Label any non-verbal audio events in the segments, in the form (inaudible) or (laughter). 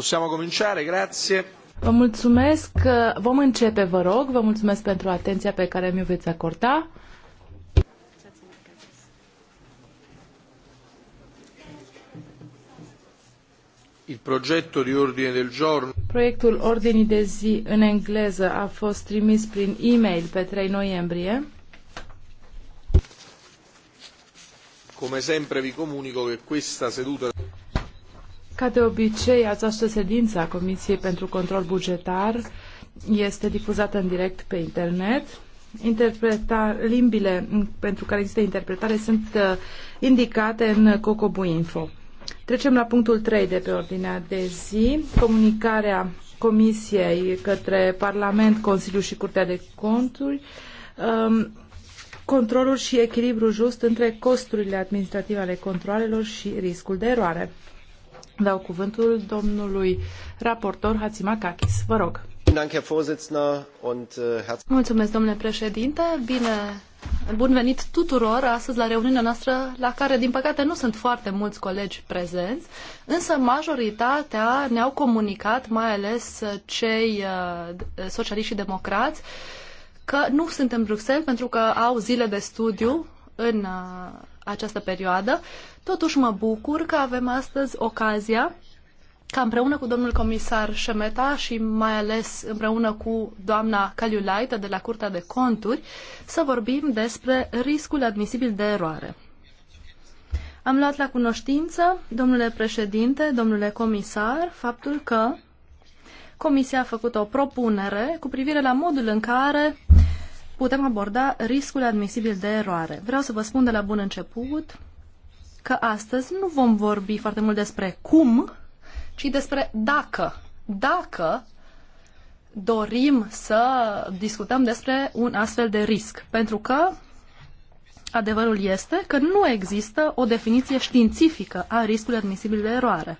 Possiamo cominciare, grazie. Vă mulțumesc. Vom începe, vă rog. Vă mulțumesc pentru atenția pe care mi-o veți acorda. Il progetto di ordine del giorno. Proiectul ordinii de zi în engleză a fost trimis prin e-mail pe 3 noiembrie. Come sempre vi comunico che questa seduta ca de obicei, această sedință a Comisiei pentru Control Bugetar este difuzată în direct pe internet. Interpreta, limbile pentru care există interpretare sunt uh, indicate în Cocobu Info. Trecem la punctul 3 de pe ordinea de zi, comunicarea Comisiei către Parlament, Consiliu și Curtea de Conturi, um, controlul și echilibru just între costurile administrative ale controlelor și riscul de eroare. Dau cuvântul domnului raportor Hatzimakakis. Vă rog. Äh, Mulțumesc, domnule președinte. Bine, bun venit tuturor astăzi la reuniunea noastră, la care, din păcate, nu sunt foarte mulți colegi prezenți, însă majoritatea ne-au comunicat, mai ales cei uh, socialiști și democrați, că nu sunt în Bruxelles pentru că au zile de studiu în uh, această perioadă. Totuși mă bucur că avem astăzi ocazia ca împreună cu domnul comisar Șemeta și mai ales împreună cu doamna Caliulaită de la Curtea de Conturi să vorbim despre riscul admisibil de eroare. Am luat la cunoștință, domnule președinte, domnule comisar, faptul că Comisia a făcut o propunere cu privire la modul în care putem aborda riscul admisibil de eroare. Vreau să vă spun de la bun început că astăzi nu vom vorbi foarte mult despre cum, ci despre dacă. Dacă dorim să discutăm despre un astfel de risc. Pentru că adevărul este că nu există o definiție științifică a riscului admisibil de eroare.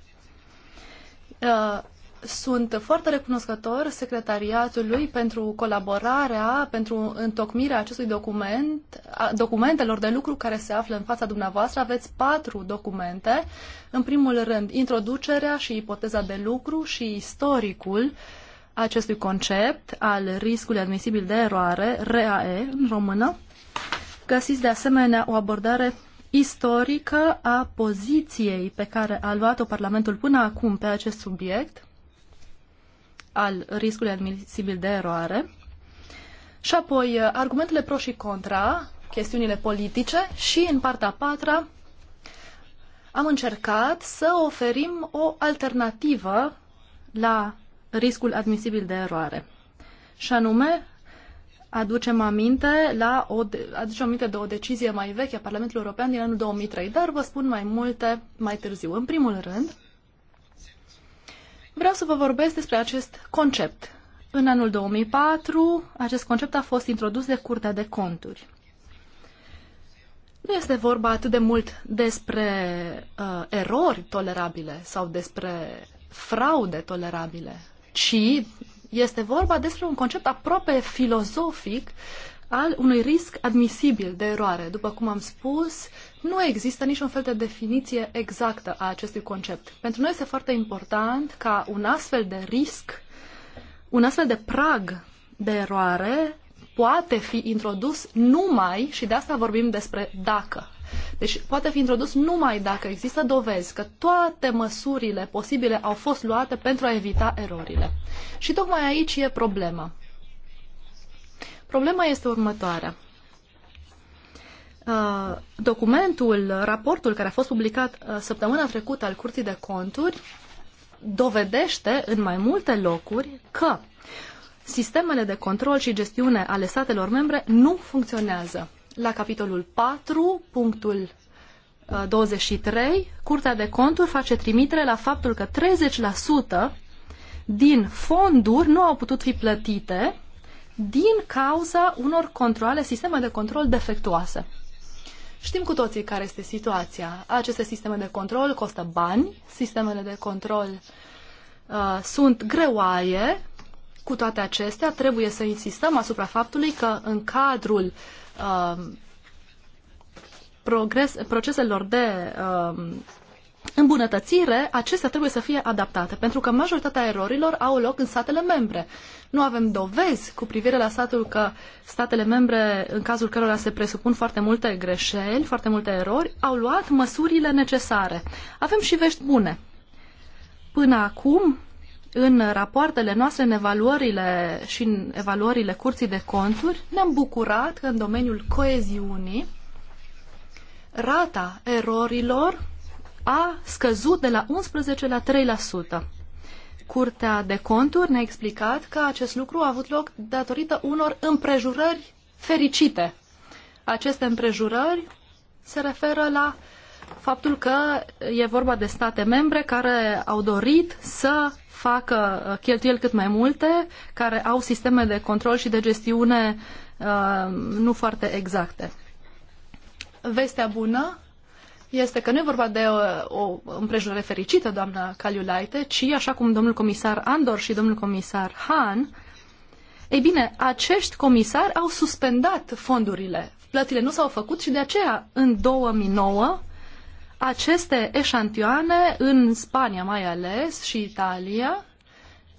Uh, sunt foarte recunoscător secretariatului pentru colaborarea, pentru întocmirea acestui document, a documentelor de lucru care se află în fața dumneavoastră. Aveți patru documente. În primul rând, introducerea și ipoteza de lucru și istoricul acestui concept al riscului admisibil de eroare, RAE, în română. Găsiți de asemenea o abordare istorică a poziției pe care a luat-o Parlamentul până acum pe acest subiect al riscului admisibil de eroare și apoi uh, argumentele pro și contra, chestiunile politice și în partea a patra am încercat să oferim o alternativă la riscul admisibil de eroare. Și anume, aducem aminte, la o, aducem aminte de o decizie mai veche a Parlamentului European din anul 2003, dar vă spun mai multe mai târziu. În primul rând, Vreau să vă vorbesc despre acest concept. În anul 2004, acest concept a fost introdus de Curtea de Conturi. Nu este vorba atât de mult despre uh, erori tolerabile sau despre fraude tolerabile, ci este vorba despre un concept aproape filozofic al unui risc admisibil de eroare. După cum am spus, nu există niciun fel de definiție exactă a acestui concept. Pentru noi este foarte important ca un astfel de risc, un astfel de prag de eroare poate fi introdus numai, și de asta vorbim despre dacă, deci poate fi introdus numai dacă există dovezi că toate măsurile posibile au fost luate pentru a evita erorile. Și tocmai aici e problema. Problema este următoarea. Uh, documentul, raportul care a fost publicat uh, săptămâna trecută al Curții de Conturi dovedește în mai multe locuri că sistemele de control și gestiune ale statelor membre nu funcționează. La capitolul 4, punctul 23, uh, Curtea de Conturi face trimitere la faptul că 30% din fonduri nu au putut fi plătite din cauza unor controle, sisteme de control defectuoase. Știm cu toții care este situația. Aceste sisteme de control costă bani, sistemele de control uh, sunt greoaie. Cu toate acestea, trebuie să insistăm asupra faptului că în cadrul uh, progres, proceselor de uh, îmbunătățire, acestea trebuie să fie adaptate, pentru că majoritatea erorilor au loc în statele membre. Nu avem dovezi cu privire la statul că statele membre, în cazul cărora se presupun foarte multe greșeli, foarte multe erori, au luat măsurile necesare. Avem și vești bune. Până acum, în rapoartele noastre, în evaluările și în evaluările curții de conturi, ne-am bucurat că în domeniul coeziunii, rata erorilor a scăzut de la 11 la 3%. Curtea de conturi ne-a explicat că acest lucru a avut loc datorită unor împrejurări fericite. Aceste împrejurări se referă la faptul că e vorba de state membre care au dorit să facă cheltuieli cât mai multe, care au sisteme de control și de gestiune uh, nu foarte exacte. Vestea bună este că nu e vorba de o, o împrejurare fericită, doamna Caliulaite, ci, așa cum domnul comisar Andor și domnul comisar Han, ei bine, acești comisari au suspendat fondurile. Plătile nu s-au făcut și de aceea, în 2009, aceste eșantioane, în Spania mai ales și Italia,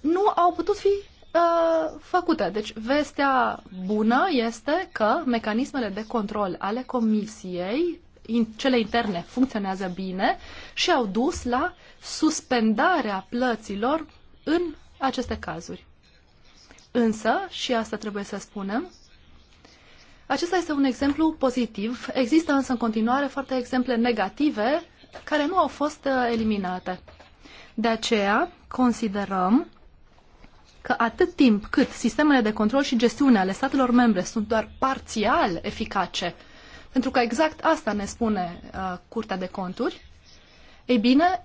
nu au putut fi uh, făcute. Deci, vestea bună este că mecanismele de control ale Comisiei in, cele interne funcționează bine și au dus la suspendarea plăților în aceste cazuri. Însă, și asta trebuie să spunem, acesta este un exemplu pozitiv. Există însă în continuare foarte exemple negative care nu au fost uh, eliminate. De aceea considerăm că atât timp cât sistemele de control și gestiune ale statelor membre sunt doar parțial eficace, pentru că exact asta ne spune uh, Curtea de Conturi. Ei bine,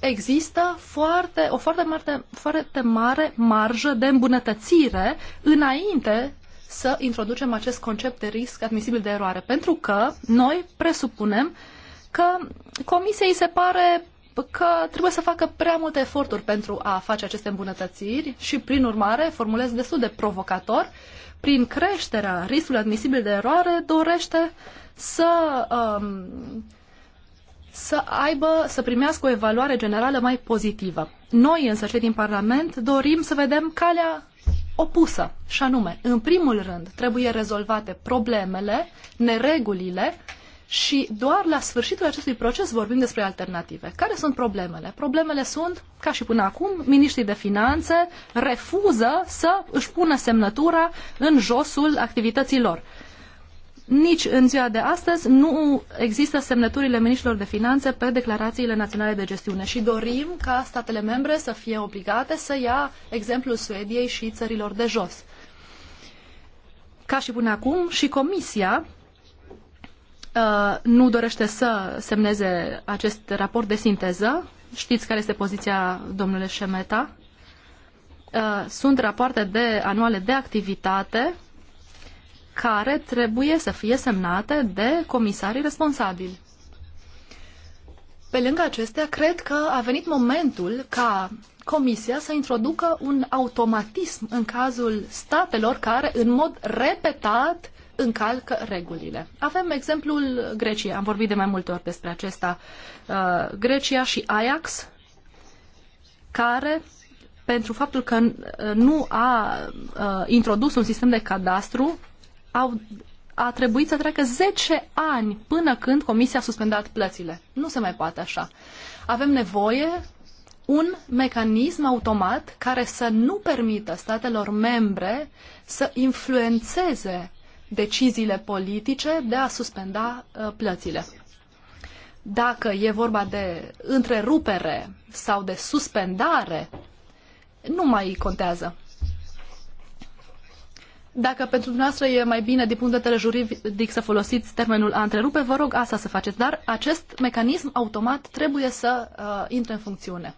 există foarte, o foarte mare, foarte mare marjă de îmbunătățire înainte să introducem acest concept de risc admisibil de eroare. Pentru că noi presupunem că comisiei se pare că trebuie să facă prea multe eforturi pentru a face aceste îmbunătățiri și, prin urmare, formulez destul de provocator, uh, prin creșterea riscului admisibil de eroare, dorește să, um, să aibă, să primească o evaluare generală mai pozitivă. Noi, însă, cei din Parlament, dorim să vedem calea opusă, și anume, în primul rând, trebuie rezolvate problemele, neregulile și doar la sfârșitul acestui proces vorbim despre alternative. Care sunt problemele? Problemele sunt, ca și până acum, miniștrii de finanțe refuză să își pună semnătura în josul activităților. Nici în ziua de astăzi nu există semnăturile miniștrilor de finanțe pe declarațiile naționale de gestiune și dorim ca statele membre să fie obligate să ia exemplul Suediei și țărilor de jos. Ca și până acum, și Comisia Uh, nu dorește să semneze acest raport de sinteză. Știți care este poziția domnule Șemeta. Uh, sunt rapoarte de anuale de activitate care trebuie să fie semnate de comisarii responsabili. Pe lângă acestea, cred că a venit momentul ca Comisia să introducă un automatism în cazul statelor care, în mod repetat, încalcă regulile. Avem exemplul Greciei, am vorbit de mai multe ori despre acesta, uh, Grecia și Ajax, care pentru faptul că uh, nu a uh, introdus un sistem de cadastru, au, a trebuit să treacă 10 ani până când Comisia a suspendat plățile. Nu se mai poate așa. Avem nevoie un mecanism automat care să nu permită statelor membre să influențeze deciziile politice de a suspenda uh, plățile. Dacă e vorba de întrerupere sau de suspendare, nu mai contează. Dacă pentru dumneavoastră e mai bine din punct de vedere juridic să folosiți termenul a întrerupe, vă rog asta să faceți, dar acest mecanism automat trebuie să uh, intre în funcțiune.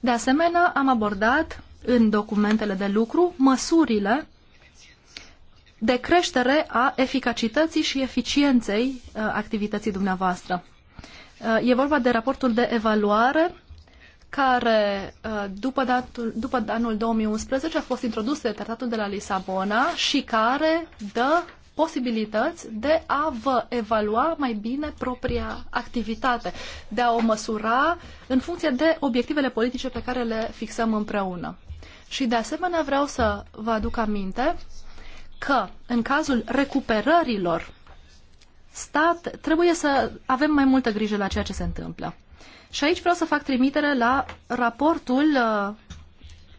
De asemenea, am abordat în documentele de lucru măsurile de creștere a eficacității și eficienței uh, activității dumneavoastră. Uh, e vorba de raportul de evaluare care uh, după, datul, după anul 2011 a fost introdus de tratatul de la Lisabona și care dă posibilități de a vă evalua mai bine propria activitate, de a o măsura în funcție de obiectivele politice pe care le fixăm împreună. Și de asemenea vreau să vă aduc aminte că în cazul recuperărilor stat trebuie să avem mai multă grijă la ceea ce se întâmplă. Și aici vreau să fac trimitere la raportul uh,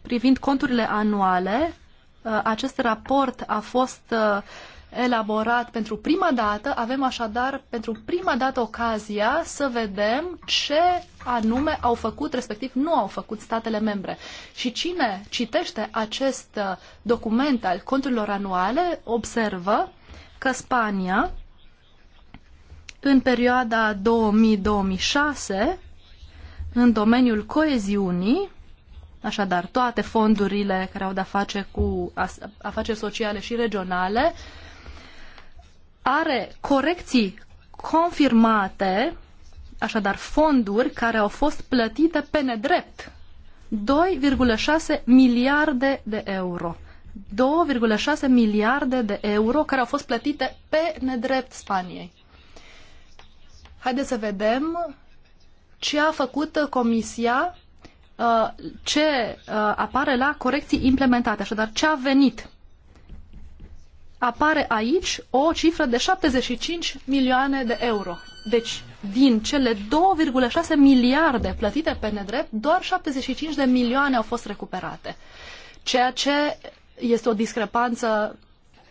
privind conturile anuale. Uh, acest raport a fost uh, elaborat pentru prima dată. Avem așadar pentru prima dată ocazia să vedem ce anume au făcut, respectiv nu au făcut statele membre. Și cine citește acest uh, document al conturilor anuale observă că Spania în perioada 2000-2006 în domeniul coeziunii Așadar, toate fondurile care au de-a face cu afaceri sociale și regionale are corecții confirmate așadar fonduri care au fost plătite pe nedrept. 2,6 miliarde de euro. 2,6 miliarde de euro care au fost plătite pe nedrept Spaniei. Haideți să vedem ce a făcut Comisia, uh, ce uh, apare la corecții implementate, așadar ce a venit apare aici o cifră de 75 milioane de euro. Deci, din cele 2,6 miliarde plătite pe nedrept, doar 75 de milioane au fost recuperate. Ceea ce este o discrepanță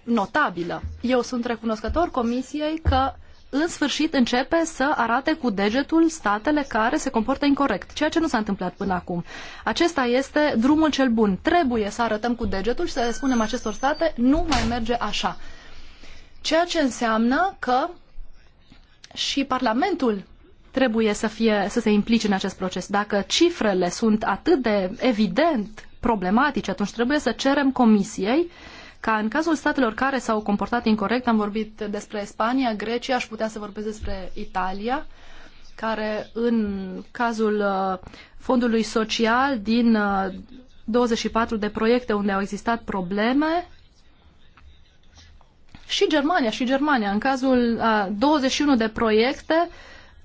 notabilă. Eu sunt recunoscător Comisiei că în sfârșit începe să arate cu degetul statele care se comportă incorrect, ceea ce nu s-a întâmplat până acum. Acesta este drumul cel bun. Trebuie să arătăm cu degetul și să le spunem acestor state nu mai merge așa. Ceea ce înseamnă că și Parlamentul trebuie să, fie, să se implice în acest proces. Dacă cifrele sunt atât de evident problematice, atunci trebuie să cerem Comisiei uh, ca în cazul statelor care s-au comportat incorrect, am vorbit despre Spania, Grecia, aș putea să vorbesc despre Italia, care în cazul uh, fondului social din 24 uh, de proiecte unde au existat probleme, și Germania, și Germania, în cazul a uh, 21 de proiecte, uh,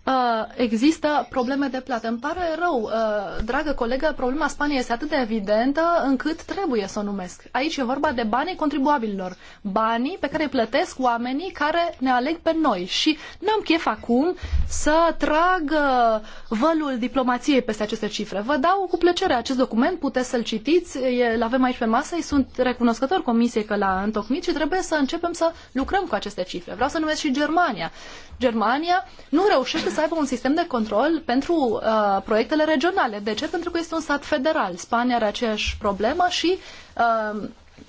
Uh, există probleme de plată. Îmi pare rău, uh, dragă colegă, problema Spaniei este atât de evidentă încât trebuie să o numesc. Aici e vorba de banii contribuabililor, banii pe care îi plătesc oamenii care ne aleg pe noi și n-am chef acum să trag uh, vălul diplomației peste aceste cifre. Vă dau cu plăcere acest document, puteți să-l citiți, îl avem aici pe masă, îi sunt recunoscător comisiei că l-a întocmit și trebuie să începem să lucrăm cu aceste cifre. Vreau să numesc și Germania. Germania nu reușește să aibă un sistem de control pentru uh, proiectele regionale. De ce? Pentru că este un stat federal. Spania are aceeași problemă și uh,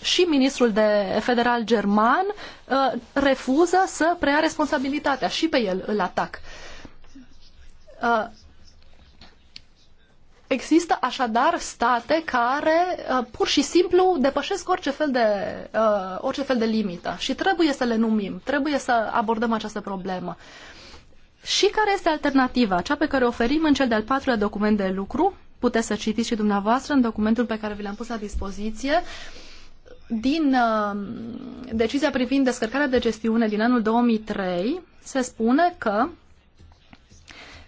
și ministrul de federal german uh, refuză să preia responsabilitatea. Și pe el îl atac. Uh, Există așadar state care uh, pur și simplu depășesc orice fel, de, uh, orice fel de limită și trebuie să le numim, trebuie să abordăm această problemă. Uh, și care este alternativa? Cea pe care o oferim în cel de-al patrulea document de lucru, puteți să citiți și dumneavoastră în documentul pe care vi l-am pus la dispoziție, din uh, decizia privind descărcarea de gestiune din anul 2003 se spune că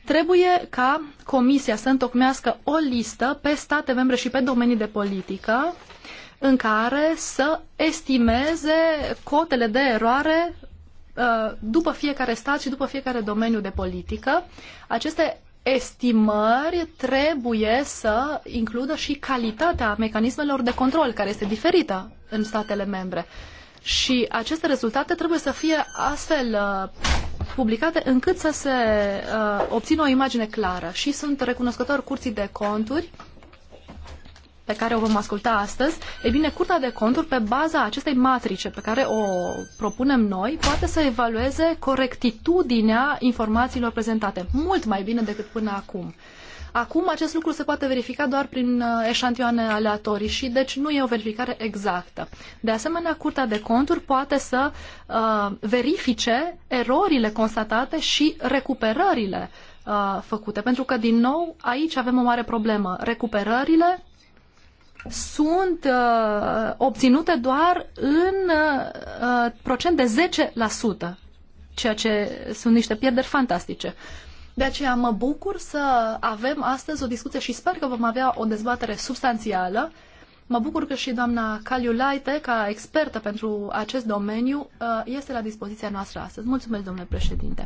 trebuie ca Comisia să întocmească o listă pe state membre și pe domenii de politică în care să estimeze cotele de eroare Uh, după fiecare stat și după fiecare domeniu de politică. Aceste estimări trebuie să includă și calitatea mecanismelor de control, care este diferită în statele membre. Și aceste rezultate trebuie să fie astfel uh, publicate încât să se uh, obțină o imagine clară. Și sunt recunoscător curții de conturi pe care o vom asculta astăzi, e bine, Curtea de Conturi, pe baza acestei matrice pe care o propunem noi, poate să evalueze corectitudinea informațiilor prezentate, mult mai bine decât până acum. Acum acest lucru se poate verifica doar prin uh, eșantioane aleatorii și deci nu e o verificare exactă. De asemenea, Curtea de Conturi poate să uh, verifice erorile constatate și recuperările uh, făcute, pentru că din nou aici avem o mare problemă. Recuperările sunt uh, obținute doar în uh, procent de 10%, ceea ce sunt niște pierderi fantastice. De aceea mă bucur să avem astăzi o discuție și sper că vom avea o dezbatere substanțială. Mă bucur că și doamna Caliu Laite, ca expertă pentru acest domeniu, uh, este la dispoziția noastră astăzi. Mulțumesc, domnule președinte.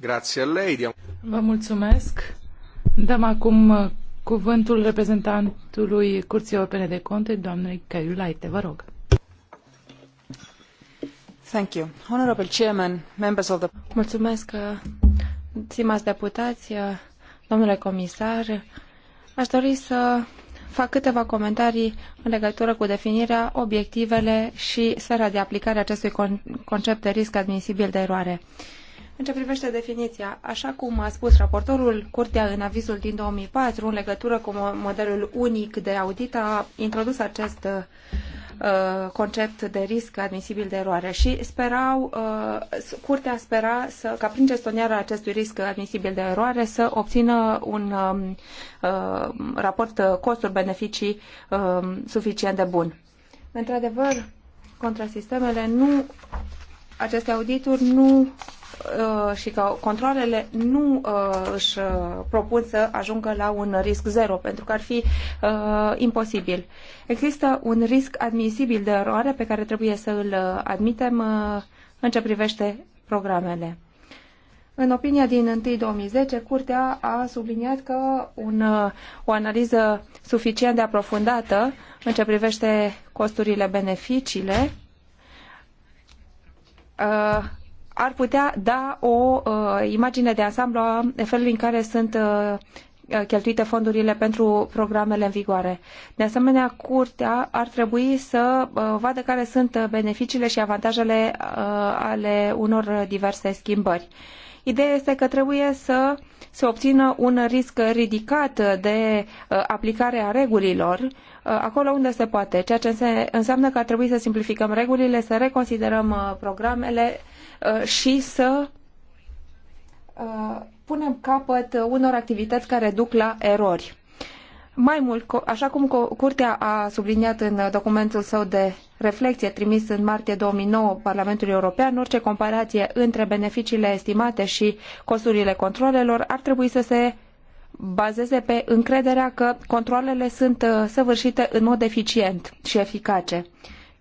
Grazie lei. Vă mulțumesc. Dăm acum cuvântul reprezentantului Curții Europene de Conte, doamnei Laite, Vă rog. Thank you. Honorable Chairman, members of the... Mulțumesc, stimați deputați, domnule comisar. Aș dori să fac câteva comentarii în legătură cu definirea, obiectivele și sfera de aplicare acestui concept de risc admisibil de eroare. Uh, în ce privește definiția, așa cum a spus raportorul, Curtea în avizul din 2004 în legătură cu modelul unic de audit a introdus acest uh, concept de risc admisibil de eroare și sperau, uh, Curtea spera să, ca prin gestionarea acestui risc admisibil de eroare să obțină un um, uh, raport costuri-beneficii um, suficient de bun. Într-adevăr, contrasistemele nu aceste audituri nu Uh, și că controlele nu uh, își uh, propun să ajungă la un risc zero, pentru că ar fi imposibil. Există un risc admisibil de eroare pe care trebuie să îl admitem în ce privește programele. În opinia din 1 2010, Curtea a subliniat că un, o analiză suficient de aprofundată în ce privește costurile, beneficiile, ar putea da o uh, imagine de ansamblu a felului în care sunt uh, uh, cheltuite fondurile pentru programele în vigoare. De asemenea, curtea ar trebui să vadă care sunt beneficiile și avantajele ale unor diverse schimbări. Ideea este că trebuie să se obțină un risc ridicat de aplicare a regulilor acolo unde se poate, ceea ce înseamnă că ar trebui să simplificăm regulile, să reconsiderăm programele Uh, și să uh, punem capăt unor activități care duc la erori. Mai mult, așa cum Curtea a subliniat în documentul său de reflexie trimis în martie 2009 Parlamentului European, orice comparație între beneficiile estimate și costurile controlelor ar trebui să se bazeze pe încrederea că controlele sunt uh, săvârșite în mod eficient și eficace,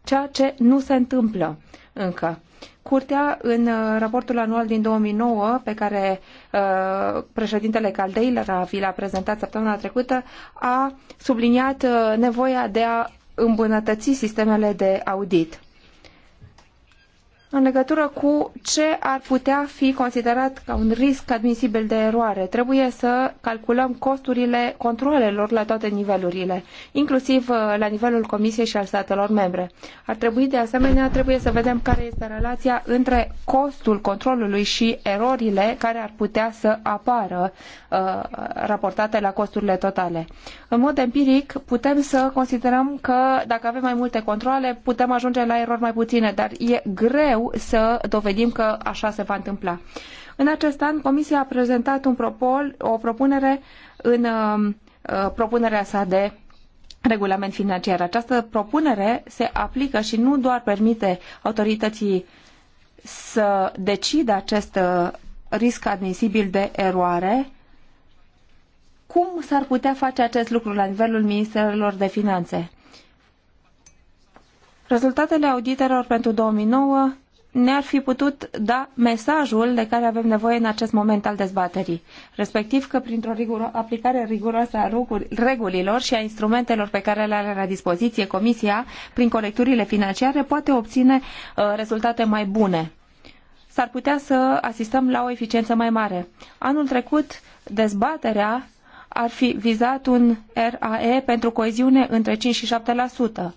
ceea ce nu se întâmplă încă. Curtea, în uh, raportul anual din 2009, pe care uh, președintele Caldeilor vi l-a prezentat săptămâna trecută, a subliniat uh, nevoia de a îmbunătăți sistemele de audit în legătură cu ce ar putea fi considerat ca un risc admisibil de eroare. Trebuie să calculăm costurile controlelor la toate nivelurile, inclusiv uh, la nivelul Comisiei și al statelor membre. Ar trebui de asemenea trebuie să vedem care este relația între costul controlului și erorile care ar putea să apară uh, raportate la costurile totale. În mod empiric, putem să considerăm că dacă avem mai multe controle, putem ajunge la erori mai puține, dar e greu greu să dovedim că așa se va întâmpla. În acest an, Comisia a prezentat un propol, o propunere în um, uh, propunerea sa de regulament financiar. Această propunere se aplică și nu doar permite autorității să decidă acest uh, risc admisibil de eroare, cum s-ar putea face acest lucru la nivelul Ministerelor de Finanțe? Rezultatele auditelor pentru 2009 ne-ar fi putut da mesajul de care avem nevoie în acest moment al dezbaterii, respectiv că printr-o riguro- aplicare riguroasă a regulilor și a instrumentelor pe care le are la dispoziție Comisia prin colecturile financiare poate obține uh, rezultate mai bune. S-ar putea să asistăm la o eficiență mai mare. Anul trecut, dezbaterea ar fi vizat un RAE pentru coeziune între 5 și 7%.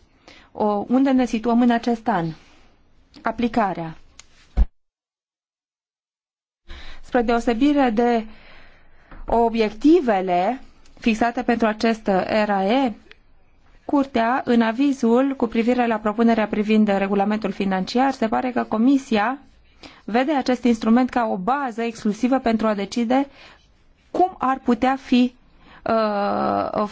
O, unde ne situăm în acest an? aplicarea. Spre deosebire de obiectivele fixate pentru acest RAE, Curtea, în avizul cu privire la propunerea privind regulamentul financiar, se pare că Comisia vede acest instrument ca o bază exclusivă pentru a decide cum ar putea fi uh,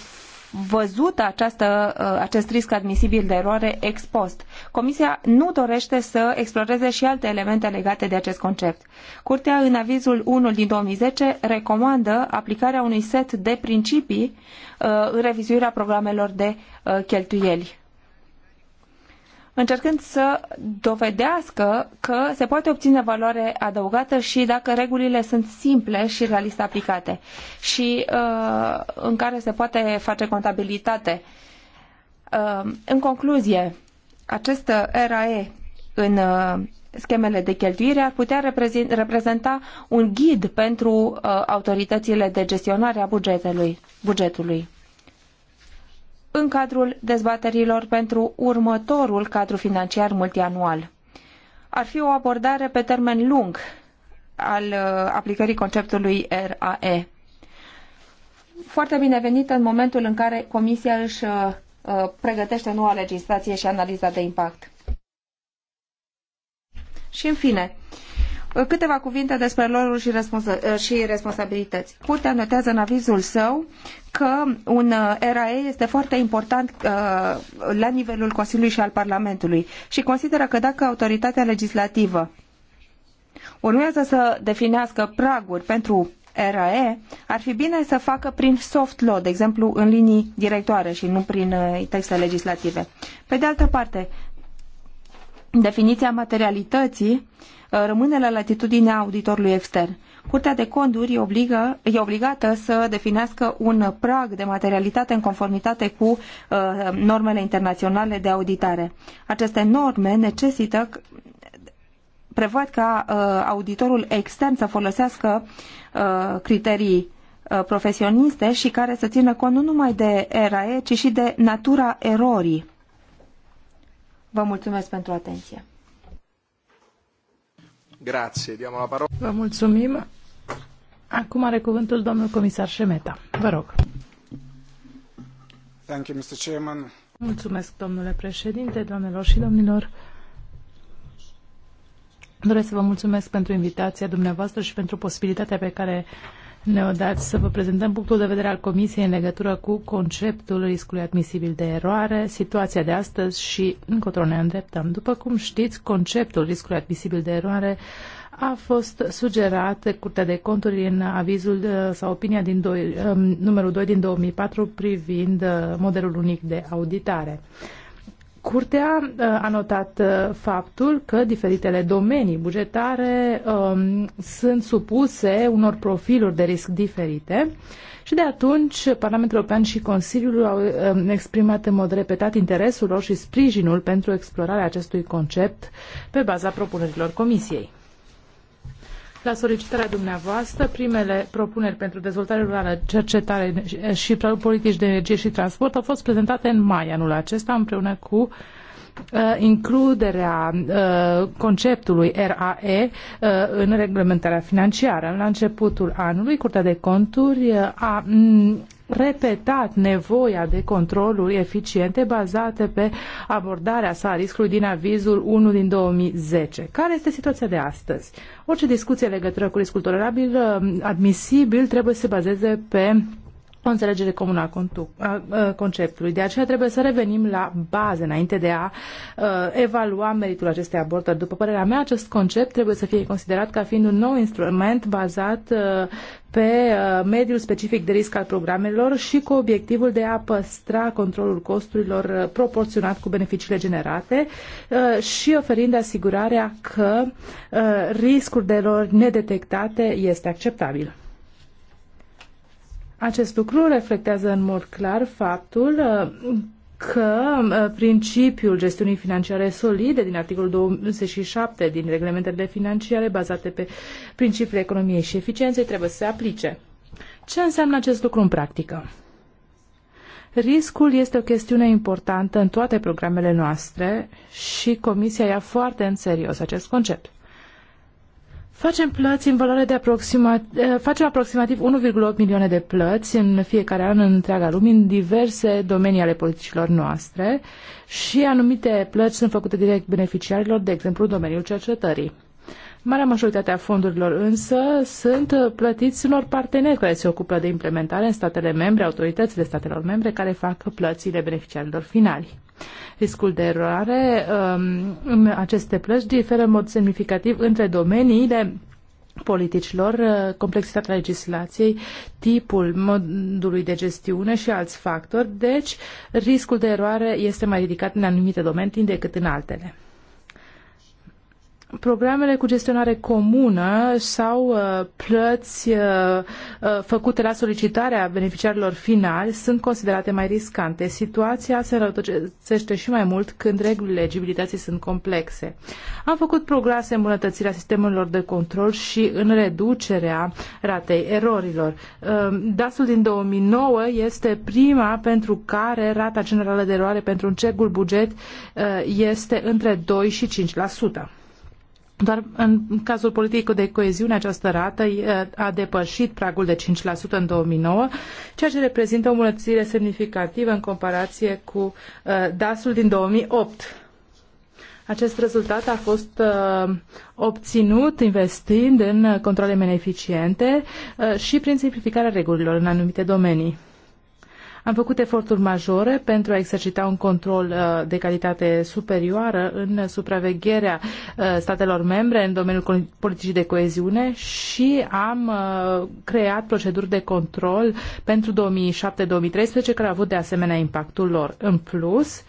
văzut această, uh, acest risc admisibil de eroare ex post. Comisia nu dorește să exploreze și alte elemente legate de acest concept. Curtea, în avizul 1 din 2010, recomandă aplicarea unui set de principii uh, în revizuirea programelor de uh, cheltuieli încercând să dovedească că se poate obține valoare adăugată și dacă regulile sunt simple și realist aplicate și uh, în care se poate face contabilitate. Uh, în concluzie, această RAE în uh, schemele de cheltuire ar putea reprezenta un ghid pentru uh, autoritățile de gestionare a bugetului. bugetului în cadrul dezbaterilor pentru următorul cadru financiar multianual. Ar fi o abordare pe termen lung al uh, aplicării conceptului RAE. Foarte venit în momentul în care Comisia își uh, uh, pregătește noua legislație și analiza de impact. Și în fine, uh, Uh, câteva cuvinte despre rolul și, uh, și responsabilități. Curtea notează în avizul său că un uh, RAE este foarte important uh, la nivelul Consiliului și al Parlamentului și consideră că dacă autoritatea legislativă urmează să definească praguri pentru RAE, ar fi bine să facă prin soft law, de exemplu în linii directoare și nu prin texte legislative. Pe de altă parte, definiția materialității uh, rămâne la latitudinea auditorului extern. Curtea de conturi obligă, e obligată să definească un prag de materialitate în conformitate cu uh, normele internaționale de auditare. Aceste norme necesită prevăd ca uh, auditorul extern să folosească uh, criterii uh, profesioniste și care să țină cont nu numai de RAE, ci și de natura erorii. Vă mulțumesc pentru atenție. Grazie, diamo la parola. Vă mulțumim. Acum are cuvântul domnul comisar Șemeta. Vă rog. Thank you, Mr. Chairman. Mulțumesc, domnule președinte, doamnelor și domnilor. Doresc să vă mulțumesc pentru invitația dumneavoastră și pentru posibilitatea pe care ne-o dați să vă prezentăm punctul de vedere al Comisiei în legătură cu conceptul riscului admisibil de eroare, situația de astăzi și încotro ne îndreptăm. După cum știți, conceptul riscului admisibil de eroare a fost sugerat Curtea de Conturi în avizul de, uh, sau opinia din doi, um, numărul 2 din 2004 privind uh, modelul unic de auditare. Curtea uh, a notat uh, faptul că diferitele domenii bugetare um, sunt supuse unor profiluri de risc diferite și de atunci Parlamentul European și Consiliul au um, exprimat în mod repetat interesul lor și sprijinul pentru explorarea acestui concept pe baza propunerilor Comisiei. La solicitarea dumneavoastră, primele propuneri pentru dezvoltare rurală, cercetare și politici de energie și transport au fost prezentate în mai anul acesta împreună cu uh, includerea uh, conceptului RAE uh, în reglementarea financiară. La începutul anului, Curtea de Conturi uh, a mm, repetat nevoia de controluri eficiente bazate pe abordarea sa a riscului din avizul 1 din 2010. Care este situația de astăzi? Orice discuție legătură cu riscul tolerabil uh, admisibil trebuie să se bazeze pe o înțelegere comună a, conceptului. De aceea trebuie să revenim la bază înainte de a, uh, evalua meritul acestei abordări. După părerea mea, acest concept trebuie să fie considerat ca fiind un nou instrument bazat uh, pe uh, mediul specific de risc al programelor și cu obiectivul de a păstra controlul costurilor uh, proporționat cu beneficiile generate uh, și oferind asigurarea că uh, riscul de lor nedetectate este acceptabil. Acest lucru reflectează în mod clar faptul uh, că uh, principiul gestiunii financiare solide din articolul 27 din reglementele financiare bazate pe principiile economiei și eficienței trebuie să se aplice. Ce înseamnă acest lucru în practică? Riscul este o chestiune importantă în toate programele noastre și Comisia ia foarte în serios acest concept. Facem plăți în valoare de aproximativ, eh, facem aproximativ 1,8 milioane de plăți în fiecare an în întreaga lume, în diverse domenii ale politicilor noastre și anumite plăți sunt făcute direct beneficiarilor, de exemplu în domeniul cercetării. Marea majoritate a fondurilor însă sunt eh, plătiți unor parteneri care se ocupă de implementare în statele membre, autoritățile statelor membre care fac plățile beneficiarilor finali. Riscul de eroare um, în aceste plăci diferă în mod semnificativ între domeniile politicilor, uh, complexitatea legislației, tipul modului de gestiune și alți factori, deci riscul de eroare este mai ridicat în anumite domenii decât în altele. Programele cu gestionare comună sau uh, plăți uh, uh, făcute la solicitarea beneficiarilor finali sunt considerate mai riscante. Situația se răutăcește și mai mult când regulile eligibilității sunt complexe. Am făcut progrese în bunătățirea sistemelor de control și în reducerea ratei erorilor. DAS-ul din 2009 este prima pentru care rata generală de eroare pentru un cercul buget este între 2 și 5%. Doar în cazul politicii de coeziune, această rată a depășit pragul de 5% în 2009, ceea ce reprezintă o îmbunătățire semnificativă în comparație cu uh, DAS-ul din 2008. Acest rezultat a fost uh, obținut investind în controle mai eficiente uh, și prin simplificarea regulilor în anumite domenii. Am făcut eforturi majore pentru a exercita un control uh, de calitate superioară în supravegherea uh, statelor membre în domeniul politicii de coeziune și am uh, creat proceduri de control pentru 2007-2013 care au avut de asemenea impactul lor. În plus,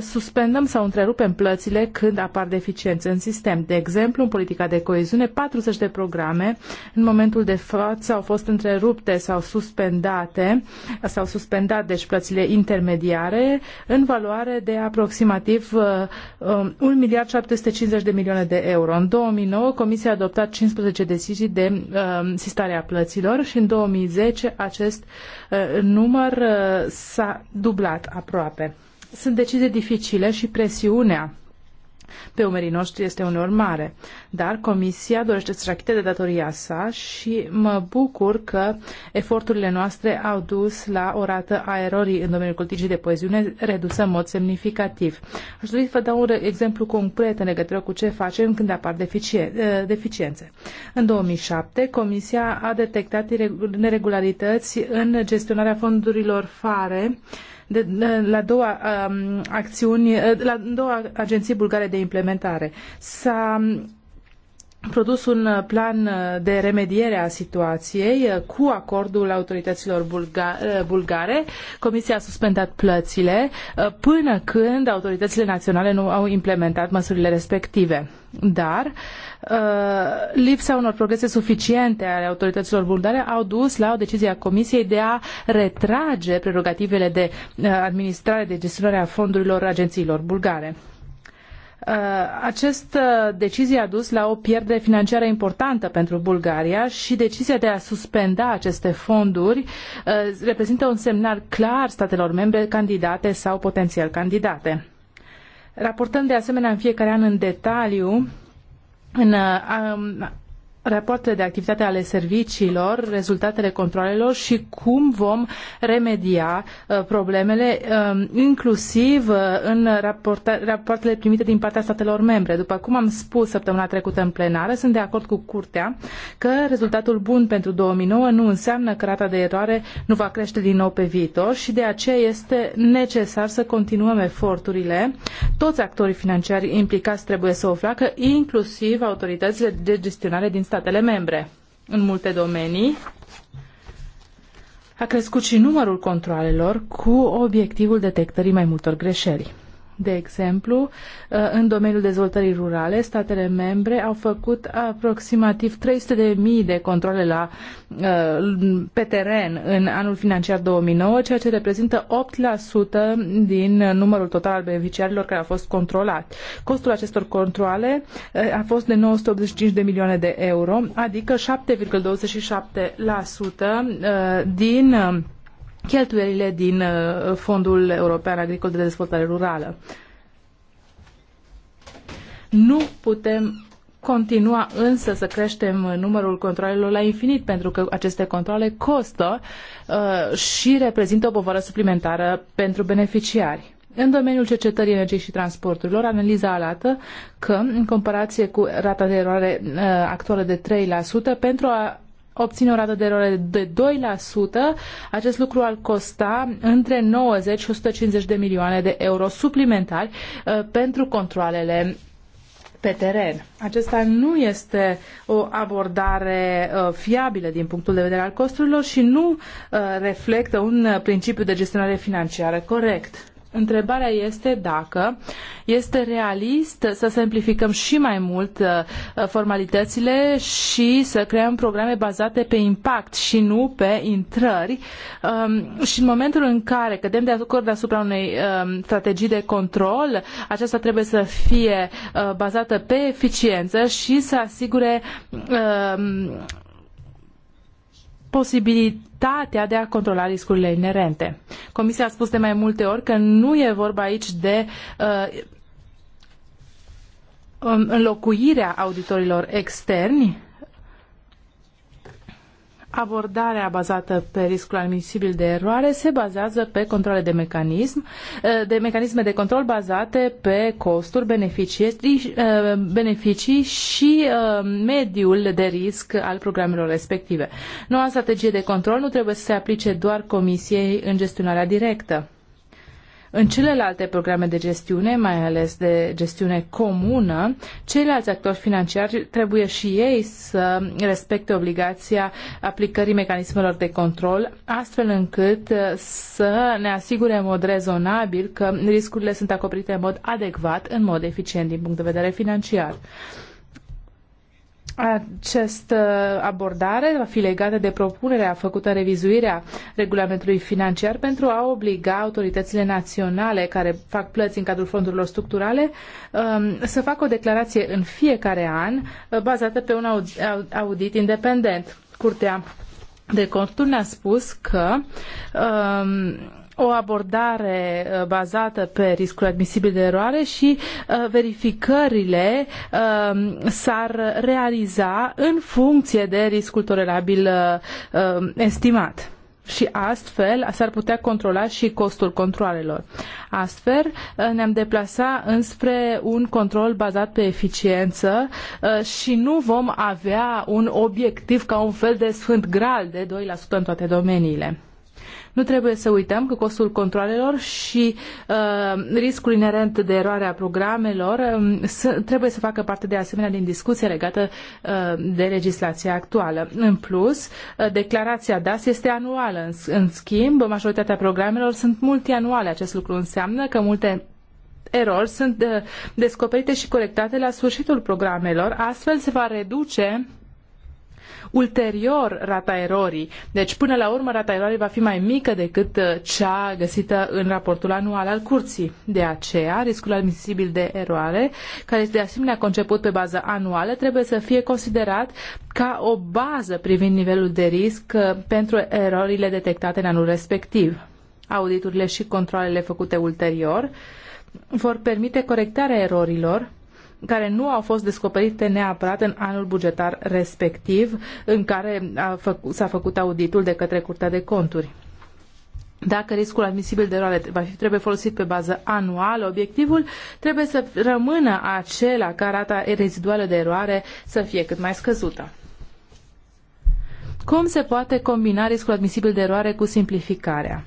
suspendăm sau întrerupem plățile când apar deficiențe în sistem. De exemplu, în politica de coeziune, 40 de programe în momentul de față au fost întrerupte sau suspendate sau suspendate suspendat deci plățile intermediare în valoare de aproximativ 1 uh, um, miliard 750 de milioane de euro. În 2009 Comisia a adoptat 15 decizii de um, sistare a plăților și în 2010 acest uh, număr uh, s-a dublat aproape. Sunt decizii dificile și presiunea pe umerii noștri este uneori mare. Dar Comisia dorește să-și achite de datoria sa și mă bucur că eforturile noastre au dus la o rată a erorii în domeniul culticii de poeziune redusă în mod semnificativ. Aș dori să vă dau un exemplu concret în legătură cu ce facem când apar eh, deficiențe. În 2007, Comisia a detectat neregularități în gestionarea fondurilor fare uh, de, la două um, acțiuni, uh, la două agenții bulgare de implementare. S-a produs un uh, plan uh, de remediere a situației uh, cu acordul autorităților bulgare. Comisia a suspendat plățile până când autoritățile naționale nu au implementat măsurile respective. Dar lipsa unor progrese suficiente ale autorităților bulgare au dus la o decizie a Comisiei de a retrage prerogativele de administrare, de gestionare a fondurilor agențiilor bulgare. Uh, Această uh, decizie a dus la o pierdere financiară importantă pentru Bulgaria și decizia de a suspenda aceste fonduri uh, reprezintă un semnal clar statelor membre candidate sau potențial candidate. Raportăm de asemenea în fiecare an în detaliu în um, rapoartele de activitate ale serviciilor, rezultatele controlelor și cum vom remedia uh, problemele, um, inclusiv uh, în rapoartele primite din partea statelor membre. După cum am spus săptămâna trecută în plenară, sunt de acord cu Curtea că rezultatul bun pentru 2009 nu înseamnă că rata de eroare nu va crește din nou pe viitor și de aceea este necesar să continuăm eforturile. Toți actorii financiari implicați trebuie să o facă, inclusiv autoritățile de gestionare din statele membre. În multe domenii a crescut și numărul controalelor cu obiectivul detectării mai multor greșeli. De exemplu, uh, în domeniul dezvoltării rurale, statele membre au făcut aproximativ 300.000 de controle la, uh, pe teren în anul financiar 2009, ceea ce reprezintă 8% din numărul total al beneficiarilor care au fost controlați. Costul acestor controle uh, a fost de 985 de milioane de euro, adică 7,27% din cheltuielile din uh, Fondul European Agricol de Dezvoltare Rurală. Nu putem continua însă să creștem numărul controlelor la infinit, pentru că aceste controle costă uh, și reprezintă o povară suplimentară pentru beneficiari. În domeniul cercetării energiei și transporturilor, analiza arată că, în comparație cu rata de eroare uh, actuală de 3%, pentru a obține o rată de eroare de 2%, acest lucru ar costa între 90 și 150 de milioane de euro suplimentari uh, pentru controlele pe teren. Acesta nu este o abordare uh, fiabilă din punctul de vedere al costurilor și nu uh, reflectă un principiu de gestionare financiară corect. Întrebarea este dacă este realist să simplificăm și mai mult uh, formalitățile și să creăm programe bazate pe impact și nu pe intrări. Um, și în momentul în care cădem de acord asupra unei um, strategii de control, aceasta trebuie să fie uh, bazată pe eficiență și să asigure um, posibilitatea de a controla riscurile inerente. Comisia a spus de mai multe ori că nu e vorba aici de uh, um, înlocuirea auditorilor externi, abordarea bazată pe riscul admisibil de eroare se bazează pe controle de mecanism, eh, de mecanisme de control bazate pe costuri, beneficii, eh, beneficii și eh, mediul de risc al programelor respective. Noua strategie de control nu trebuie să se aplice doar comisiei în gestionarea directă. În celelalte programe de gestiune, mai ales de gestiune comună, ceilalți actori financiari trebuie și ei să respecte obligația aplicării mecanismelor de control, astfel încât uh, să ne asigure în mod rezonabil că riscurile sunt acoperite în mod adecvat, în mod eficient din punct de vedere financiar. Această uh, abordare va fi legată de propunerea făcută în revizuirea regulamentului financiar pentru a obliga autoritățile naționale care fac plăți în cadrul fondurilor structurale um, să facă o declarație în fiecare an uh, bazată pe un audit independent. Curtea de conturi ne-a spus că um, o abordare uh, bazată pe riscul admisibil de eroare și uh, verificările um, s-ar realiza în funcție de riscul tolerabil uh, um, estimat și astfel s-ar putea controla și costul controalelor. Astfel ne-am deplasat înspre un control bazat pe eficiență și nu vom avea un obiectiv ca un fel de sfânt gral de 2% în toate domeniile. Nu trebuie să uităm că costul controlelor și uh, riscul inerent de eroare a programelor uh, trebuie să facă parte de asemenea din discuție legată uh, de legislația actuală. În plus, uh, declarația DAS este anuală. În, în schimb, majoritatea programelor sunt multianuale. Acest lucru înseamnă că multe erori sunt uh, descoperite și corectate la sfârșitul programelor. Astfel se va reduce ulterior rata erorii. Deci, până la urmă, rata erorii va fi mai mică decât uh, cea găsită în raportul anual al curții. De aceea, riscul admisibil de eroare, care este de asemenea conceput pe bază anuală, trebuie să fie considerat ca o bază privind nivelul de risc uh, pentru erorile detectate în anul respectiv. Auditurile și controlele făcute ulterior vor permite corectarea erorilor care nu au fost descoperite neapărat în anul bugetar respectiv în care a s-a făcut auditul de către Curtea de Conturi. Dacă riscul admisibil de eroare va fi, trebuie folosit pe bază anuală, obiectivul trebuie să rămână acela ca rata reziduală de eroare să fie cât mai scăzută. Cum se poate combina riscul admisibil de eroare cu simplificarea?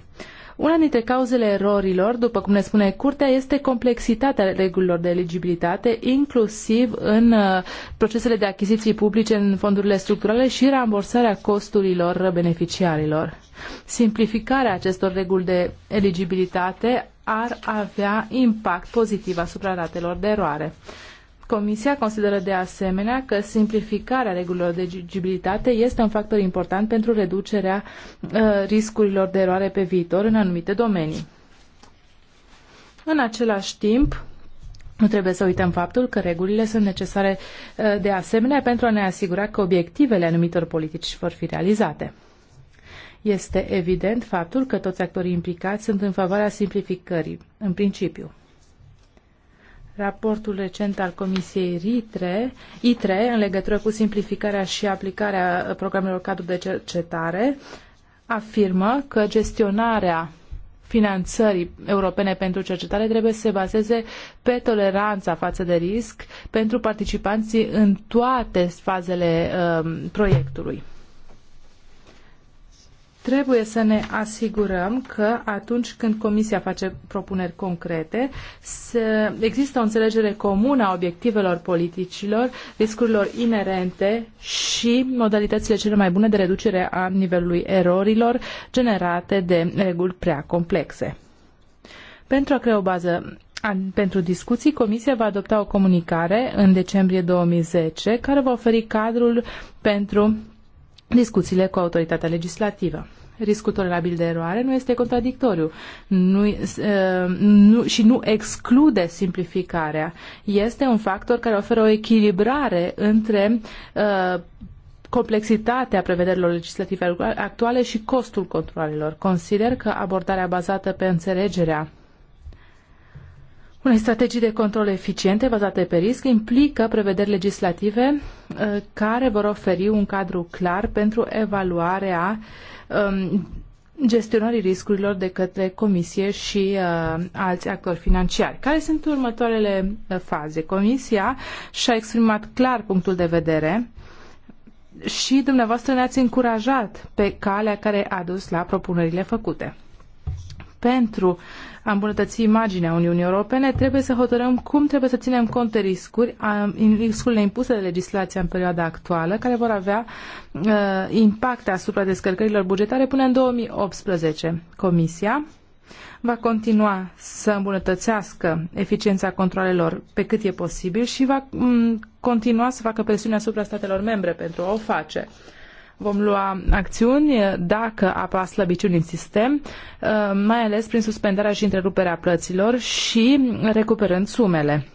Una dintre cauzele erorilor, după cum ne spune Curtea, este complexitatea regulilor de eligibilitate, inclusiv în uh, procesele de achiziții publice în fondurile structurale și rambursarea costurilor beneficiarilor. Simplificarea acestor reguli de eligibilitate ar avea impact pozitiv asupra ratelor de eroare. Comisia consideră de asemenea că simplificarea regulilor de egibilitate este un factor important pentru reducerea uh, riscurilor de eroare pe viitor în anumite domenii. În același timp, nu trebuie să uităm faptul că regulile sunt necesare uh, de asemenea pentru a ne asigura că obiectivele anumitor politici vor fi realizate. Este evident faptul că toți actorii implicați sunt în favoarea simplificării, în principiu raportul recent al Comisiei RITRE, ITRE în legătură cu simplificarea și aplicarea programelor cadru de cercetare afirmă că gestionarea finanțării europene pentru cercetare trebuie să se bazeze pe toleranța față de risc pentru participanții în toate fazele um, proiectului. Trebuie să ne asigurăm că atunci când Comisia face propuneri concrete, să există o înțelegere comună a obiectivelor politicilor, riscurilor inerente și modalitățile cele mai bune de reducere a nivelului erorilor generate de reguli prea complexe. Pentru a crea o bază pentru discuții, Comisia va adopta o comunicare în decembrie 2010 care va oferi cadrul pentru discuțiile cu autoritatea legislativă. Riscul tolerabil de eroare nu este contradictoriu nu, uh, nu, și nu exclude simplificarea. Este un factor care oferă o echilibrare între uh, complexitatea prevederilor legislative actuale și costul controlelor. Consider că abordarea bazată pe înțelegerea unei strategii de control eficiente bazate pe risc implică prevederi legislative uh, care vor oferi un cadru clar pentru evaluarea um, gestionării riscurilor de către Comisie și uh, alți actori financiari. Care sunt următoarele uh, faze? Comisia și-a exprimat clar punctul de vedere și dumneavoastră ne-ați încurajat pe calea care a dus la propunerile făcute. Pentru uh, a îmbunătăți imaginea Uniunii Europene, trebuie să hotărăm cum trebuie să ținem cont de riscuri, a, riscurile impuse de legislația în perioada actuală, care vor avea uh, impact asupra descărcărilor bugetare până în 2018. Comisia va continua să îmbunătățească eficiența controlelor pe cât e posibil și va mm, continua să facă presiune asupra statelor membre pentru a o face. Vom lua acțiuni dacă apa slăbiciuni în sistem, uh, mai ales prin suspendarea și întreruperea plăților și recuperând sumele.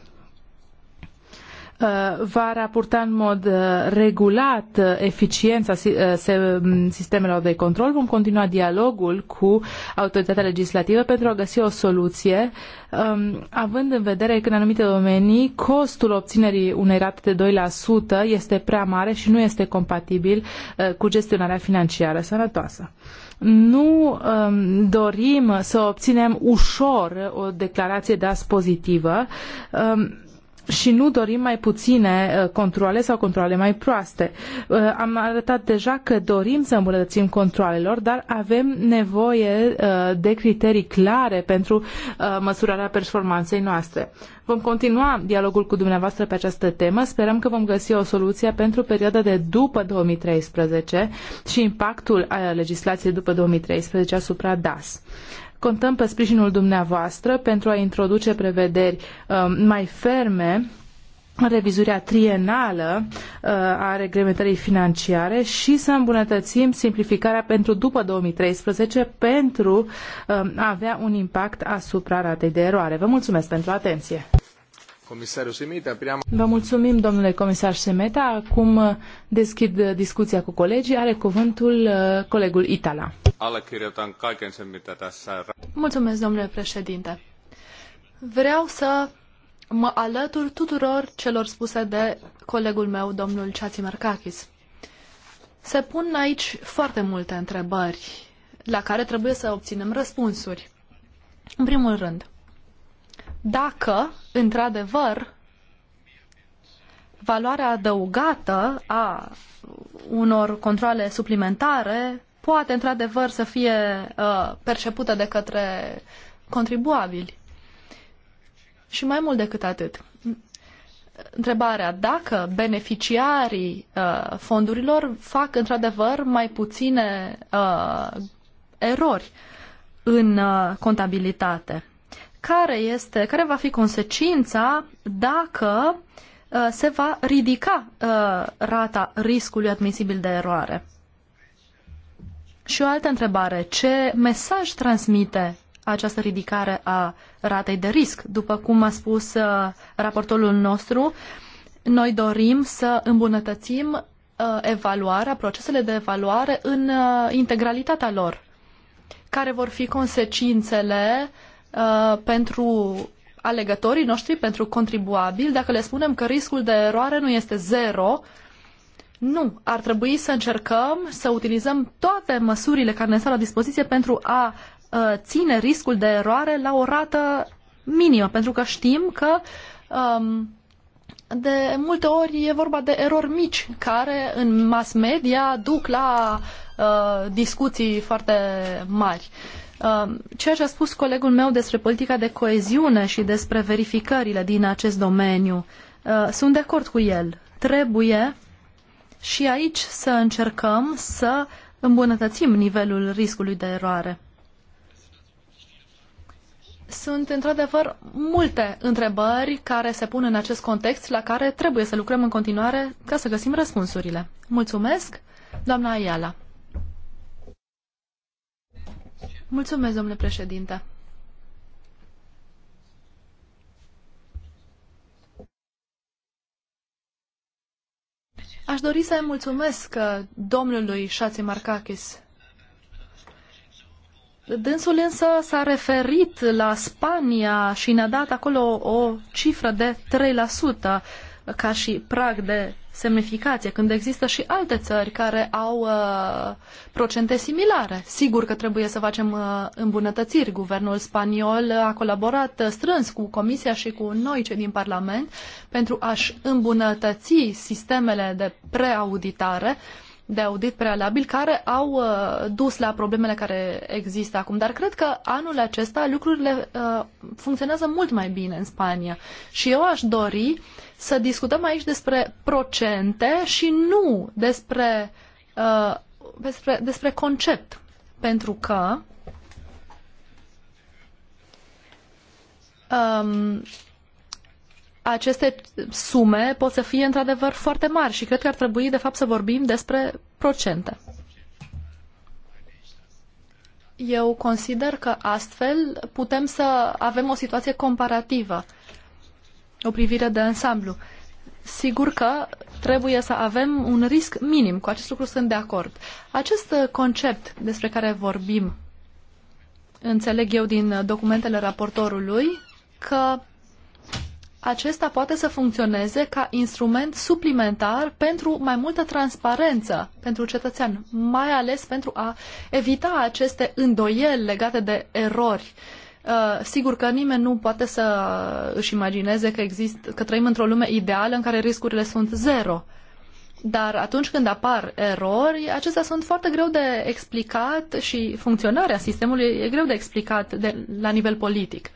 Uh, va raporta în mod uh, regulat uh, eficiența sistemelor de control. Vom continua dialogul cu autoritatea legislativă pentru a găsi o soluție, um, având în vedere că în anumite domenii costul obținerii unei rate de 2% este prea mare și nu este compatibil cu gestionarea financiară sănătoasă nu um, dorim să obținem ușor o declarație de azi pozitivă. Um, și nu dorim mai puține uh, controle sau controle mai proaste. Uh, am arătat deja că dorim să îmbunătățim controlelor, dar avem nevoie uh, de criterii clare pentru măsurarea performanței noastre. Vom continua dialogul cu dumneavoastră pe această temă. Sperăm că vom găsi o soluție pentru perioada de după 2013 și impactul a legislației după 2013 asupra DAS. Contăm pe sprijinul dumneavoastră pentru a introduce prevederi um, mai ferme revizuirea trienală uh, a reglementării financiare și să îmbunătățim simplificarea pentru după 2013 pentru um, a avea un impact asupra ratei de eroare. Vă mulțumesc pentru atenție. Comisarul Semeta, priam... Vă mulțumim, domnule comisar Semeta. Acum uh, deschid uh, discuția cu colegii. Are cuvântul colegul Itala allekirjoitan kaiken sen, mitä tässä... Mulțumesc, domnule președinte. Vreau să mă alătur tuturor celor spuse de colegul meu, domnul Ceați Marcachis. Se pun aici foarte multe întrebări la care trebuie să obținem răspunsuri. În primul rând, dacă, într-adevăr, valoarea adăugată a unor controle suplimentare poate într-adevăr să fie uh, percepută de către contribuabili. Și mai mult decât atât, întrebarea dacă beneficiarii uh, fondurilor fac într-adevăr mai puține uh, erori în uh, contabilitate. Care, este, care va fi consecința dacă uh, se va ridica uh, rata riscului admisibil de eroare? Și o altă întrebare. Ce mesaj transmite această ridicare a ratei de risc? După cum a spus uh, raportorul nostru, noi dorim să îmbunătățim uh, evaluarea, procesele de evaluare în uh, integralitatea lor. Care vor fi consecințele pentru alegătorii noștri, pentru contribuabili, dacă le spunem că riscul de eroare nu este zero, nu, ar trebui să încercăm să utilizăm toate măsurile care ne stau la dispoziție pentru a uh, ține riscul de eroare la o rată minimă, pentru că știm că um, de multe ori e vorba de erori mici care în mass media duc la uh, discuții foarte mari. Uh, ceea ce a spus colegul meu despre politica de coeziune și despre verificările din acest domeniu, uh, sunt de acord cu el. Trebuie și aici să încercăm să îmbunătățim nivelul riscului de eroare. Sunt într-adevăr multe întrebări care se pun în acest context la care trebuie să lucrăm în continuare ca să găsim răspunsurile. Mulțumesc, doamna Ayala. Mulțumesc, domnule președinte. Aș dori să-i mulțumesc uh, domnului Șați Marcachis. Dânsul însă s-a referit la Spania și ne-a dat acolo o cifră de ca și prag de semnificație, când există și alte țări care au uh, procente similare. Sigur că trebuie să facem uh, îmbunătățiri. Guvernul spaniol a colaborat uh, strâns cu Comisia și cu noi, cei din Parlament, pentru a-și îmbunătăți sistemele de preauditare uh, de audit prealabil care au uh, dus la problemele care există acum. Dar cred că anul acesta lucrurile uh, funcționează mult mai bine în Spania. Și eu aș dori să discutăm aici despre procente și nu despre, uh, despre, despre concept. Pentru că um, aceste sume pot să fie într-adevăr foarte mari și cred că ar trebui de fapt să vorbim despre procente. Eu consider că astfel putem să avem o situație comparativă, o privire de ansamblu. Sigur că trebuie să avem un risc minim, cu acest lucru sunt de acord. Acest concept despre care vorbim, înțeleg eu din documentele raportorului, că acesta poate să funcționeze ca instrument suplimentar pentru mai multă transparență pentru cetățean, mai ales pentru a evita aceste îndoieli legate de erori. Uh, sigur că nimeni nu poate să își imagineze că, exist, că trăim într-o lume ideală în care riscurile sunt zero. Dar atunci când apar erori, acestea sunt foarte greu de explicat și funcționarea sistemului e greu de explicat de, la nivel politic.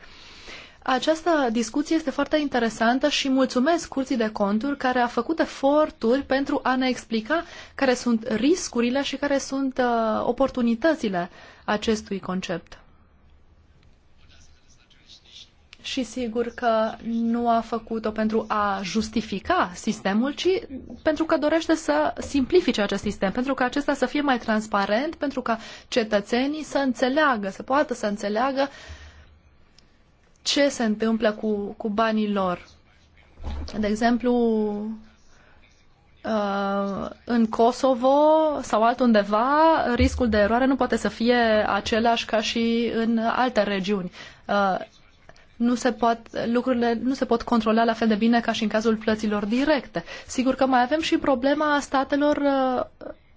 Această discuție este foarte interesantă și mulțumesc Curții de Conturi care a făcut eforturi pentru a ne explica care sunt riscurile și care sunt uh, oportunitățile acestui concept. Și sigur că nu a făcut-o pentru a justifica sistemul, ci pentru că dorește să simplifice acest sistem, pentru că acesta să fie mai transparent, pentru ca cetățenii să înțeleagă, să poată să înțeleagă uh, ce se întâmplă cu, cu banii lor. De exemplu, uh, în Kosovo sau altundeva, riscul de eroare nu poate să fie același ca și în alte regiuni. Uh, nu se pot, lucrurile nu se pot controla la fel de bine ca și în cazul plăților directe. Sigur că mai avem și problema statelor uh,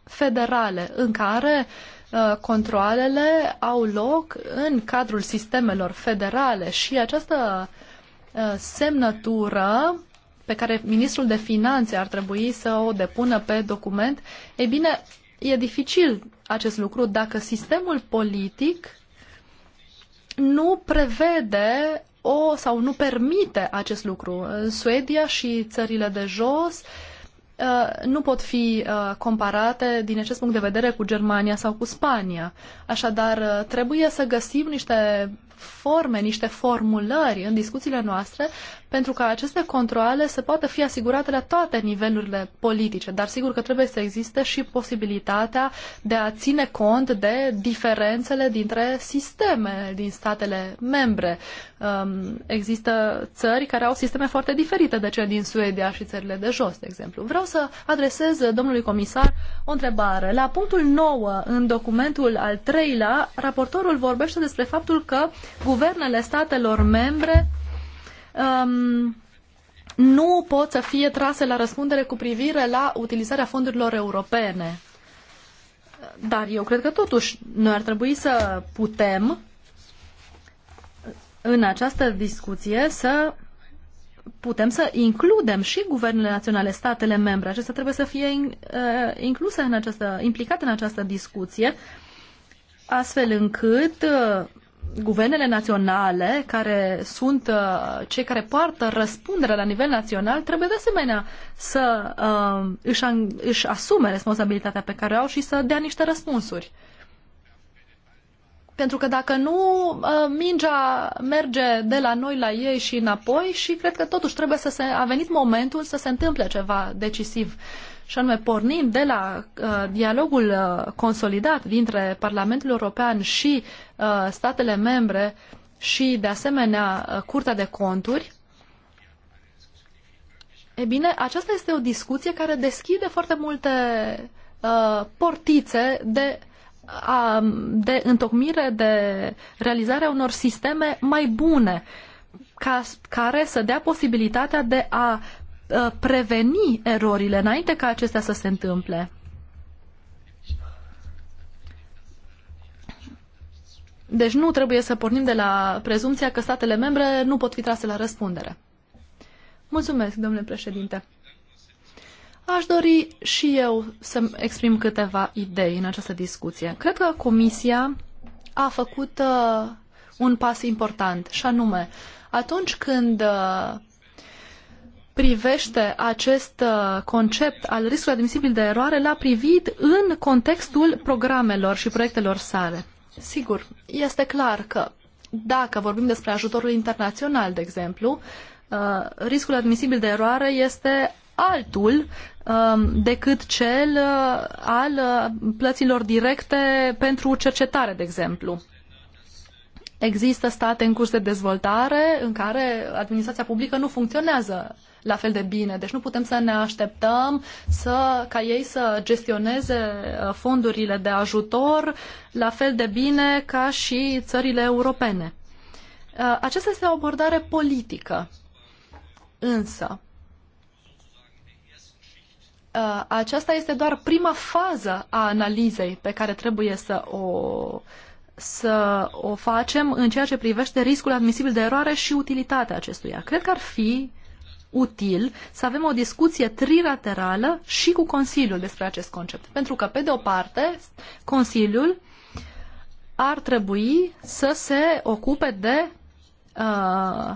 federale, în care uh, Uh, controalele au loc în cadrul sistemelor federale și această uh, semnătură pe care ministrul de finanțe ar trebui să o depună pe document, e bine, e dificil acest lucru dacă sistemul politic nu prevede o sau nu permite acest lucru. În Suedia și țările de jos uh, Uh, nu pot fi uh, comparate din acest punct de vedere cu Germania sau cu Spania. Așadar, uh, trebuie să găsim niște forme, niște formulări în discuțiile noastre pentru ca aceste controle să poată fi asigurate la toate nivelurile politice, dar sigur că trebuie să existe și posibilitatea de a ține cont de diferențele dintre sisteme din statele membre. Um, există țări care au sisteme foarte diferite de cele din Suedia și țările de jos, de exemplu. Vreau să adresez domnului comisar o întrebare. La punctul 9, în documentul al treilea, raportorul vorbește despre faptul că guvernele statelor membre um, nu pot să fie trase la răspundere cu privire la utilizarea fondurilor europene. Dar eu cred că totuși noi ar trebui să putem în această discuție să putem să includem și guvernele naționale, statele membre. Acestea trebuie să fie uh, incluse în această, implicate în această discuție, astfel încât uh, guvernele naționale, care sunt uh, cei care poartă răspunderea la nivel național, trebuie de asemenea să uh, își, își asume responsabilitatea pe care o au și să dea niște răspunsuri. Pentru că dacă nu, uh, mingea merge de la noi la ei și înapoi și cred că totuși trebuie să se, a venit momentul să se întâmple ceva decisiv. Uh, și anume pornim de la uh, dialogul uh, consolidat dintre Parlamentul European și uh, statele membre și, de asemenea, uh, Curtea de Conturi, e bine, aceasta este o discuție care deschide foarte multe uh, portițe de uh, a, de întocmire, de realizarea unor sisteme mai bune, ca, care să dea posibilitatea de a Uh, preveni erorile înainte ca acestea să se întâmple. Deci nu trebuie să pornim de la prezumția că statele membre nu pot fi trase la răspundere. Mulțumesc, domnule președinte. Aș dori și eu să exprim câteva idei în această discuție. Cred că Comisia a făcut uh, un pas important, și anume, atunci când uh, privește acest uh, concept al riscului admisibil de eroare l-a privit în contextul programelor și proiectelor sale. Sigur, este clar că dacă vorbim despre ajutorul internațional, de exemplu, uh, riscul admisibil de eroare este altul um, decât cel uh, al plăților directe pentru cercetare, de exemplu. Există state în curs de dezvoltare în care administrația publică nu funcționează la fel de bine. Deci nu putem să ne așteptăm să, ca ei să gestioneze uh, fondurile de ajutor la fel de bine ca și țările europene. Uh, aceasta este o abordare politică. Însă, uh, aceasta este doar prima fază a analizei pe care trebuie să o să o facem în ceea ce privește riscul admisibil de eroare și utilitatea acestuia. Cred că ar fi util să avem o discuție trilaterală și cu Consiliul despre acest concept. Pentru că, pe de o parte, Consiliul ar trebui să se ocupe de, uh,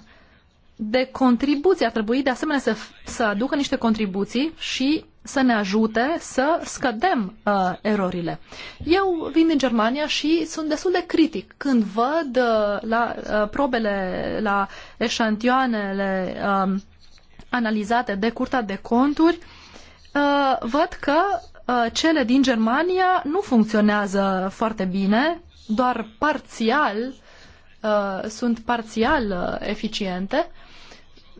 de contribuții, ar trebui de asemenea să, să aducă niște contribuții și să ne ajute să scădem uh, erorile. Eu vin din Germania și sunt destul de critic când văd uh, la uh, probele, la eșantioanele uh, analizate de curta de Conturi, uh, văd că uh, cele din Germania nu funcționează foarte bine, doar parțial uh, sunt parțial uh, eficiente. Uh,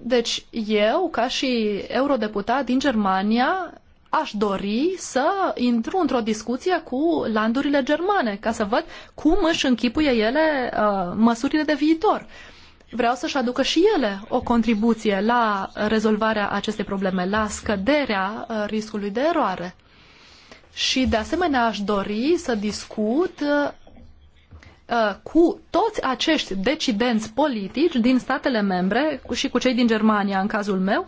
deci eu, ca și eurodeputat din Germania, aș dori să intru într-o discuție cu landurile germane, ca să văd cum își închipuie ele uh, măsurile de viitor. Vreau să-și aducă și ele o contribuție la rezolvarea acestei probleme, la scăderea uh, riscului de eroare. Și de asemenea aș dori să discut uh, Uh, cu toți acești decidenți politici din statele membre și cu cei din Germania în cazul meu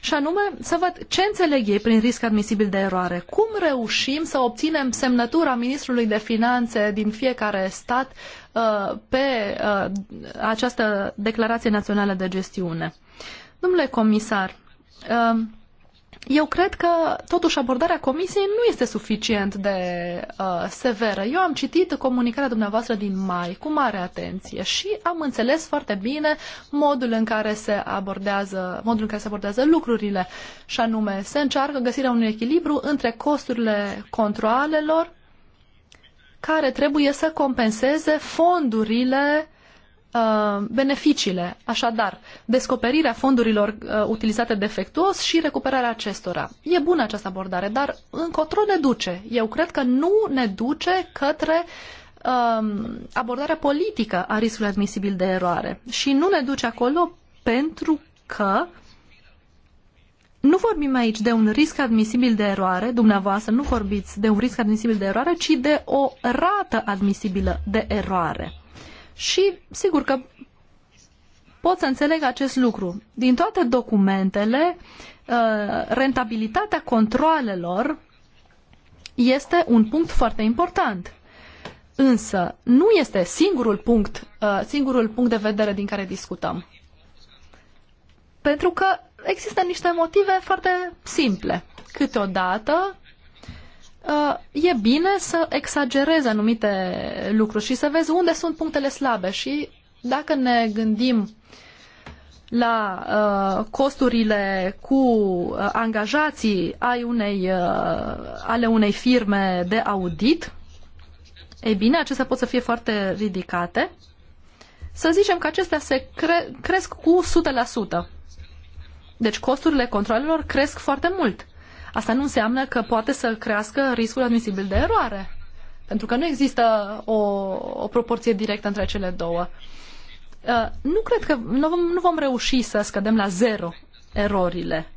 și anume să văd ce înțeleg ei prin risc admisibil de eroare. Cum reușim să obținem semnătura ministrului de finanțe din fiecare stat uh, pe uh, această declarație națională de gestiune? Domnule comisar, uh, eu cred că, totuși, abordarea Comisiei nu este suficient de uh, severă. Eu am citit comunicarea dumneavoastră din mai cu mare atenție și am înțeles foarte bine modul în care se abordează, modul în care se abordează lucrurile, și anume se încearcă găsirea unui echilibru între costurile controalelor care trebuie să compenseze fondurile uh, beneficiile. Așadar, descoperirea fondurilor uh, utilizate defectuos și recuperarea acestora. E bună această abordare, dar încotro ne duce. Eu cred că nu ne duce către uh, abordarea politică a riscului admisibil de eroare. Și nu ne duce acolo pentru că nu vorbim aici de un risc admisibil de eroare, dumneavoastră nu vorbiți de un risc admisibil de eroare, ci de o rată admisibilă de eroare. Și sigur că pot să înțeleg acest lucru. Din toate documentele, uh, rentabilitatea controlelor este un punct foarte important. Însă, nu este singurul punct, uh, singurul punct de vedere din care discutăm. Pentru că există niște motive foarte simple. Câteodată, e bine să exagerezi anumite lucruri și să vezi unde sunt punctele slabe și dacă ne gândim la uh, costurile cu uh, angajații ai unei, uh, ale unei firme de audit, ei bine, acestea pot să fie foarte ridicate. Să zicem că acestea se cre- cresc cu 100%. Deci costurile controlelor cresc foarte mult. Asta nu înseamnă că poate să crească riscul admisibil de eroare. Pentru că nu există o, o proporție directă între cele două. Uh, nu cred că nu vom, nu vom reuși să scădem la zero erorile.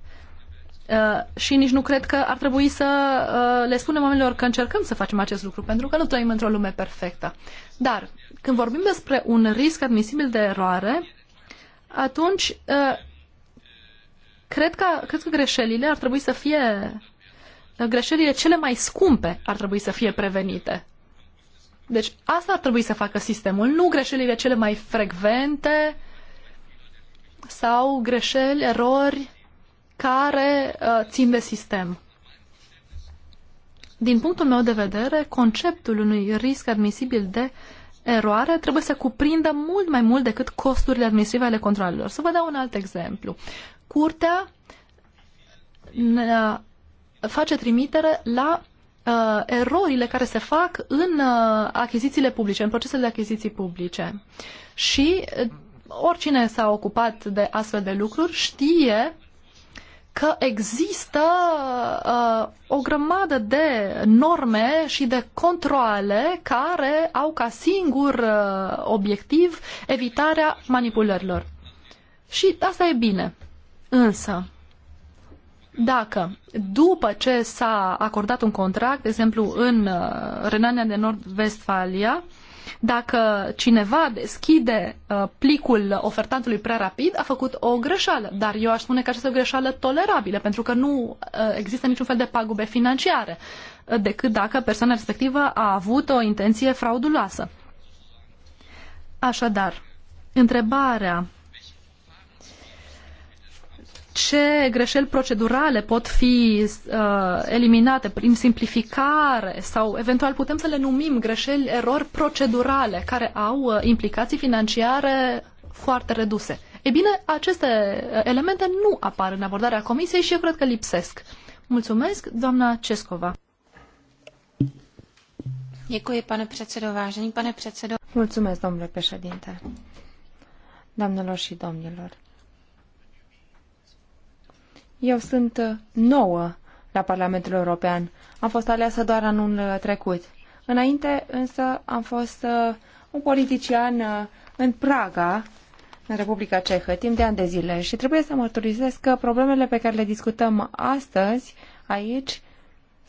Uh, și nici nu cred că ar trebui să uh, le spunem oamenilor că încercăm să facem acest lucru, pentru că nu trăim într-o lume perfectă. Dar când vorbim despre un risc admisibil de eroare, atunci Cred că, cred că greșelile ar trebui să fie, greșelile cele mai scumpe ar trebui să fie prevenite. Deci asta ar trebui să facă sistemul, nu greșelile cele mai frecvente sau greșeli, erori care uh, țin de sistem. Din punctul meu de vedere, conceptul unui risc admisibil de eroare trebuie să cuprindă mult mai mult decât costurile admisive ale controlelor. Să vă dau un alt exemplu curtea uh, face trimitere la uh, erorile care se fac în uh, achizițiile publice, în procesele de achiziții publice. Și uh, oricine s-a ocupat de astfel de lucruri știe că există uh, o grămadă de norme și de controle care au ca singur uh, obiectiv evitarea manipulărilor. Și asta e bine. Însă, dacă după ce s-a acordat un contract, de exemplu în uh, Renania de Nord-Vestfalia, dacă cineva deschide uh, plicul ofertantului prea rapid, a făcut o greșeală. Dar eu aș spune că această greșeală tolerabilă, pentru că nu uh, există niciun fel de pagube financiare, decât dacă persoana respectivă a avut o intenție frauduloasă. Așadar, întrebarea ce greșeli procedurale pot fi uh, eliminate prin simplificare sau eventual putem să le numim greșeli, erori procedurale care au uh, implicații financiare foarte reduse. Ei bine, aceste uh, elemente nu apar în abordarea comisiei și eu cred că lipsesc. Mulțumesc, doamna Cescova. Děkuji, pane předsedo, vážený pane předsedo. Mulțumesc, domnule președinte. Doamnelor și domnilor, eu sunt uh, nouă la Parlamentul European. Am fost aleasă doar anul uh, trecut. Înainte, însă, am fost uh, un politician în Praga, în Republica Cehă, timp de ani de zile și trebuie să mărturisesc că problemele pe care le discutăm astăzi aici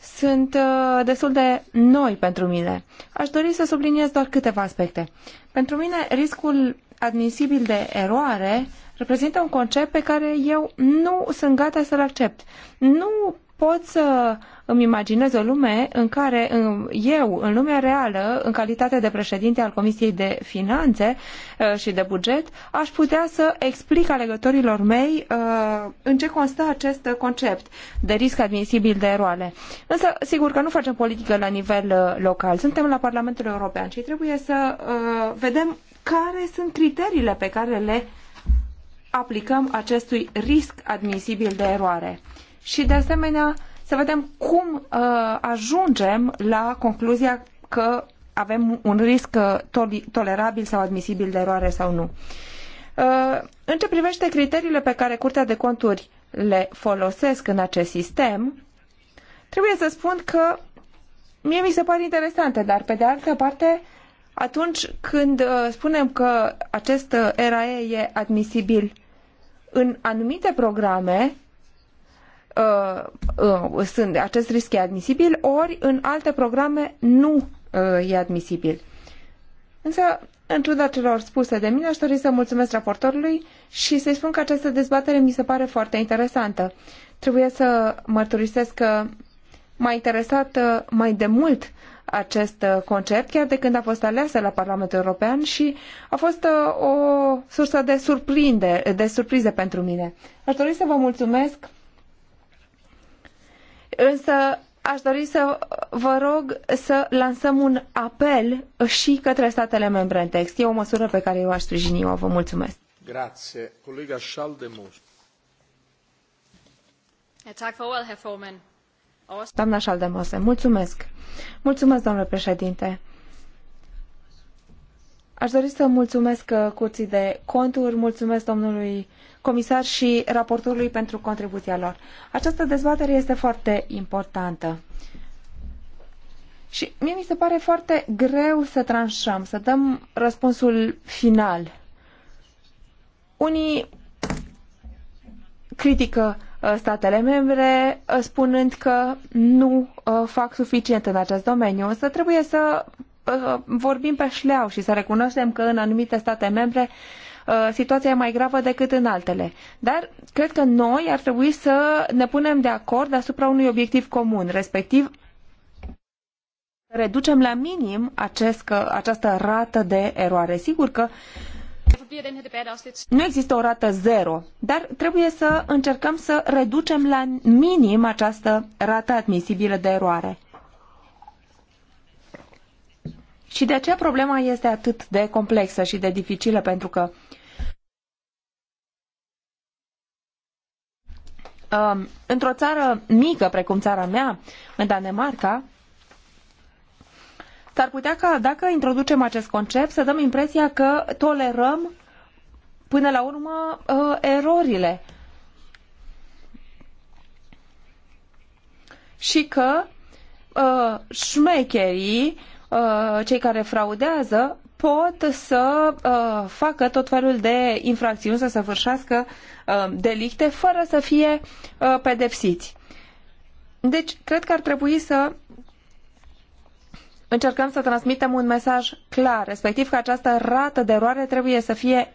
sunt destul de noi pentru mine. Aș dori să subliniez doar câteva aspecte. Pentru mine, riscul admisibil de eroare reprezintă un concept pe care eu nu sunt gata să-l accept. Nu pot să îmi imaginez o lume în care eu, în lumea reală, în calitate de președinte al Comisiei de Finanțe uh, și de Buget, aș putea să explic alegătorilor mei uh, în ce constă acest concept de risc admisibil de eroare. Însă, sigur că nu facem politică la nivel uh, local. Suntem la Parlamentul European și trebuie să vedem care sunt criteriile pe care le aplicăm acestui risc admisibil de eroare. Și de asemenea, să vedem cum uh, ajungem la concluzia că avem un risc uh, tolerabil sau admisibil de eroare sau nu. Uh, în ce privește criteriile pe care Curtea de Conturi le folosesc în acest sistem, trebuie să spun că mie mi se par interesante, dar pe de altă parte atunci când uh, spunem că acest uh, RAE e admisibil în anumite programe, uh, sunt, acest risc e admisibil, ori în alte programe nu e admisibil. Însă, în ciuda celor spuse de mine, aș dori să mulțumesc raportorului și să-i spun că această dezbatere mi se pare foarte interesantă. Trebuie să mărturisesc că m-a interesat mai de mult acest uh, concept chiar de când a fost aleasă la Parlamentul European și a fost uh, o sursă de, surprinde, de surprize pentru mine. Aș dori să vă mulțumesc, însă aș dori să vă rog să lansăm un apel și către statele membre în text. E o măsură pe care eu aș sprijini o Vă mulțumesc. Grazie. Colega Schaldemose. Tak for ordet, herr formand. Doamna Șaldemose, mulțumesc. Mulțumesc, domnule președinte. Aș dori să mulțumesc uh, curții de conturi, mulțumesc domnului comisar și raportorului pentru contribuția lor. Această dezbatere este foarte importantă. Și mie mi se pare foarte greu să tranșăm, să dăm răspunsul final. Unii critică Uh, statele membre, uh, spunând că nu uh, fac suficient în acest domeniu. Însă trebuie să vorbim pe șleau și să recunoaștem că în anumite state membre situația e mai gravă decât în altele. Dar cred că noi ar trebui să ne punem de acord asupra unui obiectiv comun, respectiv reducem la minim acest, această rată de eroare. Sigur că nu există o rată zero, dar trebuie să încercăm să reducem la minim această rată admisibilă de eroare. Și de ce problema este atât de complexă și de dificilă? Pentru că um, într-o țară mică, precum țara mea, în Danemarca, S-ar putea ca, dacă introducem acest concept, să dăm impresia că tolerăm până la urmă uh, erorile. Și că uh, șmecherii, uh, cei care fraudează, pot să facă tot felul de infracțiuni, să săvârșească delicte fără să fie pedepsiți. Deci, cred că ar trebui să încercăm să transmitem un mesaj clar, respectiv că această rată de eroare trebuie să fie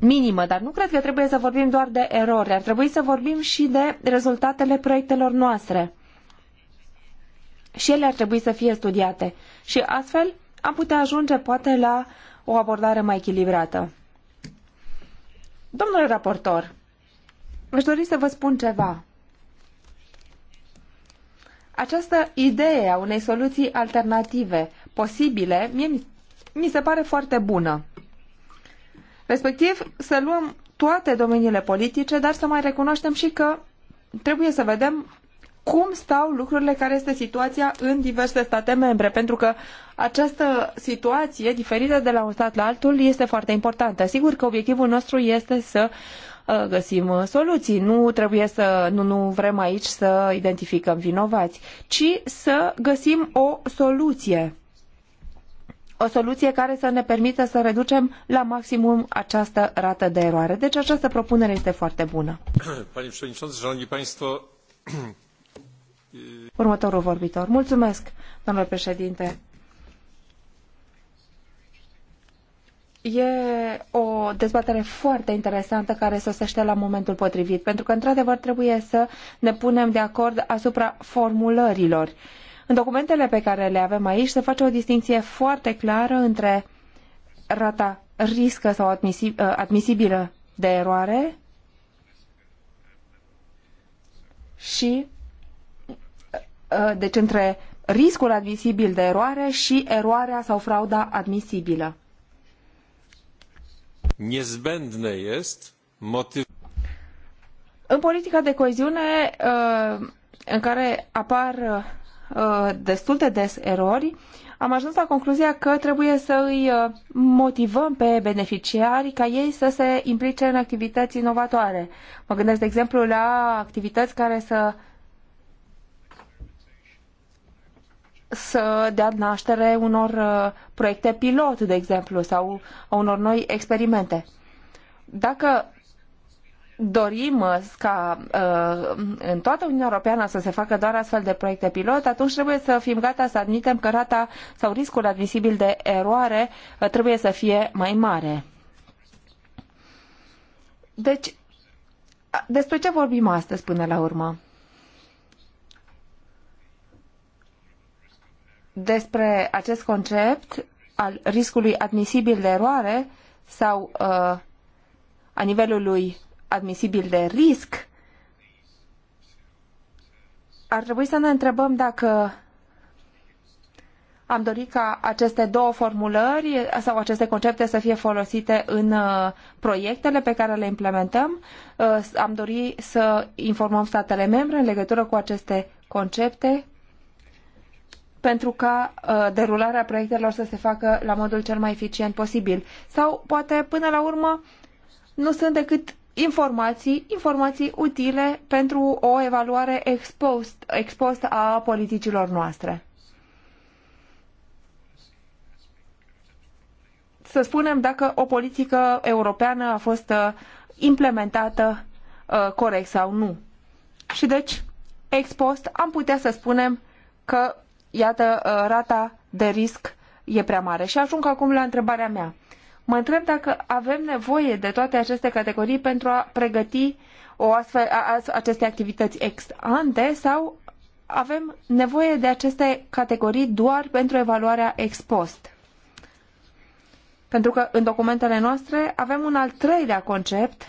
minimă, dar nu cred că trebuie să vorbim doar de erori, ar trebui să vorbim și de rezultatele proiectelor noastre. Și ele ar trebui să fie studiate. Și astfel am putea ajunge poate la o abordare mai echilibrată. Domnule raportor, aș dori să vă spun ceva. Această idee a unei soluții alternative posibile, mie mi se pare foarte bună. Respectiv, să luăm toate domeniile politice, dar să mai recunoaștem și că trebuie să vedem cum stau lucrurile, care este situația în diverse state membre, pentru că această situație diferită de la un stat la altul este foarte importantă. Sigur că obiectivul nostru este să Ă, găsim ă, soluții. Nu trebuie să, nu, nu vrem aici să identificăm vinovați, ci să găsim o soluție. O soluție care să ne permită să reducem la maximum această rată de eroare. Deci această propunere este foarte bună. (coughs) Panie președinte, șanowni państwo, Următorul vorbitor. Mulțumesc, domnule președinte. E o dezbatere foarte interesantă care sosește la momentul potrivit, pentru că, într-adevăr, trebuie să ne punem de acord asupra formulărilor. În documentele pe care le avem aici se face o distinție foarte clară între rata riscă sau uh, admisibilă de eroare și uh, deci între riscul admisibil de eroare și eroarea sau frauda admisibilă niezbędne jest motyw... În politica de coeziune, ă, în care apar ă, destul de des erori, am ajuns la concluzia că trebuie să îi ă, motivăm pe beneficiari ca ei să se implice în activități inovatoare. Mă gândesc, de exemplu, la activități care să să dea naștere unor uh, proiecte pilot, de exemplu, sau unor noi experimente. Dacă dorim uh, ca uh, în toată Uniunea Europeană să se facă doar astfel de proiecte pilot, atunci trebuie să fim gata să admitem că rata sau riscul admisibil de eroare trebuie să fie mai mare. Deci, despre ce vorbim astăzi până la urmă? despre acest concept al riscului admisibil de eroare sau uh, a nivelului admisibil de risc, ar trebui să ne întrebăm dacă am dorit ca aceste două formulări sau aceste concepte să fie folosite în uh, proiectele pe care le implementăm. Uh, am dorit să informăm statele membre în legătură cu aceste concepte pentru ca uh, derularea proiectelor să se facă la modul cel mai eficient posibil. Sau poate până la urmă nu sunt decât informații, informații utile pentru o evaluare expost, expost a politicilor noastre. Să spunem dacă o politică europeană a fost uh, implementată uh, corect sau nu. Și deci, expost, am putea să spunem că iată, uh, rata de risc e prea mare. Și ajung acum la întrebarea mea. Mă întreb dacă avem nevoie de toate aceste categorii pentru a pregăti o astfel, a, aceste activități ex ante sau avem nevoie de aceste categorii doar pentru evaluarea ex post. Pentru că în documentele noastre avem un al treilea concept,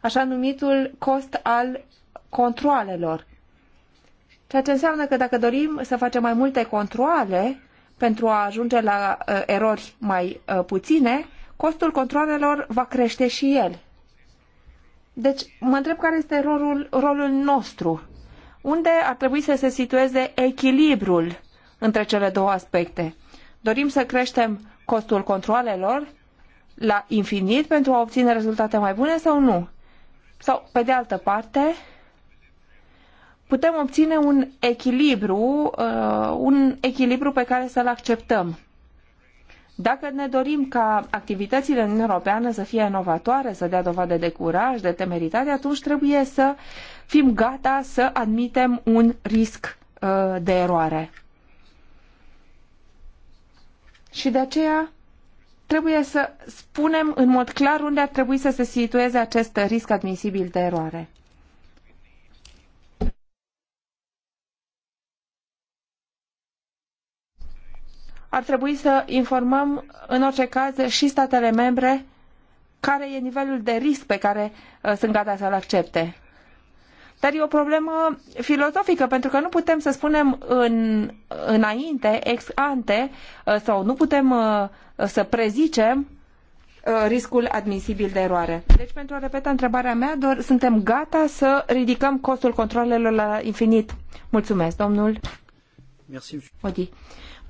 așa numitul cost al controalelor. Ceea ce înseamnă că dacă dorim să facem mai multe controle pentru a ajunge la uh, erori mai uh, puține, costul controlelor va crește și el. Deci, mă întreb care este rolul, rolul nostru. Unde ar trebui să se situeze echilibrul între cele două aspecte? Dorim să creștem costul controlelor la infinit pentru a obține rezultate mai bune sau nu? Sau, pe de altă parte, putem obține un echilibru, uh, un echilibru pe care să-l acceptăm. Dacă ne dorim ca activitățile în Europeană să fie inovatoare, să dea dovadă de curaj, de temeritate, atunci trebuie să fim gata să admitem un risc uh, de eroare. Și de aceea trebuie să spunem în mod clar unde ar trebui să se situeze acest risc admisibil de eroare. ar trebui să informăm în orice caz și statele membre care e nivelul de risc pe care uh, sunt gata să-l accepte. Dar e o problemă filozofică, pentru că nu putem să spunem în, înainte, ex ante, uh, sau nu putem uh, să prezicem uh, riscul admisibil de eroare. Deci, pentru a repeta întrebarea mea, doar suntem gata să ridicăm costul controlelor la infinit. Mulțumesc, domnul. Merci.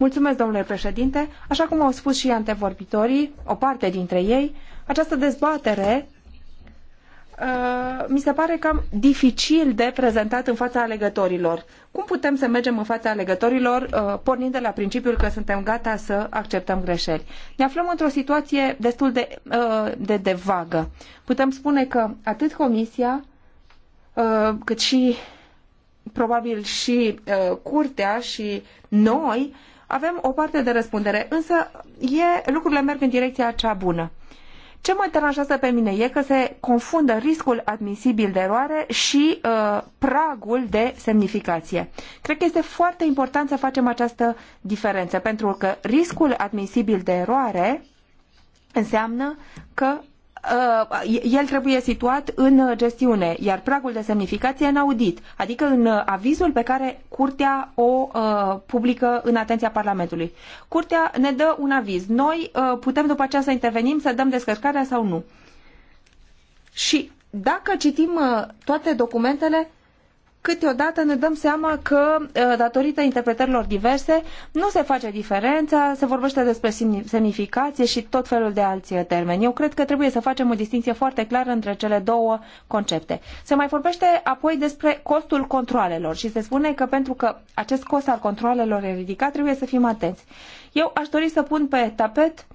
Mulțumesc, domnule președinte. Așa cum au spus și antevorbitorii, o parte dintre ei, această dezbatere uh, mi se pare cam dificil de prezentat în fața alegătorilor. Cum putem să mergem în fața alegătorilor uh, pornind de la principiul că suntem gata să acceptăm greșeli? Ne aflăm într-o situație destul de, uh, de, de vagă. Putem spune că atât Comisia cât și probabil și curtea și noi avem o parte de răspundere, însă e, lucrurile merg în direcția cea bună. Ce mă deranjează pe mine e că se confundă riscul admisibil de eroare și uh, pragul de semnificație. Cred că este foarte important să facem această diferență, pentru că riscul admisibil de eroare înseamnă că Uh, el trebuie situat în uh, gestiune, iar pragul de semnificație în audit, adică în uh, avizul pe care curtea o publică în atenția Parlamentului. Curtea ne dă un aviz. Noi putem după aceea să intervenim, să dăm descărcarea sau nu. Și dacă citim toate documentele, câteodată ne dăm seama că, datorită interpretărilor diverse, nu se face diferența, se vorbește despre semnificație și tot felul de alți termeni. Eu cred că trebuie să facem o distinție foarte clară între cele două concepte. Se mai vorbește apoi despre costul controalelor și se spune că pentru că acest cost al controalelor e ridicat, trebuie să fim atenți. Eu aș dori să pun pe tapet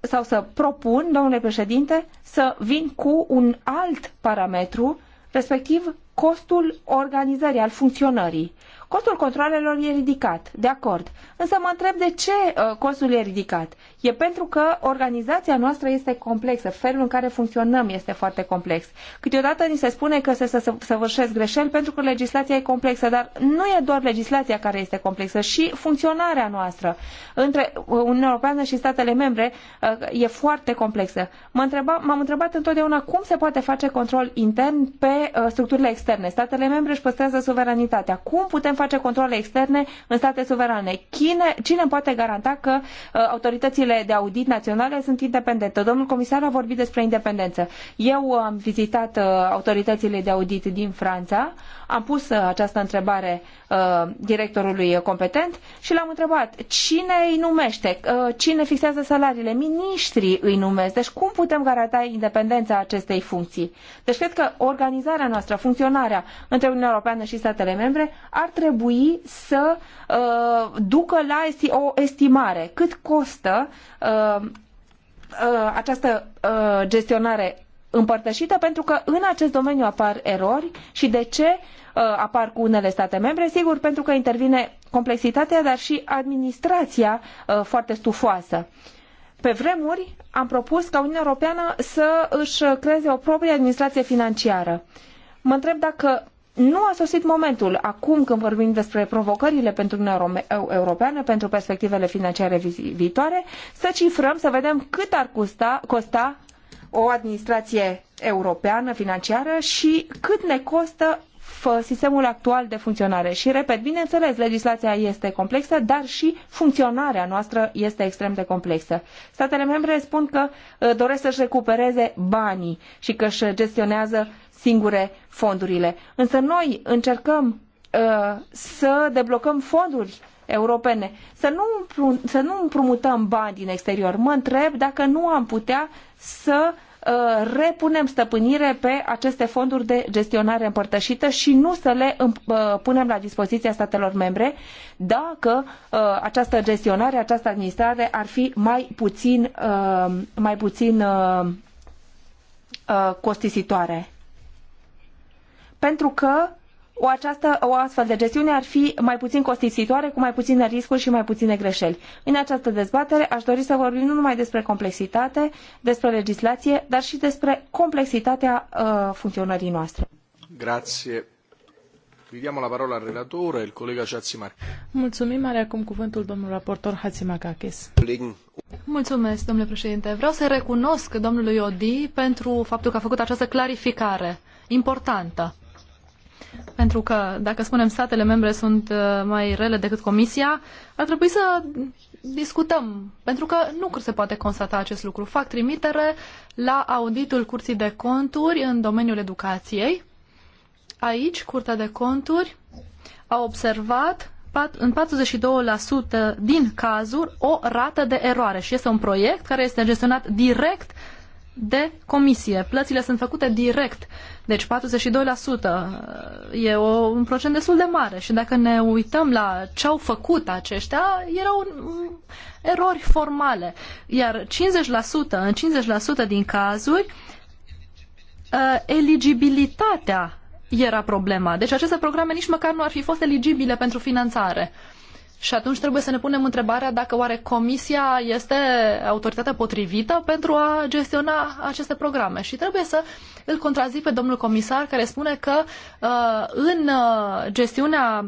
sau să propun, domnule președinte, să vin cu un alt parametru respectiv costul organizării, al funcționării. Costul controlelor e ridicat, de acord. Însă mă întreb de ce uh, costul e ridicat e pentru că organizația noastră este complexă, felul în care funcționăm este foarte complex. Câteodată ni se spune că se săvârșesc greșeli pentru că legislația e complexă, dar nu e doar legislația care este complexă, și funcționarea noastră între Uniunea Europeană și statele membre uh, e foarte complexă. M-am întreba, întrebat întotdeauna cum se poate face control intern pe uh, structurile externe. Statele membre își păstrează suveranitatea. Cum putem face controle externe în state suverane? Cine, cine poate garanta că uh, autoritățile de audit naționale sunt independente. Domnul comisar a vorbit despre independență. Eu am vizitat uh, autoritățile de audit din Franța, am pus uh, această întrebare uh, directorului competent și l-am întrebat cine îi numește, cine fixează salariile, miniștrii îi numesc, deci cum putem garanta independența acestei funcții. Deci cred că organizarea noastră, funcționarea între Uniunea Europeană și statele membre ar trebui să ducă la o estimare cât costă Uh, uh, această uh, gestionare împărtășită pentru că în acest domeniu apar erori și de ce apar cu unele state membre? Sigur, pentru că intervine complexitatea, dar și administrația foarte stufoasă. Pe vremuri am propus ca Uniunea Europeană să își creeze o proprie administrație financiară. Mă întreb dacă nu a sosit momentul, acum când vorbim despre provocările pentru Uniunea Europeană, pentru perspectivele financiare viitoare, să cifrăm, să vedem cât ar costa, costa o administrație europeană financiară și cât ne costă sistemul actual de funcționare. Și, repet, bineînțeles, legislația este complexă, dar și funcționarea noastră este extrem de complexă. Statele membre spun că uh, doresc să-și recupereze banii și că își gestionează singure fondurile. Însă noi încercăm uh, să deblocăm fonduri europene, să nu, să nu împrumutăm bani din exterior. Mă întreb dacă nu am putea să Uh, repunem stăpânire pe aceste fonduri de gestionare împărtășită și nu să le uh, punem la dispoziția statelor membre dacă uh, această gestionare, această administrare ar fi mai puțin, mai puțin costisitoare. Pentru că o, această, o astfel de gestiune ar fi mai puțin costisitoare, cu mai puține riscuri și mai puține greșeli. În această dezbatere aș dori să vorbim nu numai despre complexitate, despre legislație, dar și despre complexitatea uh, funcționării noastre. Grazie. Ridiamo la parola al relatore, il collega Mulțumim, are acum cuvântul domnul raportor Hatzimakakis. Mulțumesc, domnule președinte. Vreau să recunosc domnului Odi pentru faptul că a făcut această clarificare importantă pentru că, dacă spunem statele membre sunt uh, mai rele decât Comisia, ar trebui să discutăm, pentru că nu se poate constata acest lucru. Fac trimitere la auditul Curții de Conturi în domeniul educației. Aici, Curtea de Conturi a observat în 42% din cazuri o rată de eroare și este un proiect care este gestionat direct de comisie. Plățile sunt făcute direct, deci 42% uh, e o, un procent destul de mare și dacă ne uităm la ce au făcut aceștia, erau mm, erori formale. Iar 50%, în 50% din cazuri, uh, eligibilitatea era problema. Deci aceste programe nici măcar nu ar fi fost eligibile pentru finanțare. Uh, și atunci trebuie să ne punem întrebarea dacă oare Comisia este autoritatea potrivită pentru a gestiona aceste programe. Și trebuie să îl contrazic pe domnul comisar care spune că uh, în uh, gestiunea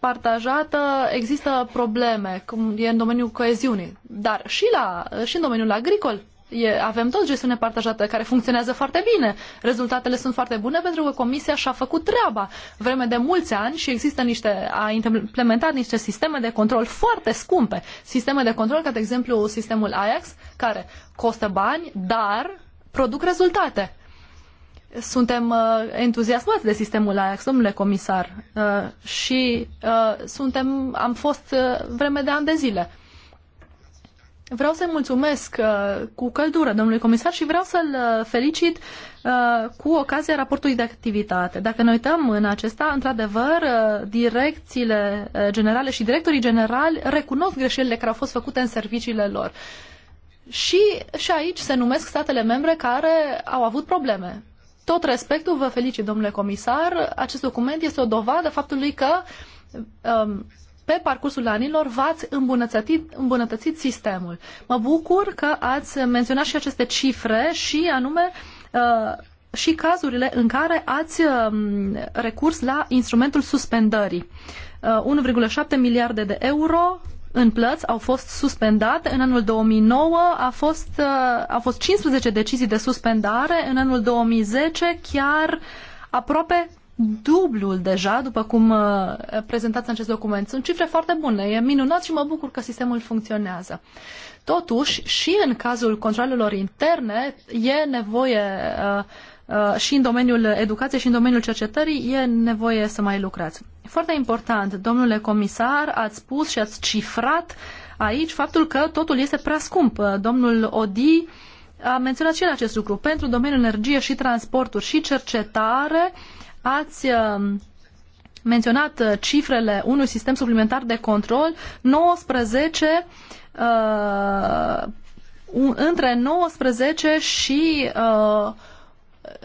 partajată există probleme, cum e în domeniul coeziunii, dar și, la, și în domeniul agricol e, avem tot gestiune partajată care funcționează foarte bine. Rezultatele sunt foarte bune pentru că Comisia și-a făcut treaba vreme de mulți ani și există niște, a implementat niște sisteme de control foarte scumpe. Sisteme de control ca, de exemplu, sistemul Ajax, care costă bani, dar produc rezultate. Suntem uh, entuziasmați de sistemul Ajax, domnule comisar, uh, și uh, suntem, am fost uh, vreme de ani de zile. Uh, Vreau să-i mulțumesc uh, cu căldură domnului comisar și vreau să-l uh, felicit uh, cu ocazia raportului de activitate. Dacă ne uităm în acesta, într-adevăr, uh, direcțiile uh, generale și directorii generali recunosc greșelile care au fost făcute în serviciile lor. Și, și aici se numesc statele membre care au avut probleme. Tot respectul, vă felicit, domnule comisar, acest document este o dovadă faptului că um, pe parcursul anilor v-ați îmbunătățit, îmbunătățit sistemul. Mă bucur că ați menționat și aceste cifre și anume uh, și cazurile în care ați um, recurs la instrumentul suspendării. 1,7 uh, miliarde de euro în plăți au fost suspendate. În anul 2009 a fost, uh, au fost 15 decizii de suspendare, în anul 2010 chiar aproape dublul deja, după cum uh, prezentați în acest document. Sunt cifre foarte bune, e minunat și mă bucur că sistemul funcționează. Totuși, și în cazul controlelor interne, e nevoie uh, uh, și în domeniul educației și în domeniul cercetării e nevoie să mai lucrați. Foarte important, domnule comisar, ați spus și ați cifrat aici faptul că totul este prea scump. Domnul Odi a menționat și el acest lucru. Pentru domeniul energie și transporturi și cercetare, uh, Ați uh, menționat uh, cifrele unui sistem suplimentar de control, 19 uh, între 19 și uh,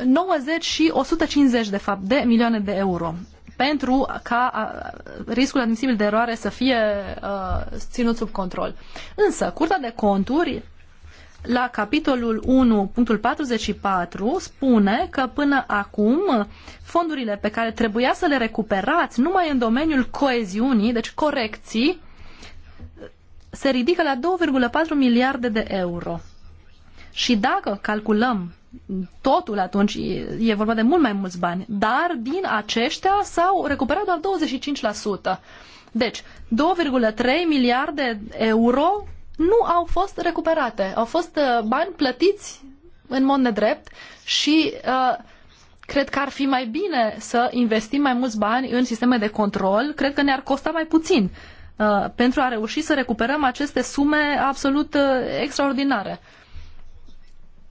90 și 150 de fapt de milioane de euro pentru ca riscul admisibil de eroare să fie uh, ținut sub control. Însă, Curtea de Conturi la capitolul 1, punctul 44, spune că până acum fondurile pe care trebuia să le recuperați numai în domeniul coeziunii, deci corecții, se ridică la 2,4 miliarde de euro. Și dacă calculăm totul, atunci e vorba de mult mai mulți bani, dar din aceștia s-au recuperat doar 25%. Deci, 2,3 miliarde euro nu au fost recuperate. Au fost uh, bani plătiți în mod nedrept și uh, cred că ar fi mai bine să investim mai mulți bani în sisteme de control. Cred că ne-ar costa mai puțin uh, pentru a reuși să recuperăm aceste sume absolut uh, extraordinare.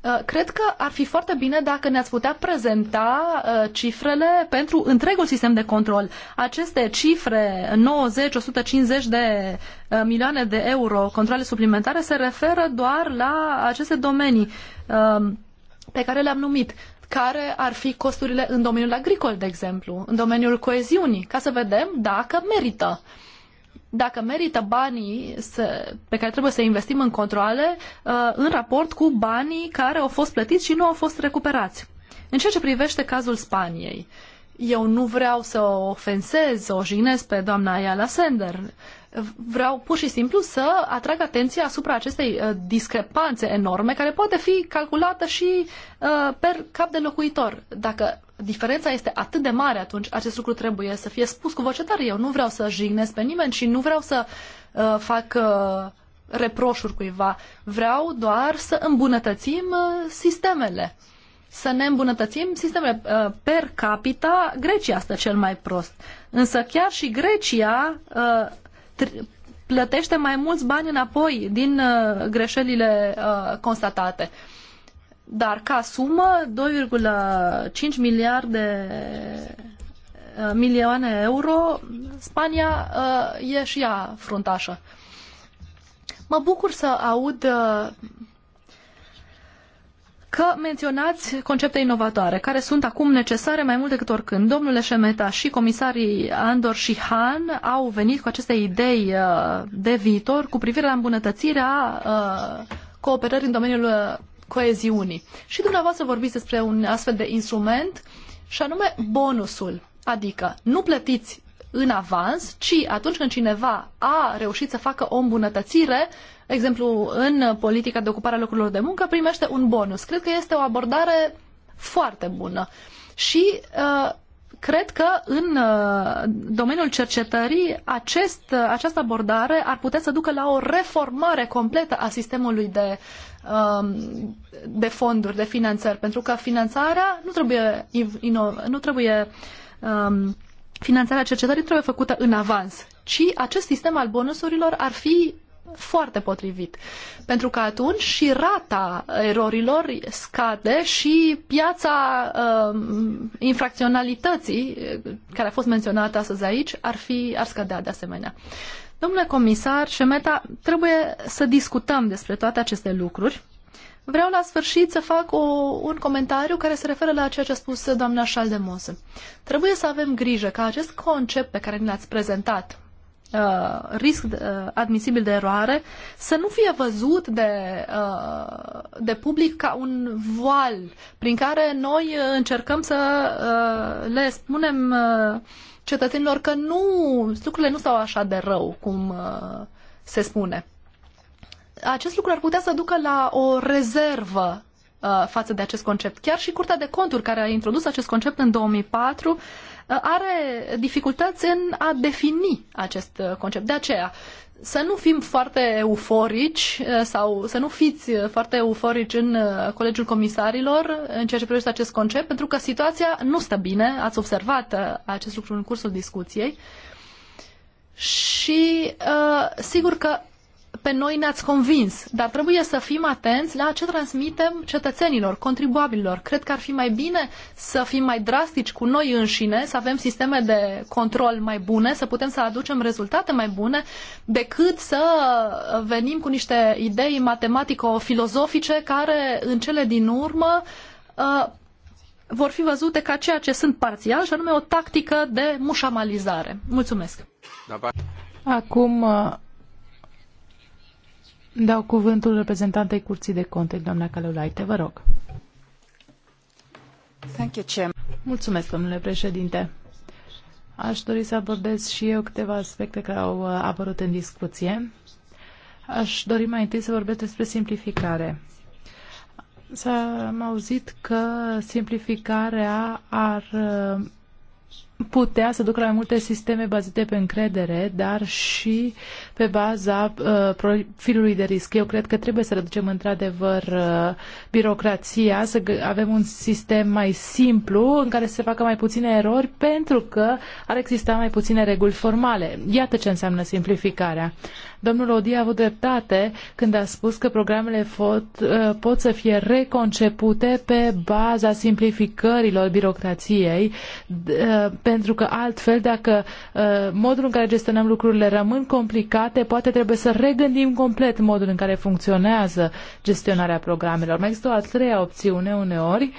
Uh, cred că ar fi foarte bine dacă ne-ați putea prezenta uh, cifrele pentru întregul sistem de control. Aceste cifre, 90-150 de uh, milioane de euro, controle suplimentare, se referă doar la aceste domenii um, pe care le-am numit. Care ar fi costurile în domeniul agricol, de exemplu, în domeniul coeziunii, ca să vedem dacă merită. Uh, dacă merită banii să, pe care trebuie să investim în controle uh, în raport cu banii care au fost plătiți și nu au fost recuperați. În ceea ce privește cazul Spaniei, eu nu vreau să o ofensez, să o jignesc pe doamna Ayala Sender vreau pur și simplu să atrag atenția asupra acestei uh, discrepanțe enorme care poate fi calculată și uh, per cap de locuitor. Dacă diferența este atât de mare, atunci acest lucru trebuie să fie spus cu voce tare. Eu nu vreau să jignesc pe nimeni și nu vreau să uh, fac reproșuri cuiva. Vreau doar să îmbunătățim sistemele să ne îmbunătățim sistemele. Per capita, Grecia stă cel mai prost. Însă chiar și Grecia uh, plătește mai mulți bani înapoi din uh, greșelile uh, constatate. Dar ca sumă, 2,5 miliarde uh, milioane euro, Spania e și ea fruntașă. Mă bucur să aud că menționați concepte inovatoare, care sunt acum necesare mai mult decât oricând. Domnule Șemeta și comisarii Andor și Han au venit cu aceste idei uh, de viitor cu privire la îmbunătățirea uh, cooperării în domeniul uh, coeziunii. Și dumneavoastră vorbiți despre un astfel de instrument și anume bonusul. Adică nu plătiți în avans, ci atunci când cineva a reușit să facă o îmbunătățire, exemplu în politica de ocupare a locurilor de muncă, primește un bonus. Cred că este o abordare foarte bună. Și uh, cred că în uh, domeniul cercetării acest, uh, această abordare ar putea să ducă la o reformare completă a sistemului de, um, de fonduri, de finanțări, pentru că finanțarea nu trebuie, nu trebuie um, finanțarea cercetării trebuie făcută în avans, ci acest sistem al bonusurilor ar fi foarte potrivit. Pentru că atunci și rata erorilor scade și piața um, uh, infracționalității, care a fost menționată astăzi aici, ar, fi, ar scădea de asemenea. Domnule comisar Șemeta, trebuie să discutăm despre toate aceste lucruri Vreau la sfârșit să fac o, un comentariu care se referă la ceea ce a spus doamna Șaldemose. Trebuie să avem grijă ca acest concept pe care ni l-ați prezentat, uh, risc uh, admisibil de eroare, să nu fie văzut de, uh, de public ca un voal prin care noi uh, încercăm să uh, le spunem uh, cetățenilor că nu, lucrurile nu stau așa de rău cum uh, se spune acest lucru ar putea să ducă la o rezervă uh, față de acest concept. Chiar și Curtea de Conturi, care a introdus acest concept în 2004, uh, are dificultăți în a defini acest uh, concept. De aceea, să nu fim foarte euforici uh, sau să nu fiți uh, foarte euforici în Colegiul Comisarilor în ceea ce privește acest concept, pentru că situația nu stă bine, ați observat acest lucru în cursul discuției și uh, sigur că pe noi ne-ați convins, dar trebuie să fim atenți la ce transmitem cetățenilor, contribuabililor. Cred că ar fi mai bine să fim mai drastici cu noi înșine, să avem sisteme de control mai bune, să putem să aducem rezultate mai bune, decât să venim cu niște idei matematico-filozofice care în cele din urmă uh, vor fi văzute ca ceea ce sunt parțial și anume o tactică de mușamalizare. Mulțumesc! Da, Acum uh, Dau cuvântul reprezentantei Curții de Conte, doamna Calulaite, vă rog. Thank you, Chair. Mulțumesc, domnule președinte. Aș dori să abordez și eu câteva aspecte care au uh, apărut în discuție. Aș dori mai întâi să vorbesc despre simplificare. s a auzit că simplificarea ar uh, putea să ducă la multe sisteme bazate pe încredere, dar și pe baza uh, profilului de risc. Eu cred că trebuie să reducem într-adevăr uh, birocrația, să avem un sistem mai simplu în care să se facă mai puține erori pentru că ar exista mai puține reguli formale. Iată ce înseamnă simplificarea. Domnul Odi a avut dreptate când a spus că programele pot, uh, pot să fie reconcepute pe baza simplificărilor birocrației uh, pentru că altfel dacă uh, modul în care gestionăm lucrurile rămân complicat păcate, poate trebuie să regândim complet modul în care funcționează gestionarea programelor. Mai există o a treia opțiune uneori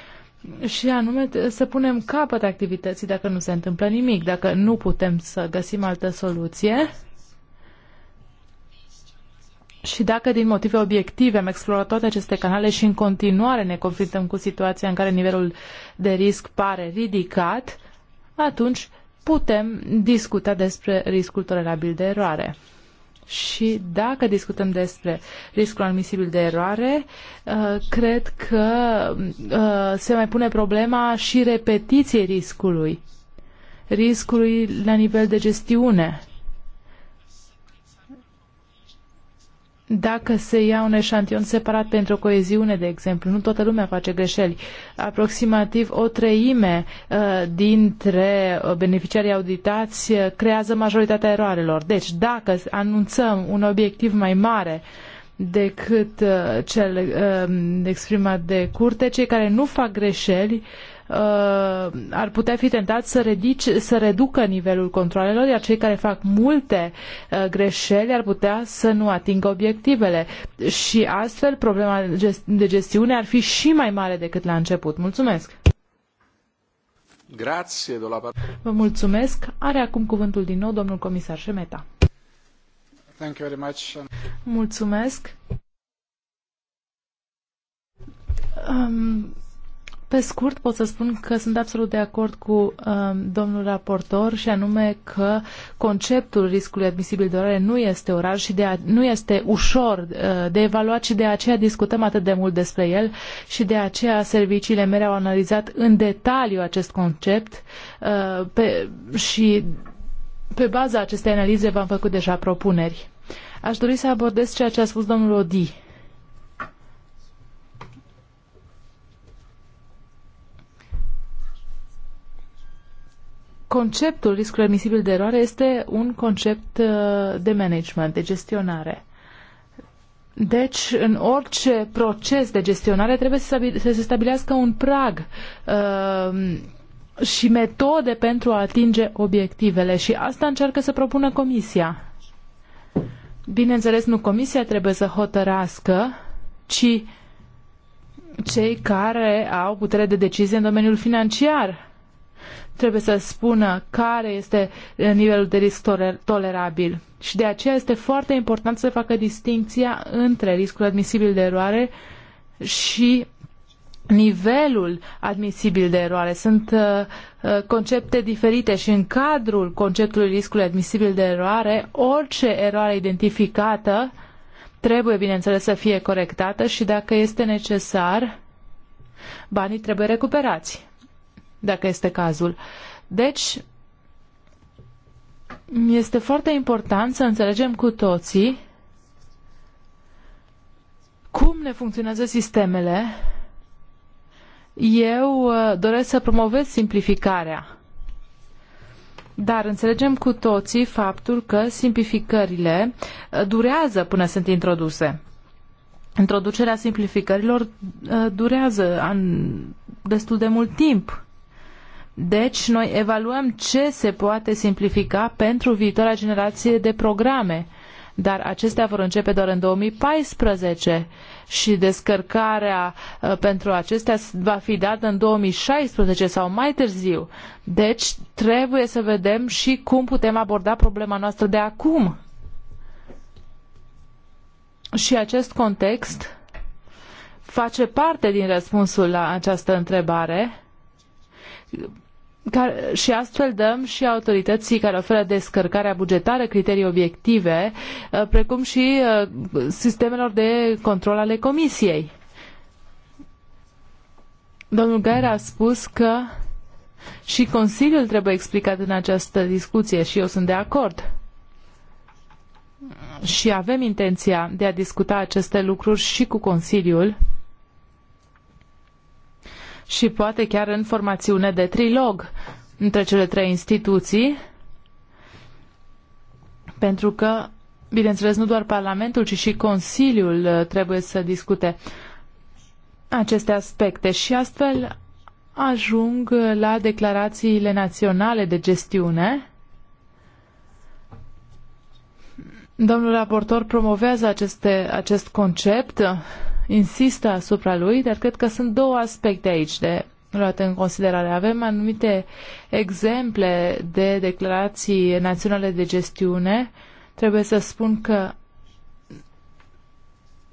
și anume să punem capăt activității dacă nu se întâmplă nimic, dacă nu putem să găsim altă soluție. Și dacă din motive obiective am explorat toate aceste canale și în continuare ne confruntăm cu situația în care nivelul de risc pare ridicat, atunci putem discuta despre riscul tolerabil de eroare și dacă discutăm despre riscul admisibil de eroare, uh, cred că uh, se mai pune problema și repetiției riscului, riscului la nivel de gestiune. dacă se ia un eșantion separat pentru coeziune, de exemplu, nu toată lumea face greșeli. Aproximativ o treime uh, dintre uh, beneficiarii auditați uh, creează majoritatea eroarelor. Deci, dacă anunțăm un obiectiv mai mare decât cel exprimat de curte, cei care nu fac greșeli Uh, ar putea fi tentat să, ridice, să reducă nivelul controlelor, iar cei care fac multe uh, greșeli ar putea să nu atingă obiectivele. Și astfel problema de gestiune ar fi și mai mare decât la început. Mulțumesc! Grazie, la... Vă mulțumesc. Are acum cuvântul din nou domnul comisar Șemeta. Thank you very much. Mulțumesc. Um, pe scurt, pot să spun că sunt absolut de acord cu um, domnul raportor și anume că conceptul riscului admisibil de orare nu este orar și de a, nu este ușor uh, de evaluat și de aceea discutăm atât de mult despre el și de aceea serviciile mele au analizat în detaliu acest concept uh, pe, și pe baza acestei analize v-am făcut deja propuneri. Aș dori să abordez ceea ce a spus domnul Odi conceptul riscul admisibil de eroare este un concept uh, de management, de gestionare. Deci, în orice proces de gestionare trebuie să se stabilească un prag uh, și metode pentru a atinge obiectivele și asta încearcă să propună Comisia. Bineînțeles, nu Comisia trebuie să hotărască, ci cei care au putere de decizie în domeniul financiar trebuie să spună care este eh, nivelul de risc tolerabil. Și de aceea este foarte important să facă distinția între riscul admisibil de eroare și nivelul admisibil de eroare. Sunt uh, concepte diferite și în cadrul conceptului riscului admisibil de eroare, orice eroare identificată trebuie, bineînțeles, să fie corectată și dacă este necesar, banii trebuie recuperați dacă este cazul. Deci, este foarte important să înțelegem cu toții cum ne funcționează sistemele. Eu uh, doresc să promovez simplificarea. Dar înțelegem cu toții faptul că simplificările uh, durează până sunt introduse. Introducerea simplificărilor uh, durează destul de mult timp. Deci, noi evaluăm ce se poate simplifica pentru viitoarea generație de programe dar acestea vor începe doar în 2014 și descărcarea uh, pentru acestea va fi dată în 2016 sau mai târziu. Deci trebuie să vedem și cum putem aborda problema noastră de acum. Și acest context face parte din răspunsul la această întrebare care, și astfel dăm și autorității care oferă descărcarea bugetară criterii obiective, uh, precum și uh, sistemelor de control ale comisiei. Domnul Gaer a spus că și Consiliul trebuie explicat în această discuție și eu sunt de acord. Și avem intenția de a discuta aceste lucruri și cu Consiliul și poate chiar în formațiune de trilog între cele trei instituții, pentru că, bineînțeles, nu doar Parlamentul, ci și Consiliul uh, trebuie să discute aceste aspecte și astfel ajung la declarațiile naționale de gestiune. Domnul raportor promovează aceste, acest concept insistă asupra lui, dar cred că sunt două aspecte aici de luat în considerare. Avem anumite exemple de declarații naționale de gestiune. Trebuie să spun că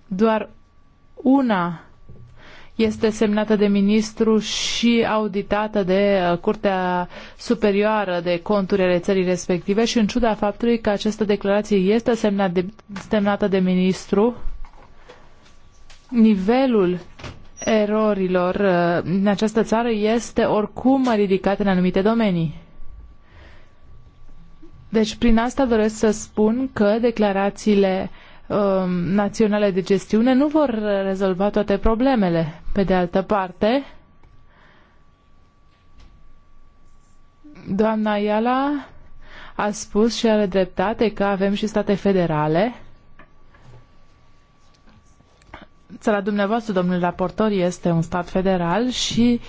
doar una este semnată de ministru și auditată de uh, Curtea Superioară de Conturi ale țării respective și în ciuda faptului că această declarație este semnat de, semnată de ministru, nivelul erorilor uh, în această țară este oricum ridicat în anumite domenii. Deci prin asta doresc să spun că declarațiile um, naționale de gestiune nu vor rezolva toate problemele. Pe de altă parte, doamna Iala a spus și are dreptate că avem și state federale țara dumneavoastră, domnul raportor, este un stat federal și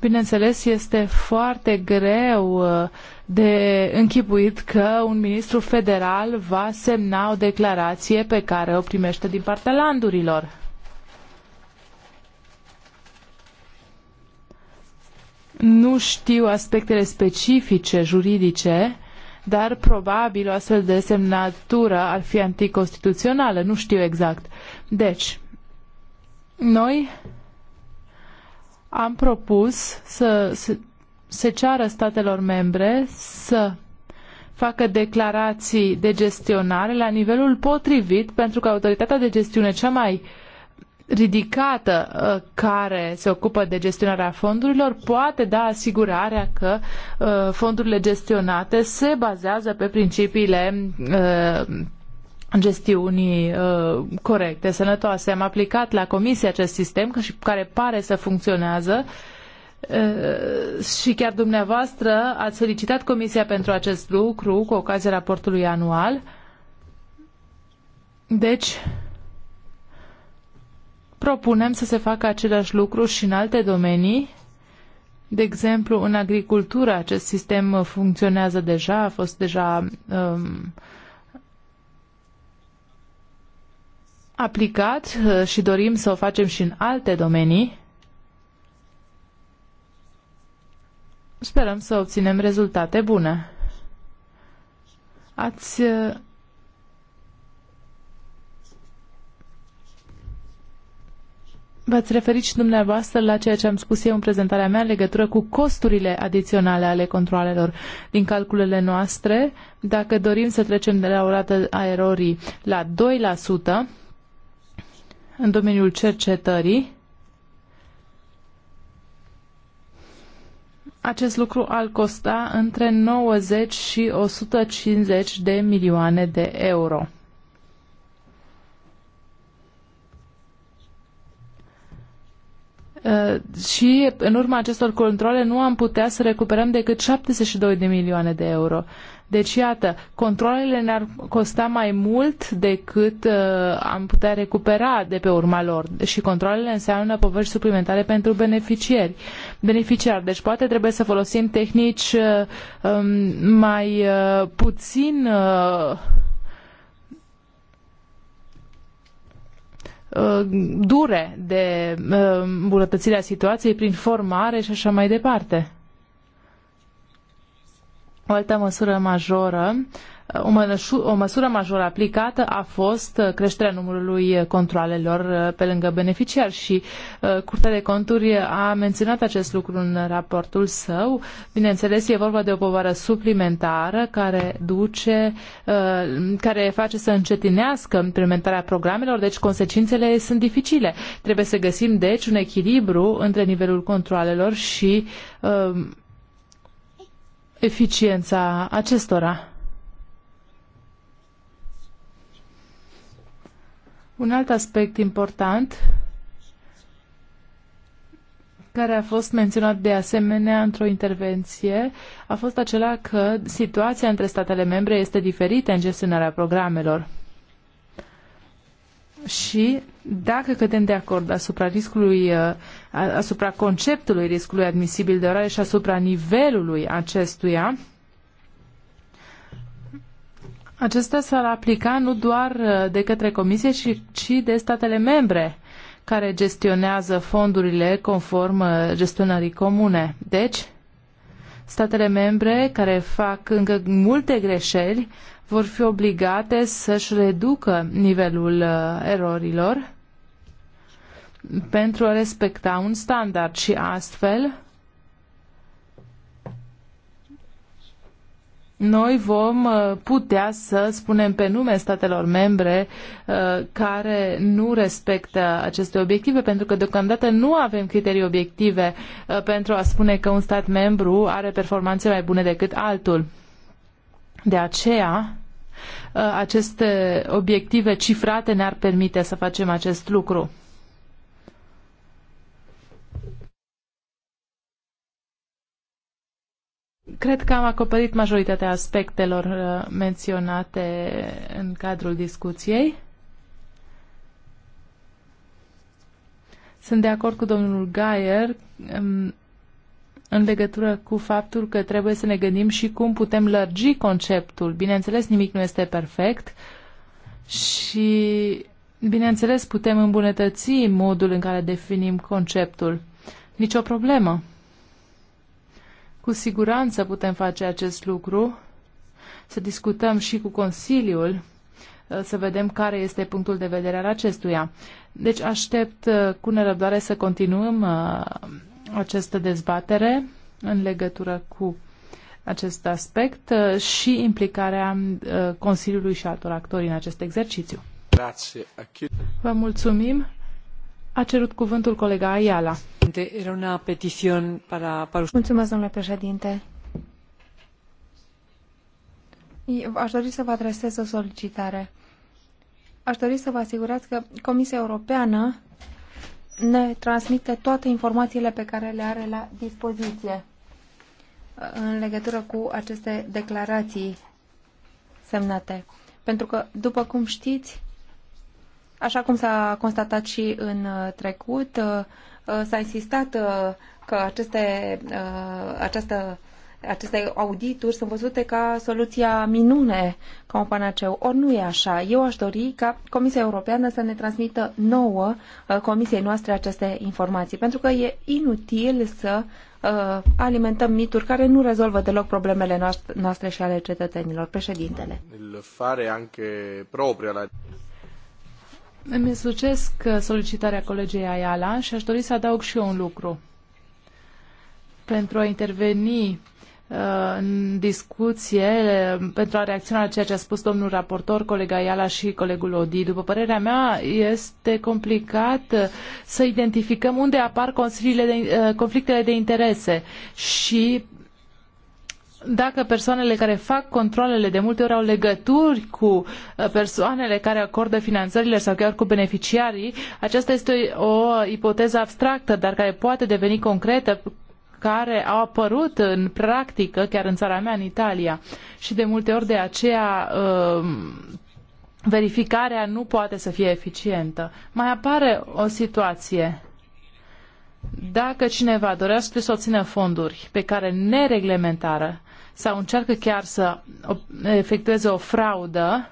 Bineînțeles, este foarte greu uh, de închipuit că un ministru federal va semna o declarație pe care o primește din partea landurilor. Nu știu aspectele specifice juridice, dar probabil o astfel de semnatură ar fi anticonstituțională, nu știu exact. Deci, noi am propus să se, ceară statelor membre să facă declarații de gestionare la nivelul potrivit pentru că autoritatea de gestiune cea mai ridicată uh, care se ocupă de gestionarea fondurilor poate da asigurarea că uh, fondurile gestionate se bazează pe principiile uh, gestiunii uh, corecte, sănătoase. Am aplicat la comisie acest sistem care pare să funcționează uh, și chiar dumneavoastră ați solicitat comisia pentru acest lucru cu ocazia raportului anual. Deci, propunem să se facă același lucru și în alte domenii. De exemplu, în agricultură acest sistem funcționează deja, a fost deja uh, aplicat uh, și dorim să o facem și în alte domenii, sperăm să obținem rezultate bune. Ați uh, V-ați referit și dumneavoastră la ceea ce am spus eu în prezentarea mea în legătură cu costurile adiționale ale controlelor din calculele noastre. Dacă dorim să trecem de la o rată a erorii la în domeniul cercetării. Acest lucru ar costa între 90 și 150 de milioane de euro. Uh, și în urma acestor controle nu am putea să recuperăm decât 72 de milioane de euro. Deci, iată, controlele ne-ar costa mai mult decât uh, am putea recupera de pe urma lor. Și controlele înseamnă povești suplimentare pentru beneficiari. beneficiari. Deci, poate trebuie să folosim tehnici uh, um, mai uh, puțin. Uh, uh dure de uh, îmbunătățirea situației prin formare și așa mai departe. O altă măsură majoră, o, o măsură majoră aplicată a fost uh, creșterea numărului controalelor uh, pe lângă beneficiar și uh, Curtea de Conturi a menționat acest lucru în raportul său. Bineînțeles, e vorba de o povară suplimentară care duce, care face să încetinească implementarea programelor, deci consecințele sunt dificile. Trebuie să găsim, deci, un echilibru între nivelul controalelor și eficiența acestora. Un alt aspect important care a fost menționat de asemenea într-o intervenție a fost acela că situația între statele membre este diferită în gestionarea programelor. Și dacă cădem de acord asupra riscului, uh, asupra conceptului riscului admisibil de orare și asupra nivelului acestuia, acesta s-ar aplica nu doar uh, de către Comisie, ci, de statele membre care gestionează fondurile conform uh, gestionării comune. Deci, statele membre care fac încă multe greșeli vor fi obligate să-și reducă nivelul erorilor pentru a respecta un standard și astfel noi vom uh, putea să spunem pe nume statelor membre uh, care nu respectă aceste obiective, pentru că deocamdată nu avem criterii obiective uh, pentru a spune că un stat membru are performanțe mai bune decât altul. De aceea, aceste obiective cifrate ne-ar permite să facem acest lucru. Cred că am acoperit majoritatea aspectelor uh, menționate în cadrul discuției. Sunt de acord cu domnul Gaier um, în legătură cu faptul că trebuie să ne gândim și cum putem lărgi conceptul. Bineînțeles, nimic nu este perfect și, bineînțeles, putem îmbunătăți modul în care definim conceptul. Nicio problemă. Cu siguranță putem face acest lucru, să discutăm și cu Consiliul, uh, să vedem care este punctul de vedere al acestuia. Deci aștept uh, cu nerăbdare să continuăm uh, această dezbatere în legătură cu acest aspect și implicarea Consiliului și altor actori în acest exercițiu. Vă mulțumim. A cerut cuvântul colega Ayala. Era una petición para, para... Mulțumesc, domnule președinte. Aș dori să vă adresez o solicitare. Aș dori să vă asigurați că Comisia Europeană ne transmite toate informațiile pe care le are la dispoziție uh, în legătură cu aceste declarații semnate. Pentru că, după cum știți, Așa cum s-a constatat și în uh, trecut, uh, uh, s-a insistat că aceste, această aceste audituri sunt văzute ca soluția minune, ca un panaceu. Ori nu e așa. Eu aș dori ca Comisia Europeană să ne transmită nouă Comisiei noastre aceste informații, pentru că e inutil să uh, alimentăm mituri care nu rezolvă deloc problemele noastre, și ale cetățenilor. Președintele. Fare anche propria la... Îmi sucesc uh, solicitarea colegei Ayala și aș dori să adaug și eu un lucru. Pentru a interveni uh, în discuție uh, pentru a reacționa la ceea ce a spus domnul raportor, colega Iala și colegul Odi. După părerea mea, este complicat să identificăm unde apar conflictele de interese și dacă persoanele care fac controlele de multe ori au legături cu uh, persoanele care acordă finanțările sau chiar cu beneficiarii, aceasta este o ipoteză abstractă, dar care poate deveni concretă care au apărut în practică, chiar în țara mea, în Italia. Și de multe ori de aceea um, verificarea nu poate să fie eficientă. Mai apare o situație dacă cineva dorește să obțină fonduri pe care nereglementară sau încearcă chiar să efectueze o fraudă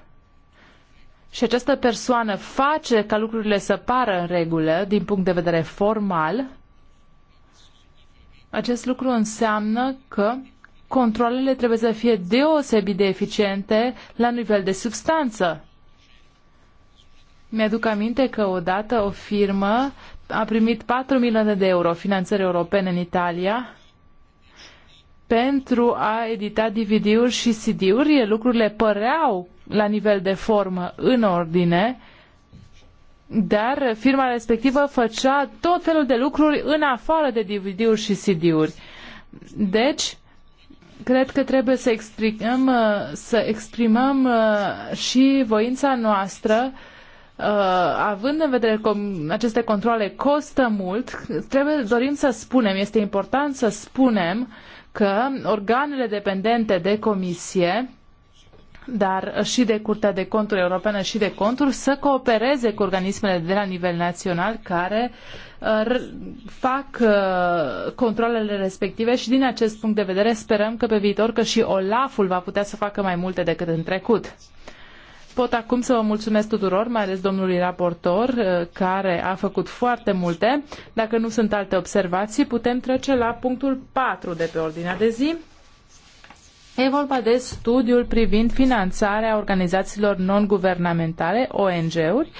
și această persoană face ca lucrurile să pară în regulă din punct de vedere formal, acest lucru înseamnă că controlele trebuie să fie deosebit de eficiente la nivel de substanță. Mi-aduc aminte că odată o firmă a primit 4 milioane de euro finanțări europene în Italia pentru a edita DVD-uri și CD-uri. Lucrurile păreau la nivel de formă în ordine, dar firma respectivă făcea tot felul de lucruri în afară de DVD-uri și CD-uri. Deci, cred că trebuie să exprimăm, uh, să exprimăm uh, și voința noastră uh, având în vedere că aceste controle costă mult, trebuie, dorim să spunem, este important să spunem uh, că organele dependente de comisie dar și de Curtea de Conturi Europeană și de Conturi să coopereze cu organismele de la nivel național care uh, fac uh, controlele respective și din acest punct de vedere sperăm că pe viitor că și Olaful va putea să facă mai multe decât în trecut. Pot acum să vă mulțumesc tuturor, mai ales domnului raportor, uh, care a făcut foarte multe. Dacă nu sunt alte observații, putem trece la punctul 4 de pe ordinea de zi. E vorba de studiul privind finanțarea organizațiilor non-guvernamentale, ONG-uri,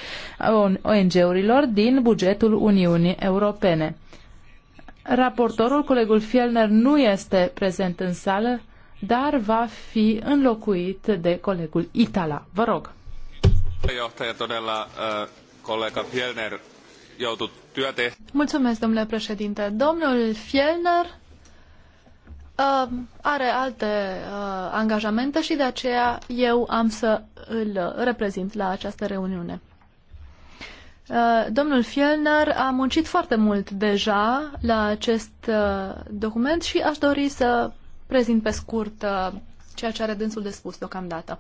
ONG-urilor din bugetul Uniunii Europene. Raportorul, colegul Fielner, nu este prezent în sală, dar va fi înlocuit de colegul Itala. Vă rog. Äh, Mulțumesc, domnule președinte. Domnul Fielner uh, ähm, are alte uh, angajamente și de aceea eu am să îl reprezint la această reuniune. Äh, domnul Fielner a muncit foarte mult deja la acest document și aș dori să prezint pe scurt uh, ceea ce are dânsul de spus deocamdată.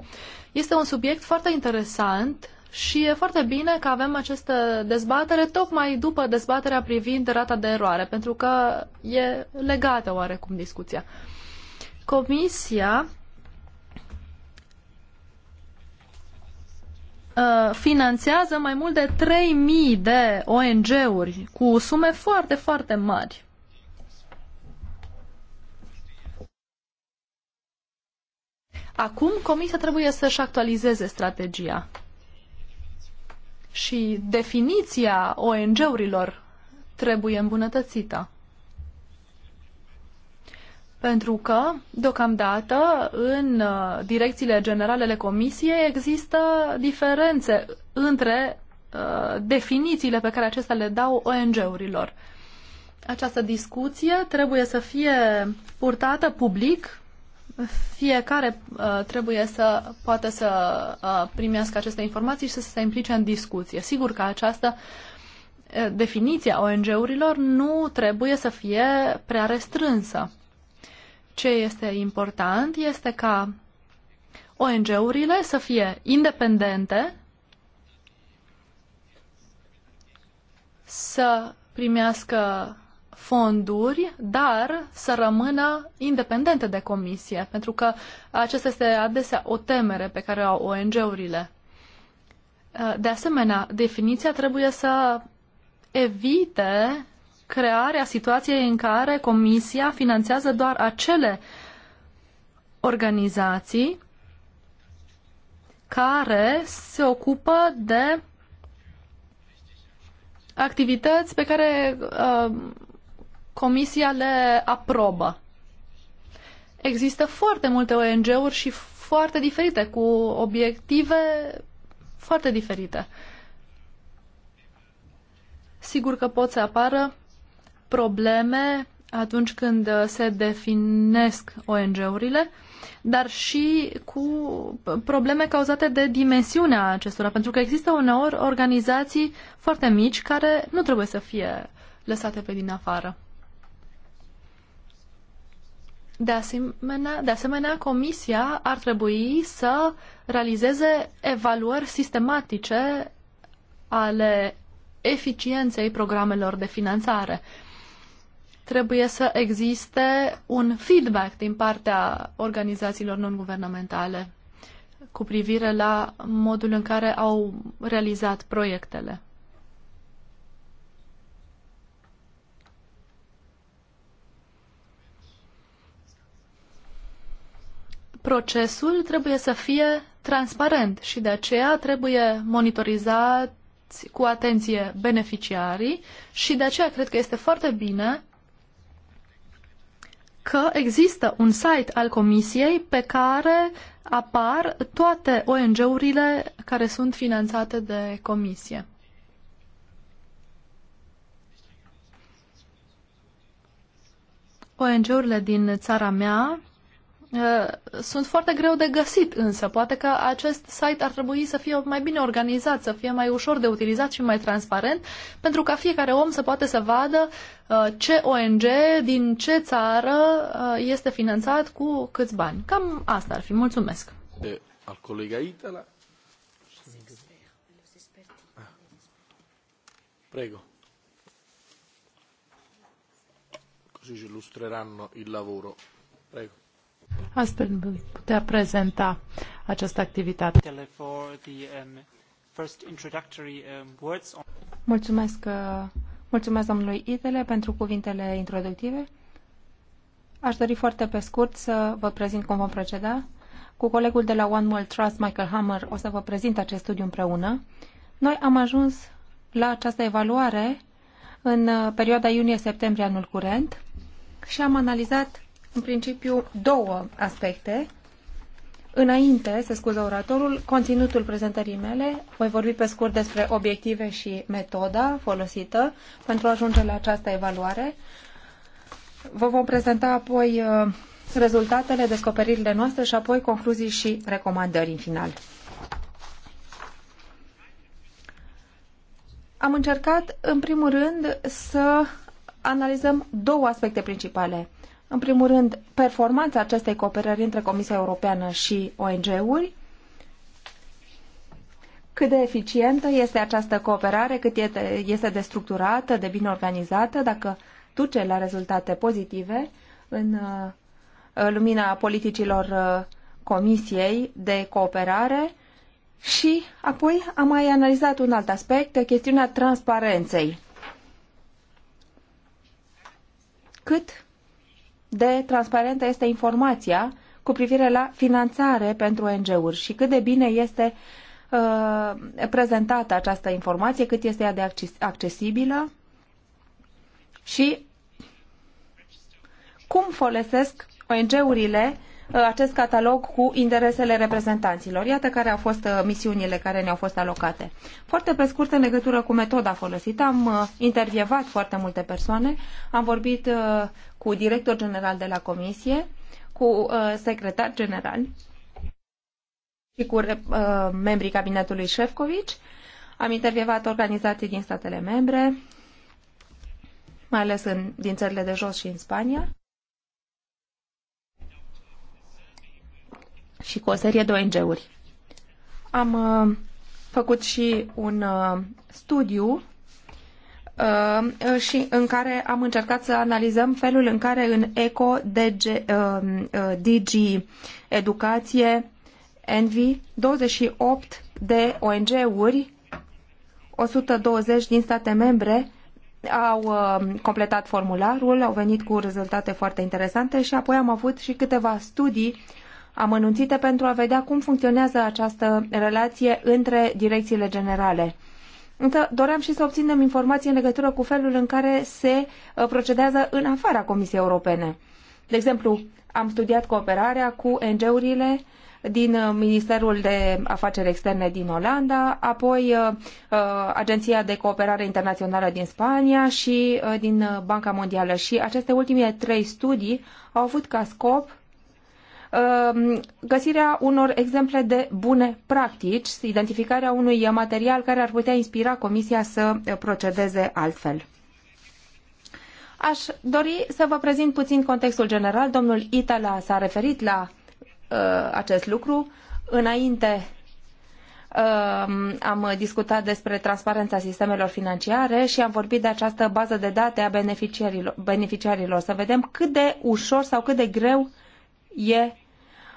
Este un subiect foarte interesant și e foarte bine că avem această dezbatere tocmai după dezbaterea privind rata de eroare, pentru că e legată oarecum discuția. Comisia uh, finanțează mai mult de 3.000 de ONG-uri cu sume foarte, foarte mari. Acum Comisia trebuie să-și actualizeze strategia și definiția ONG-urilor trebuie îmbunătățită. Pentru că, deocamdată, în uh, direcțiile ale Comisiei există diferențe între uh, definițiile pe care acestea le dau ONG-urilor. Această discuție trebuie să fie purtată public fiecare uh, trebuie să poată să uh, primească aceste informații și să se implice în discuție. Sigur că această uh, definiție a ONG-urilor nu trebuie să fie prea restrânsă. Ce este important este ca ONG-urile să fie independente, să primească fonduri, dar să rămână independente de comisie, pentru că acesta este adesea o temere pe care o au ONG-urile. Uh, de asemenea, definiția trebuie să evite crearea situației în care comisia finanțează doar acele organizații care se ocupă de activități pe care uh, Comisia le aprobă. Există foarte multe ONG-uri și foarte diferite, cu obiective foarte diferite. Sigur că pot să apară probleme atunci când se definesc ONG-urile, dar și cu probleme cauzate de dimensiunea acestora, pentru că există uneori organizații foarte mici care nu trebuie să fie lăsate pe din afară. De asemenea, de asemenea, Comisia ar trebui să realizeze evaluări sistematice ale eficienței programelor de finanțare. Trebuie să existe un feedback din partea organizațiilor non-guvernamentale cu privire la modul în care au realizat proiectele. procesul trebuie să fie transparent și de aceea trebuie monitorizat cu atenție beneficiarii și de aceea cred că este foarte bine că există un site al Comisiei pe care apar toate ONG-urile care sunt finanțate de Comisie. ONG-urile din țara mea Uh, sunt foarte greu de găsit însă. Poate că acest site ar trebui să fie mai bine organizat, să fie mai ușor de utilizat și mai transparent, pentru ca fiecare om să poate să vadă uh, ce ONG, din ce țară uh, este finanțat cu câți bani. Cam asta ar fi. Mulțumesc. Al colega Itala. Ah. Prego. Così ci illustreranno il lavoro. Prego. Astfel vom putea prezenta această activitate. Mulțumesc, uh, mulțumesc domnului Itele pentru cuvintele introductive. Aș dori foarte pe scurt să vă prezint cum vom proceda. Cu colegul de la One World Trust, Michael Hammer, o să vă prezint acest studiu împreună. Noi am ajuns la această evaluare în uh, perioada iunie-septembrie anul curent și am analizat în principiu două aspecte. Înainte, se scuză oratorul, conținutul prezentării mele, voi vorbi pe scurt despre obiective și metoda folosită pentru a ajunge la această evaluare. Vă vom prezenta apoi uh, rezultatele, descoperirile noastre și apoi concluzii și recomandări în final. Am încercat, în primul rând, să analizăm două aspecte principale. În primul rând, performanța acestei cooperări între Comisia Europeană și ONG-uri, cât de eficientă este această cooperare, cât este de structurată, de bine organizată, dacă duce la rezultate pozitive în uh, lumina politicilor uh, Comisiei de cooperare și apoi am mai analizat un alt aspect, chestiunea transparenței. Cât de transparentă este informația cu privire la finanțare pentru ONG-uri și cât de bine este uh, prezentată această informație, cât este ea de acces accesibilă și cum folosesc ONG-urile uh, acest catalog cu interesele reprezentanților. Iată care au fost uh, misiunile care ne-au fost alocate. Foarte pe scurt, în legătură cu metoda folosită, am uh, intervievat foarte multe persoane, am vorbit cu director general de la Comisie, cu uh, secretar general și cu uh, membrii cabinetului Șefcovici. Am intervievat organizații din statele membre, mai ales în, din țările de jos și în Spania. și cu o serie de ONG-uri. Am uh, făcut și un uh, studiu Uh, uh, și în care am încercat să analizăm felul în care în ECO, DG, uh, DG Educație, Envi, 28 de ONG-uri, 120 din state membre au completat formularul, au venit cu rezultate foarte interesante și apoi am avut și câteva studii amănunțite pentru a vedea cum funcționează această relație între direcțiile generale Însă doream și să obținem informații în legătură cu felul în care se uh, procedează în afara Comisiei Europene. De exemplu, am studiat cooperarea cu NG-urile din uh, Ministerul de Afaceri Externe din Olanda, apoi uh, Agenția de Cooperare Internațională din Spania și din Banca Mondială. Și aceste ultime trei studii au avut ca scop Um, găsirea unor exemple de bune practici, identificarea unui material care ar putea inspira Comisia să procedeze altfel. Aș dori să vă prezint puțin contextul general. Domnul Itala s-a referit la uh, acest lucru. Înainte uh, am discutat despre transparența sistemelor financiare și am vorbit de această bază de date a beneficiarilor, beneficiarilor să vedem cât de ușor sau cât de greu e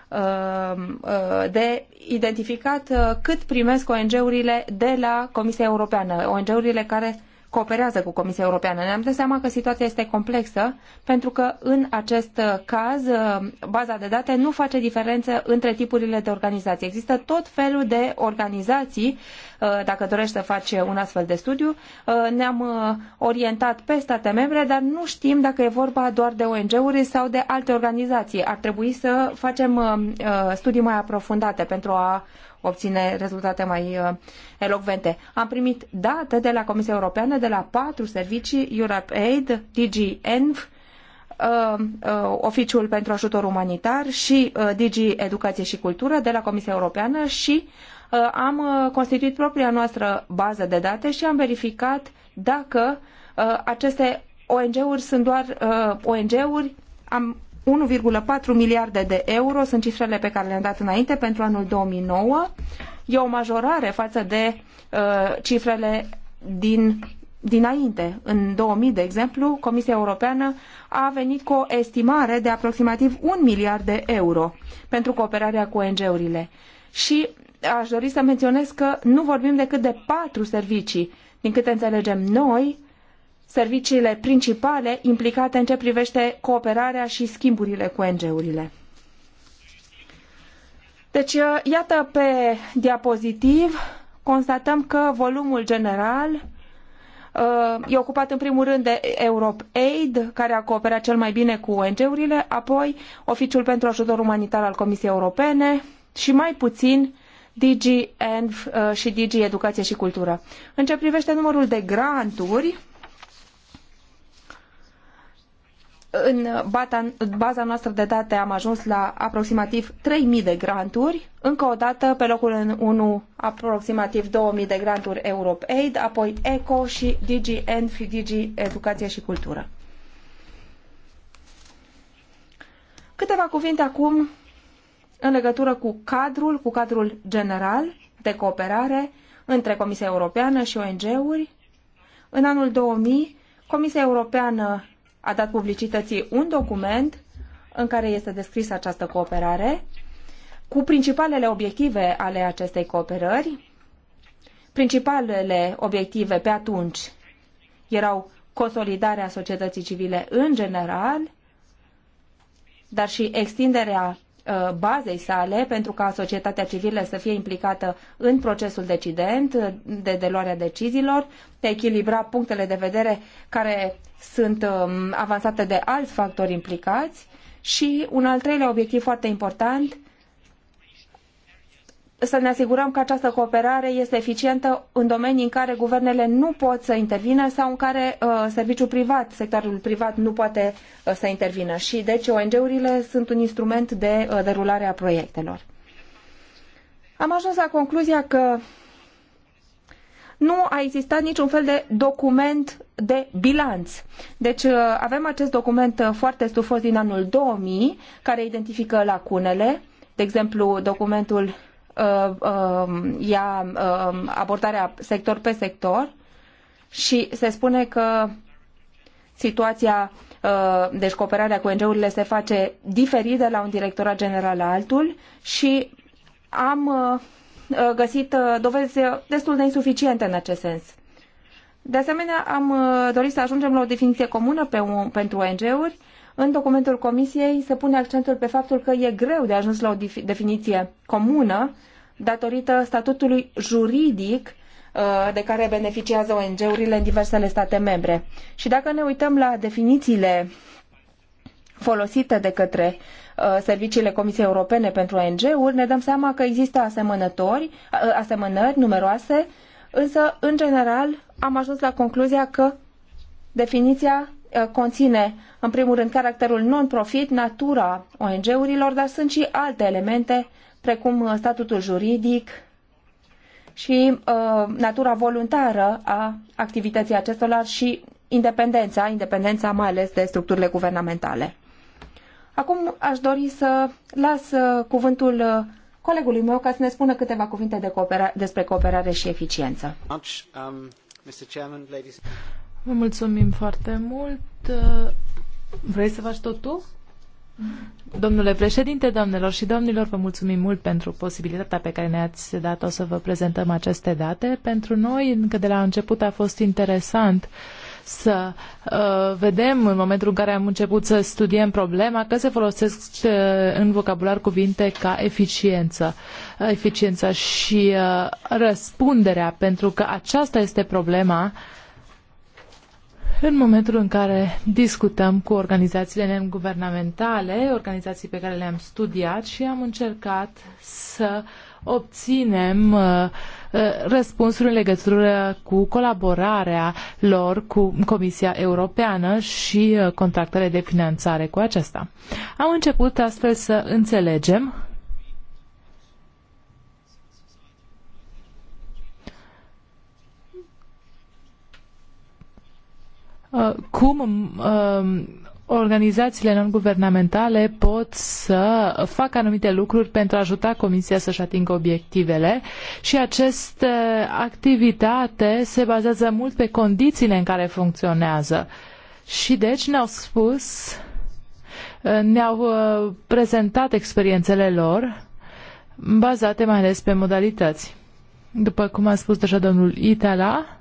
Uh, uh, de identificat uh, cât primesc ONG-urile de la Comisia Europeană, ONG-urile care cooperează cu Comisia Europeană. Ne-am dat seama că situația este complexă, pentru că în acest caz baza de date nu face diferență între tipurile de organizații. Există tot felul de organizații, uh, dacă dorești să faci un astfel de studiu. Uh, ne-am uh, orientat pe state membre, dar nu știm dacă e vorba doar de ONG-uri sau de alte organizații. Ar trebui să facem studii mai aprofundate pentru a obține rezultate mai uh, elocvente. Am primit date de la Comisia Europeană, de la patru servicii, Europe Aid, DG Env, uh, uh, Oficiul pentru Ajutor Umanitar și DG Educație și Cultură de la Comisia Europeană și am constituit propria noastră bază de date și am verificat dacă aceste ONG-uri sunt doar ONG-uri am 1,4 miliarde de euro sunt cifrele pe care le-am dat înainte pentru anul 2009. E o majorare față de uh, cifrele din dinainte. În 2000, de exemplu, Comisia Europeană a venit cu o estimare de aproximativ 1 miliard de euro pentru cooperarea cu ONG-urile. Și aș dori să menționez că nu vorbim decât de patru servicii. Din câte înțelegem noi, serviciile principale implicate în ce privește cooperarea și schimburile cu NG-urile. Deci, uh, iată pe diapozitiv, constatăm că volumul general uh, e ocupat în primul rând de Europe Aid, care a cooperat cel mai bine cu ONG-urile, apoi Oficiul pentru Ajutor Umanitar al Comisiei Europene și mai puțin DG Env uh, și DG Educație și Cultură. În ce privește numărul de granturi, în baza noastră de date am ajuns la aproximativ 3.000 de granturi, încă o dată pe locul în 1 aproximativ 2.000 de granturi Aid, apoi ECO și DG Enf, DG Educație și Cultură. Câteva cuvinte acum în legătură cu cadrul, cu cadrul general de cooperare între Comisia Europeană și ONG-uri. În anul 2000, Comisia Europeană a dat publicității un document în care este descrisă această cooperare cu principalele obiective ale acestei cooperări. Principalele obiective pe atunci erau consolidarea societății civile în general, dar și extinderea Uh, bazei sale pentru ca societatea civilă să fie implicată în procesul decident uh, de deluarea deciziilor, de echilibra punctele de vedere care sunt um, avansate de alți factori implicați și un al treilea obiectiv foarte important să ne asigurăm că această cooperare este eficientă în domenii în care guvernele nu pot să intervină sau în care uh, serviciul privat, sectorul privat nu poate uh, să intervină. Și deci ONG-urile sunt un instrument de uh, derulare a proiectelor. Am ajuns la concluzia că nu a existat niciun fel de document de bilanț. Deci uh, avem acest document uh, foarte stufos din anul 2000 care identifică lacunele, de exemplu documentul Uh, um, ia um, abordarea sector pe sector și se spune că situația, uh, deci cooperarea cu ONG-urile se face diferit de la un directorat general la altul și am uh, găsit dovezi destul de insuficiente în acest sens. De asemenea, am dorit să ajungem la o definiție comună pe un, pentru ONG-uri în documentul Comisiei se pune accentul pe faptul că e greu de ajuns la o definiție comună datorită statutului juridic uh, de care beneficiază ONG-urile în diversele state membre. Și dacă ne uităm la definițiile folosite de către uh, serviciile Comisiei Europene pentru ONG-uri, ne dăm seama că există asemănători, uh, asemănări numeroase, însă, în general, am ajuns la concluzia că definiția Uh, conține, în primul rând, caracterul non-profit, natura ONG-urilor, dar sunt și alte elemente, precum uh, statutul juridic și uh, natura voluntară a activității acestora și independența, independența mai ales de structurile guvernamentale. Acum aș dori să las uh, cuvântul colegului meu ca să ne spună câteva cuvinte de cooperare, despre cooperare și eficiență. Um, Vă mulțumim foarte mult. Vrei să faci tot tu? Domnule președinte, doamnelor și domnilor, vă mulțumim mult pentru posibilitatea pe care ne-ați dat-o să vă prezentăm aceste date. Pentru noi, încă de la început, a fost interesant să uh, vedem în momentul în care am început să studiem problema că se folosesc uh, în vocabular cuvinte ca eficiență, eficiența și uh, răspunderea, pentru că aceasta este problema uh, în momentul în care discutăm cu organizațiile neguvernamentale, guvernamentale organizații pe care le-am studiat și am încercat să obținem uh, uh, răspunsuri în legătură cu colaborarea lor cu Comisia Europeană și uh, contractele de finanțare cu aceasta. Am început astfel să înțelegem Uh, cum um, organizațiile non-guvernamentale pot să facă anumite lucruri pentru a ajuta Comisia să-și atingă obiectivele și această activitate se bazează mult pe condițiile în care funcționează. Și deci ne-au spus, uh, ne-au uh, prezentat experiențele lor bazate mai ales pe modalități. După cum a spus deja domnul Itala,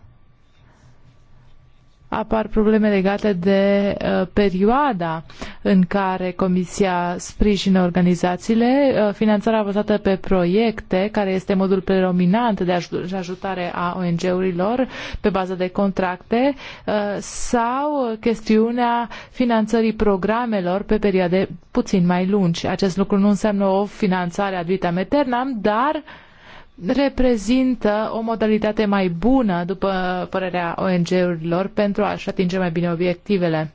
apar probleme legate de uh, perioada în care Comisia sprijină organizațiile, uh, finanțarea bazată pe proiecte, care este modul predominant de aj- ajutare a ONG-urilor pe bază de contracte, uh, sau chestiunea finanțării programelor pe perioade puțin mai lungi. Acest lucru nu înseamnă o finanțare ad vitam aeternam, dar uh, reprezintă o modalitate mai bună, după părerea ONG-urilor, pentru a-și atinge mai bine obiectivele.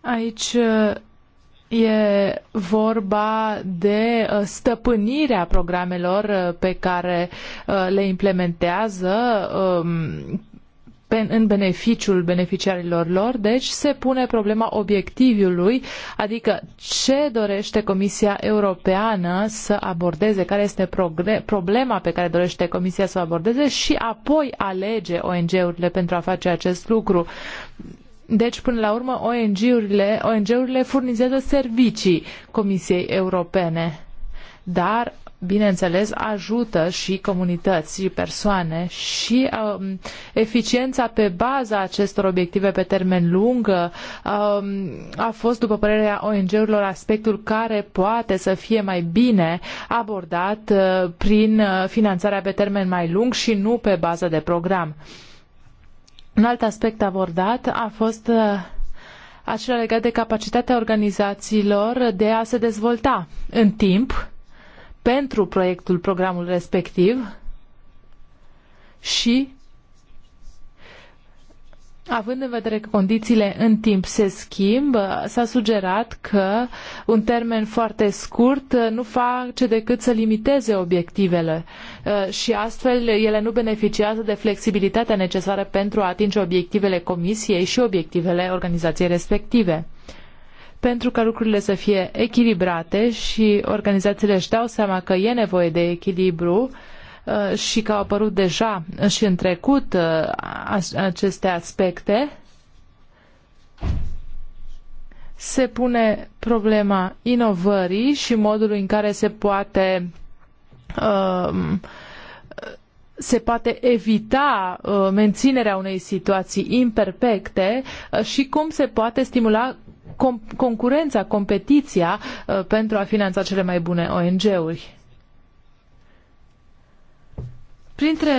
Aici uh, E vorba de uh, stăpânirea programelor uh, pe care le implementează, um, în beneficiul beneficiarilor lor, deci se pune problema obiectivului, adică ce dorește Comisia Europeană să abordeze, care este problema pe care dorește Comisia să o abordeze și apoi alege ONG-urile pentru a face acest lucru. Deci, până la urmă, ONG-urile, ONG-urile furnizează servicii Comisiei Europene dar, bineînțeles, ajută și comunități și persoane și um, eficiența pe baza acestor obiective pe termen lung um, a fost, după părerea ONG-urilor, aspectul care poate să fie mai bine abordat uh, prin uh, finanțarea pe termen mai lung și nu pe bază de program. Un alt aspect abordat a fost uh, acela legat de capacitatea organizațiilor de a se dezvolta în timp pentru proiectul, programul respectiv și Având în vedere că condițiile în timp se schimbă, s-a sugerat că un termen foarte scurt uh, nu face decât să limiteze obiectivele uh, și astfel ele nu beneficiază de flexibilitatea necesară pentru a atinge obiectivele Comisiei și obiectivele organizației respective pentru ca lucrurile să fie echilibrate și organizațiile își dau seama că e nevoie de echilibru uh, și că au apărut deja și în trecut uh, aceste aspecte, se pune problema inovării și modului în care se poate uh, se poate evita menținerea unei situații imperfecte și cum se poate stimula com- concurența, competiția uh, pentru a finanța cele mai bune ONG-uri. Printre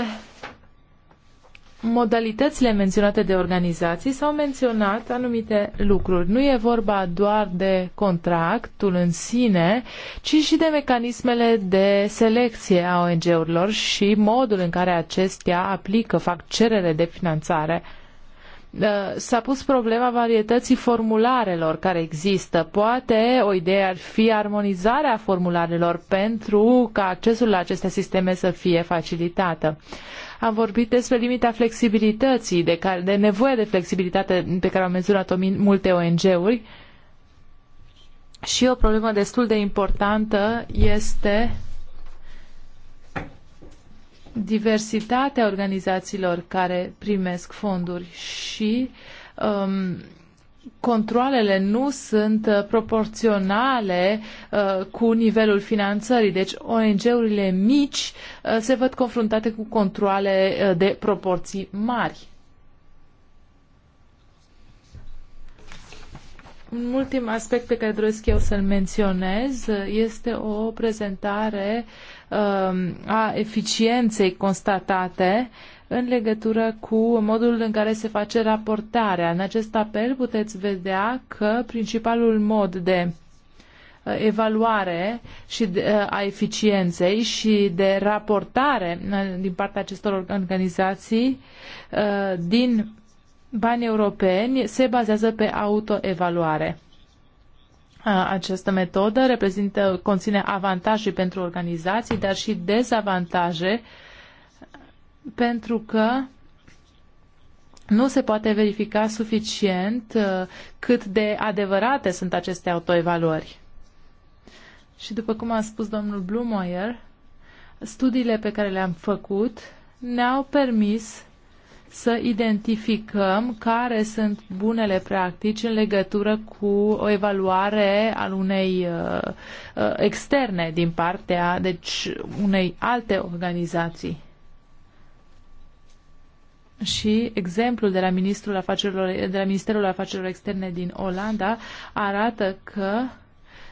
modalitățile menționate de organizații s-au menționat anumite lucruri. Nu e vorba doar de contractul în sine, ci și de mecanismele de selecție a ONG-urilor și modul în care acestea aplică, fac cerere de finanțare. Eh, s-a pus problema varietății formularelor care există. Poate o idee ar fi armonizarea formularelor pentru ca accesul la aceste sisteme să fie facilitată. Am vorbit despre limita flexibilității, de, care, de nevoie de flexibilitate pe care au menționat-o multe ONG-uri. Și o problemă destul de importantă este diversitatea organizațiilor care primesc fonduri și um, controlele nu sunt uh, proporționale uh, cu nivelul finanțării. Deci ONG-urile mici uh, se văd confruntate cu controle uh, de proporții mari. Un ultim aspect pe care doresc eu să-l menționez uh, este o prezentare uh, Um, a eficienței constatate în legătură cu modul în care se face raportarea. În acest apel puteți vedea că principalul mod de uh, evaluare și de, uh, a eficienței și de raportare uh, din partea acestor organizații din bani europeni se bazează pe autoevaluare. Această metodă reprezintă, conține avantaje pentru organizații, dar și dezavantaje pentru că nu se poate verifica suficient uh, cât de adevărate sunt aceste autoevaluări. Și după cum a spus domnul Blumeyer, studiile pe care le-am făcut ne-au permis să identificăm care sunt bunele practici în legătură cu o evaluare al unei uh, uh, externe din partea, deci unei alte organizații. Și exemplul de la, Ministrul Afacerilor, de la Ministerul Afacerilor Externe din Olanda arată că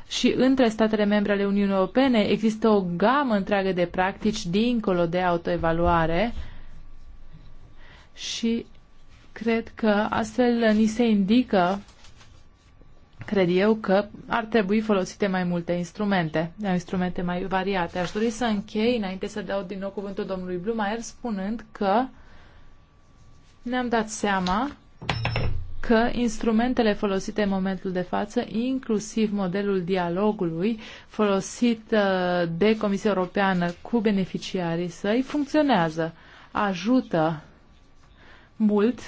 și între statele membre ale Uniunii Europene există o gamă întreagă de practici dincolo de autoevaluare uh, și cred că astfel ni se indică, cred eu, că ar trebui folosite mai multe instrumente, instrumente mai variate. Aș dori să închei, înainte să dau din nou cuvântul domnului Blumaer, spunând că ne-am dat seama că instrumentele folosite în momentul de față, inclusiv modelul dialogului folosit uh, de Comisia Europeană cu beneficiarii săi, funcționează, ajută mult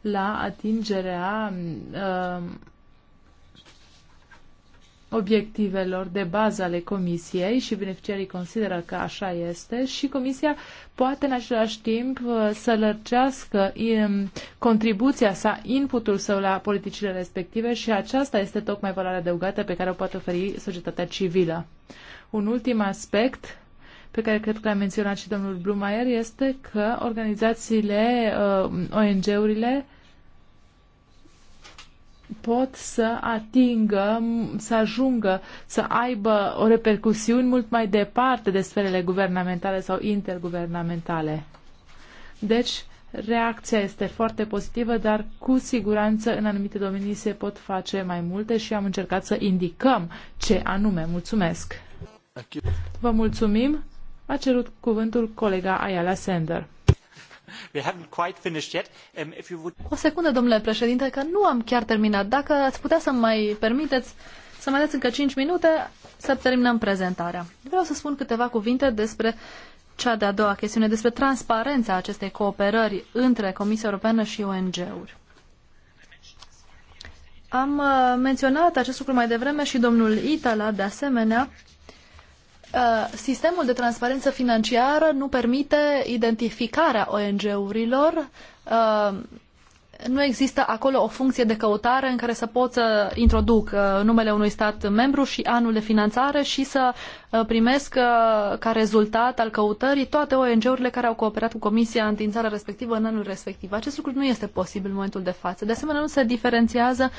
la atingerea uh, obiectivelor de bază ale comisiei și beneficiarii consideră că așa este și comisia poate în același timp uh, să lărgească um, contribuția sa, inputul său la politicile respective și aceasta este tocmai valoarea adăugată pe care o poate oferi societatea civilă. Un ultim aspect pe care cred că l-a menționat și domnul Blumeyer este că organizațiile, uh, ONG-urile pot să atingă, să ajungă, să aibă o repercusiuni mult mai departe de sferele guvernamentale sau interguvernamentale. Deci, reacția este foarte pozitivă, dar cu siguranță în anumite domenii se pot face mai multe și am încercat să indicăm ce anume. Mulțumesc! Vă mulțumim! A cerut cuvântul colega Ayala Sender. Um, o secundă, domnule președinte, că nu am chiar terminat. Dacă ați putea să mai permiteți să mai dați încă 5 minute, să terminăm prezentarea. Vreau să spun câteva cuvinte despre cea de-a doua chestiune, despre transparența acestei cooperări între Comisia Europeană și ONG-uri. Am uh, menționat acest lucru mai devreme și domnul Itala, de asemenea, Uh, sistemul de transparență financiară nu permite identificarea ONG-urilor. Uh, nu există acolo o funcție de căutare în care să pot să introduc uh, numele unui stat membru și anul de finanțare și să primesc ca rezultat al căutării toate ONG-urile care au cooperat cu Comisia în țara respectivă în anul respectiv. Acest lucru nu este posibil în momentul de față. De asemenea, nu se diferențiază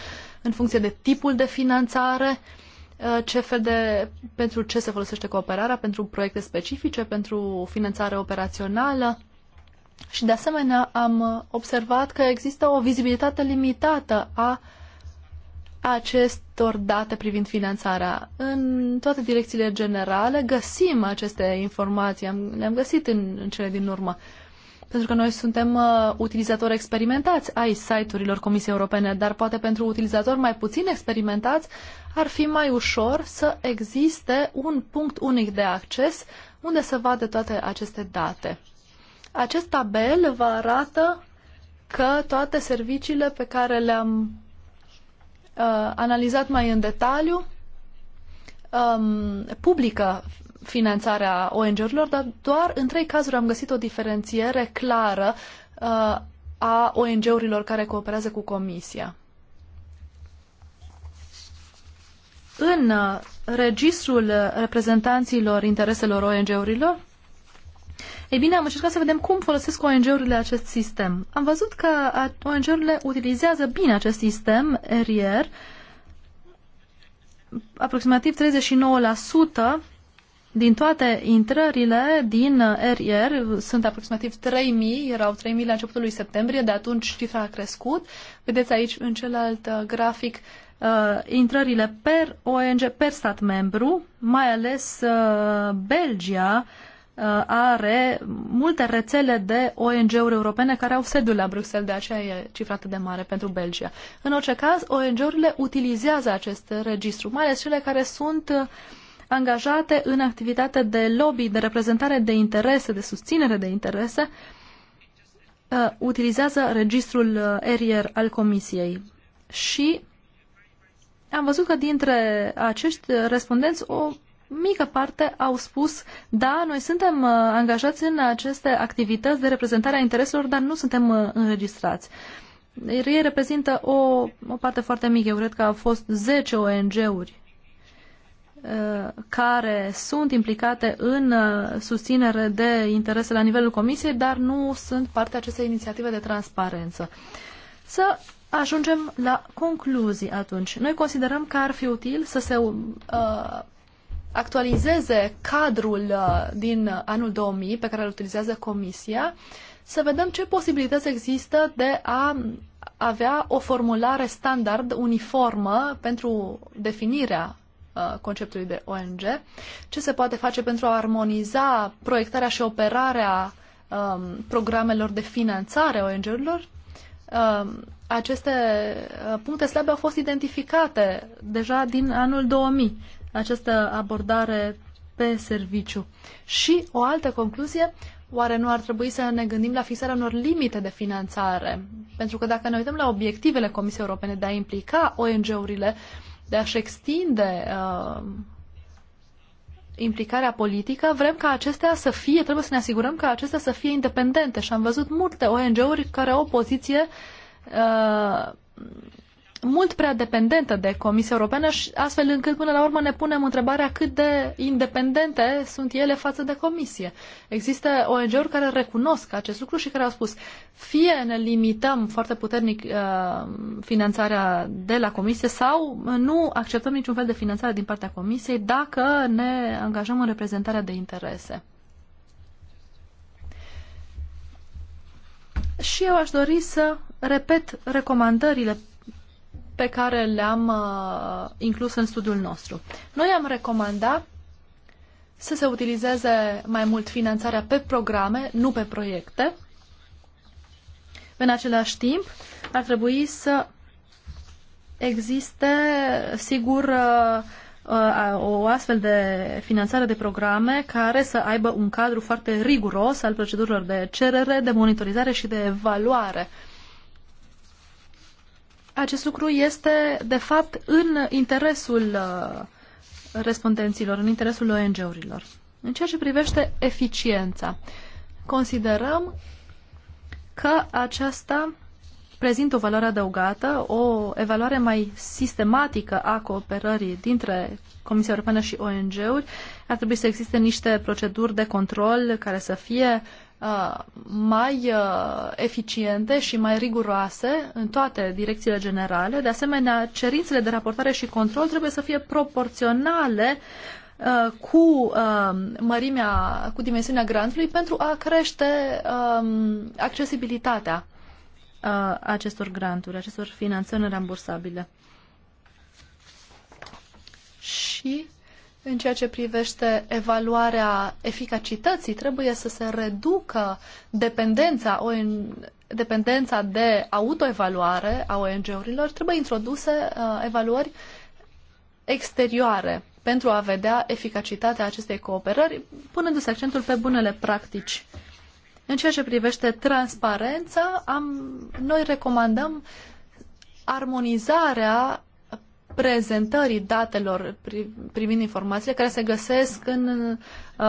în funcție de tipul de finanțare uh, Uh, ce fel de, pentru ce se folosește cooperarea, pentru proiecte specifice, pentru finanțare operațională. Și de asemenea am observat că există o vizibilitate limitată a acestor date privind finanțarea. În toate direcțiile generale găsim aceste informații, le-am găsit în, în cele din urmă. Pentru că noi suntem uh, utilizatori experimentați ai site-urilor Comisiei Europene, dar poate pentru utilizatori mai puțin experimentați uh, ar fi mai ușor să existe un punct unic de acces unde să vadă toate aceste date. Acest tabel vă arată că toate serviciile pe care le-am uh, analizat mai în detaliu um, publică finanțarea ONG-urilor, dar doar în trei cazuri am găsit o diferențiere clară uh, a ONG-urilor care cooperează cu Comisia. în uh, registrul uh, reprezentanților intereselor ONG-urilor, ei bine, am încercat să vedem cum folosesc ONG-urile acest sistem. Am văzut că ONG-urile utilizează bine acest sistem, RIER, aproximativ 39% din toate intrările din RIR uh, sunt aproximativ 3.000, erau 3.000 la începutul lui septembrie, de atunci cifra a crescut. Vedeți aici în celălalt grafic uh, intrările per ONG, per stat membru, mai ales uh, Belgia uh, are multe rețele de ONG-uri europene care au sediul la Bruxelles, de aceea e cifra atât de mare pentru Belgia. În orice caz, ONG-urile utilizează acest registru, mai ales cele care sunt uh, angajate în activitate de lobby, de reprezentare de interese, de susținere de interese, uh, utilizează registrul uh, ERIER al Comisiei și am văzut că dintre acești respondenți o mică parte au spus da, noi suntem uh, angajați în aceste activități de reprezentare a intereselor, dar nu suntem uh, înregistrați. Ei reprezintă o, o parte foarte mică. Eu cred că au fost 10 ONG-uri uh, care sunt implicate în susținere de interese la nivelul Comisiei, dar nu sunt parte acestei inițiative de transparență. Să ajungem la concluzii atunci. Noi considerăm că ar fi util să se uh, actualizeze cadrul uh, din anul 2000 pe care îl utilizează Comisia, să vedem ce posibilități există de a avea o formulare standard uniformă pentru definirea uh, conceptului de ONG, ce se poate face pentru a armoniza proiectarea și operarea um, programelor de finanțare ONG-urilor, um, aceste uh, puncte slabe au fost identificate deja din anul 2000, această abordare pe serviciu. Și o altă concluzie, oare nu ar trebui să ne gândim la fixarea unor limite de finanțare? Pentru că dacă ne uităm la obiectivele Comisiei Europene de a implica ONG-urile, de a-și extinde uh, implicarea politică, vrem ca acestea să fie, trebuie să ne asigurăm ca acestea să fie independente și am văzut multe ONG-uri care au o poziție uh, Uh, mult prea dependentă de Comisia Europeană și astfel încât până la urmă ne punem întrebarea cât de independente sunt ele față de Comisie. Există ONG-uri care recunosc acest lucru și care au spus fie ne limităm foarte puternic uh, finanțarea de la Comisie sau nu acceptăm niciun fel de finanțare din partea Comisiei dacă ne angajăm în reprezentarea de interese. Și eu aș dori să repet recomandările pe care le-am uh, inclus în studiul nostru. Noi am recomandat să se utilizeze mai mult finanțarea pe programe, nu pe proiecte. În același timp, ar trebui să existe, sigur, uh, Uh, o astfel de finanțare de programe care să aibă un cadru foarte riguros al procedurilor de cerere, de monitorizare și de evaluare. Acest lucru este, de fapt, în interesul uh, respondenților, în interesul ONG-urilor. În ceea ce privește eficiența, considerăm că aceasta prezintă o valoare adăugată, o evaluare mai sistematică a cooperării dintre Comisia Europeană și ONG-uri. Ar trebui să existe niște proceduri de control care să fie uh, mai uh, eficiente și mai riguroase în toate direcțiile generale. De asemenea, cerințele de raportare și control trebuie să fie proporționale uh, cu uh, mărimea, cu dimensiunea grantului pentru a crește um, accesibilitatea uh, acestor granturi, acestor finanțări rambursabile. Și în ceea ce privește evaluarea eficacității, trebuie să se reducă dependența, o, dependența de autoevaluare a ONG-urilor, trebuie introduse uh, evaluări exterioare pentru a vedea eficacitatea acestei cooperări, punându-se accentul pe bunele practici în ceea ce privește transparența, am, noi recomandăm armonizarea prezentării datelor privind informațiile care se găsesc în, uh,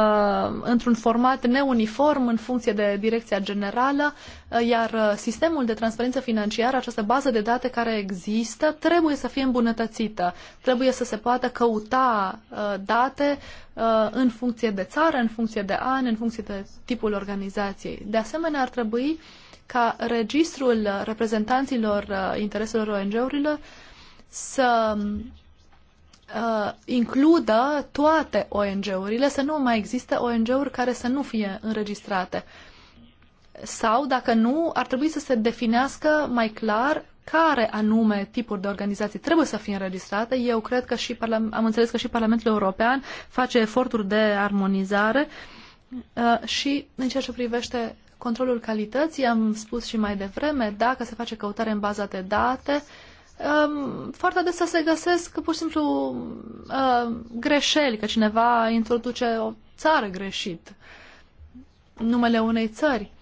într-un format neuniform în funcție de direcția generală, uh, iar uh, sistemul de transparență financiară, această bază de date care există, trebuie să fie îmbunătățită. Trebuie să se poată căuta date în funcție de țară, în funcție de an, în funcție de tipul organizației. De asemenea, ar trebui ca registrul reprezentanților intereselor ONG-urilor să uh, includă toate ONG-urile, să nu mai existe ONG-uri care să nu fie înregistrate. Sau, dacă nu, ar trebui să se definească mai clar care anume tipuri de organizații trebuie să fie înregistrate. Eu cred că și am înțeles că și Parlamentul European face eforturi de armonizare uh, și în ceea ce privește controlul calității, am spus și mai devreme, dacă se face căutare în baza de date, uh, um, foarte adesea se găsesc pur și simplu uh, greșeli, că cineva introduce o țară greșit, numele unei țări.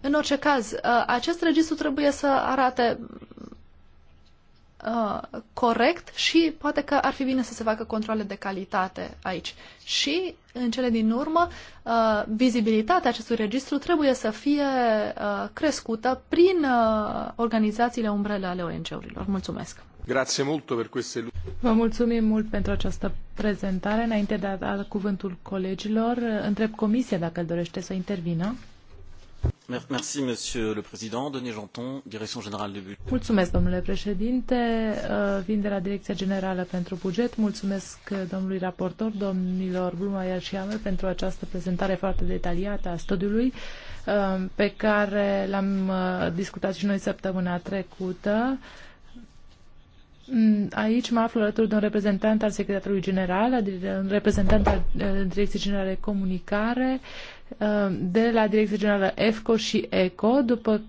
În orice caz, uh, acest registru trebuie să arate Uh, corect și poate că ar fi bine să se facă controle de calitate aici. Și, în cele din urmă, uh, vizibilitatea acestui registru trebuie să fie uh, crescută prin uh, organizațiile umbrele ale ONG-urilor. Mulțumesc! Grazie Vă mulțumim mult pentru această prezentare. Înainte de a da cuvântul colegilor, uh, întreb comisia dacă dorește să intervină. Merci, Monsieur le Président. Denis Janton, Direction de Mulțumesc, domnule președinte. Uh, vin de la Direcția Generală pentru Buget. Mulțumesc uh, domnului raportor, domnilor Blumaier și Ame, pentru această prezentare foarte detaliată a studiului uh, pe care l-am discutat și noi săptămâna trecută. Mm, aici mă aflu alături de un reprezentant al Secretarului General, un reprezentant al Direcției Generale Comunicare, Uh, de la Direcția Generală EFCO și ECO. După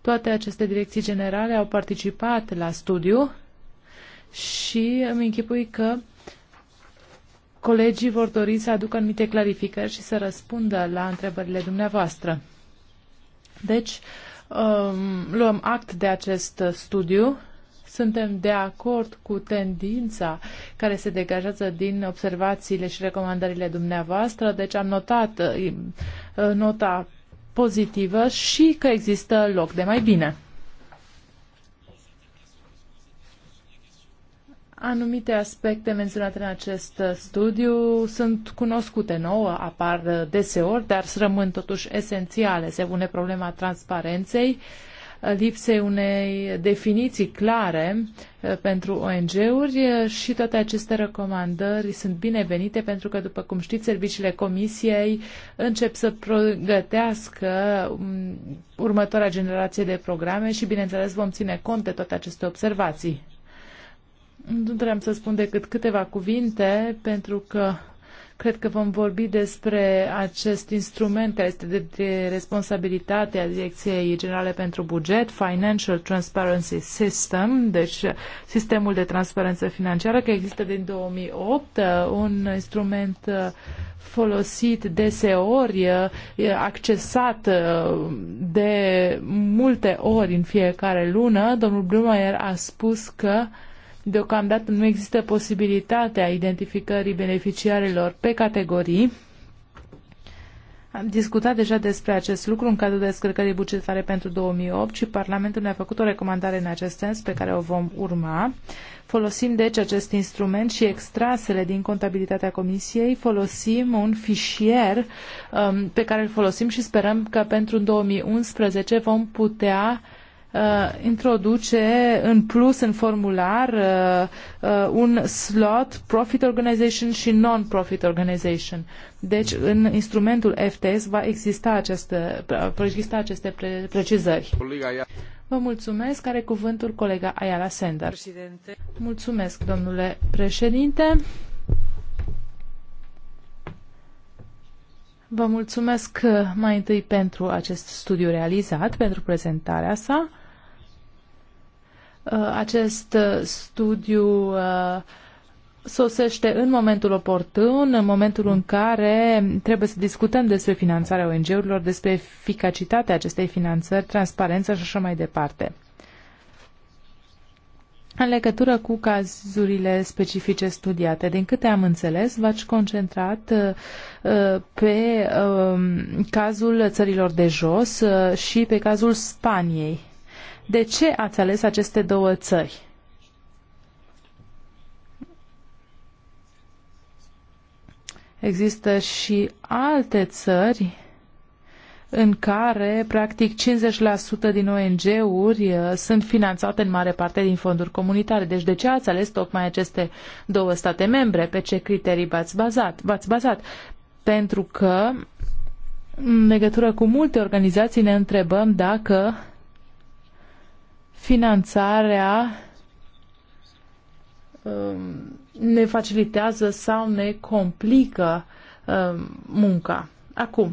toate aceste direcții generale au participat la studiu și îmi închipui că colegii vor dori să aducă anumite clarificări și să răspundă la întrebările dumneavoastră. Deci, um, luăm act de acest studiu suntem de acord cu tendința care se degajează din observațiile și recomandările dumneavoastră, deci am notat eh, eh, nota pozitivă și că există loc de mai bine. Anumite aspecte menționate în acest studiu sunt cunoscute nouă, apar deseori, dar rămân totuși esențiale. Se pune problema transparenței, uh, lipsei unei definiții clare uh, pentru ONG-uri uh, și toate aceste recomandări sunt binevenite pentru că, după cum știți, serviciile Comisiei încep să pregătească um, următoarea generație de programe și, bineînțeles, vom ține cont de toate aceste observații. Nu trebuie să spun decât câteva cuvinte pentru că Cred că vom vorbi despre acest instrument care este de, de responsabilitate a Direcției Generale pentru Buget, Financial Transparency System, deci sistemul de transparență financiară, care există din 2008, un instrument uh, folosit deseori, uh, accesat uh, de multe ori în fiecare lună. Domnul Blumeyer a spus că uh, Deocamdată nu există posibilitatea identificării beneficiarilor pe categorii. Am discutat deja despre acest lucru în cadrul descărcării bugetare pentru 2008 și Parlamentul ne-a făcut o recomandare în acest sens pe care o vom urma. Folosim deci acest instrument și extrasele din contabilitatea Comisiei, folosim un fișier um, pe care îl folosim și sperăm că pentru 2011 vom putea uh, Uh, introduce în plus în formular uh, uh, un slot profit organization și non-profit organization. Deci în instrumentul FTS va exista aceste, va exista aceste pre precizări. Vă mulțumesc. Are cuvântul colega Ayala Sender. Președinte. Mulțumesc, domnule președinte. Vă mulțumesc mai întâi pentru acest studiu realizat, pentru prezentarea sa. Uh, acest uh, studiu uh, sosește în momentul oportun, în momentul în care trebuie să discutăm despre finanțarea ONG-urilor, despre eficacitatea acestei finanțări, transparență și așa mai departe. În legătură cu cazurile specifice studiate, din câte am înțeles, v-ați concentrat pe um, cazul țărilor de jos și pe cazul Spaniei. De ce ați ales aceste două țări? Există și alte țări în care, practic, 50% din ONG-uri uh, sunt finanțate în mare parte din fonduri comunitare. Deci de ce ați ales tocmai aceste două state membre? Pe ce criterii v-ați bazat? V-ați bazat? Pentru că, în legătură cu multe organizații, ne întrebăm dacă finanțarea um, ne facilitează sau ne complică um, munca. Acum,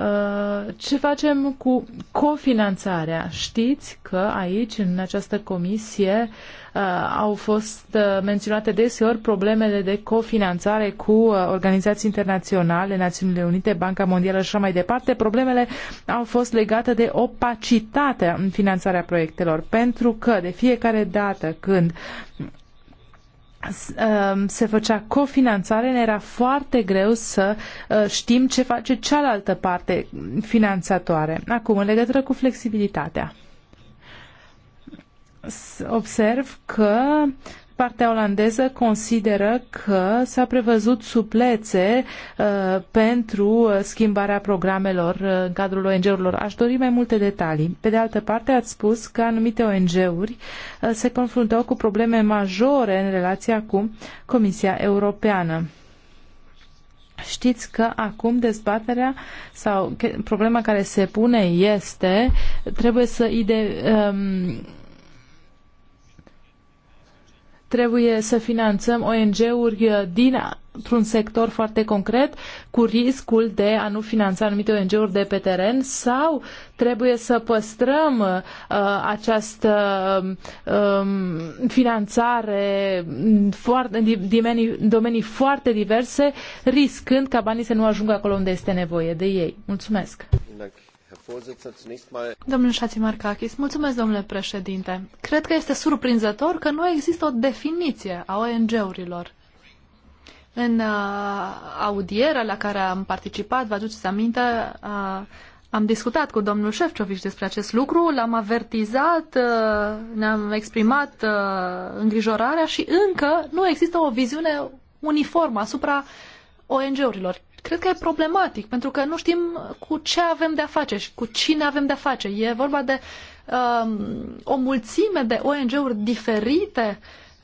Uh, ce facem cu cofinanțarea? Știți că aici, în această comisie, uh, au fost uh, menționate deseori problemele de cofinanțare cu organizații internaționale, Națiunile Unite, Banca Mondială și așa mai departe. Problemele au fost legate de opacitatea în finanțarea proiectelor, pentru că de fiecare dată când Um, se făcea cofinanțare, ne era foarte greu să uh, știm ce face cealaltă parte finanțatoare. Acum, în legătură cu flexibilitatea observ că Partea olandeză consideră că s-a prevăzut suplețe uh, pentru schimbarea programelor uh, în cadrul ONG-urilor. Aș dori mai multe detalii. Pe de altă parte, ați spus că anumite ONG-uri uh, se confruntau cu probleme majore în relația cu Comisia Europeană. Știți că acum dezbaterea sau problema care se pune este trebuie să ide, um, Trebuie să finanțăm ONG-uri uh, dintr-un sector foarte concret cu riscul de a nu finanța anumite ONG-uri de pe teren sau trebuie să păstrăm uh, uh această um, finanțare foarte, în domenii, domenii foarte diverse, riscând ca banii să nu ajungă acolo unde este nevoie de ei. Mulțumesc! Dacă. Domnul Șațimarcachis, mulțumesc, domnule președinte. Cred că este surprinzător că nu există o definiție a ONG-urilor. În uh, audierea la care am participat, vă aduceți aminte, uh, am discutat cu domnul Șefcovici despre acest lucru, l-am avertizat, uh, ne-am exprimat îngrijorarea și încă nu există o viziune uniformă asupra ONG-urilor cred că e problematic, pentru că nu știm cu ce avem de-a face și cu cine avem de-a face. E vorba de um, o mulțime de ONG-uri diferite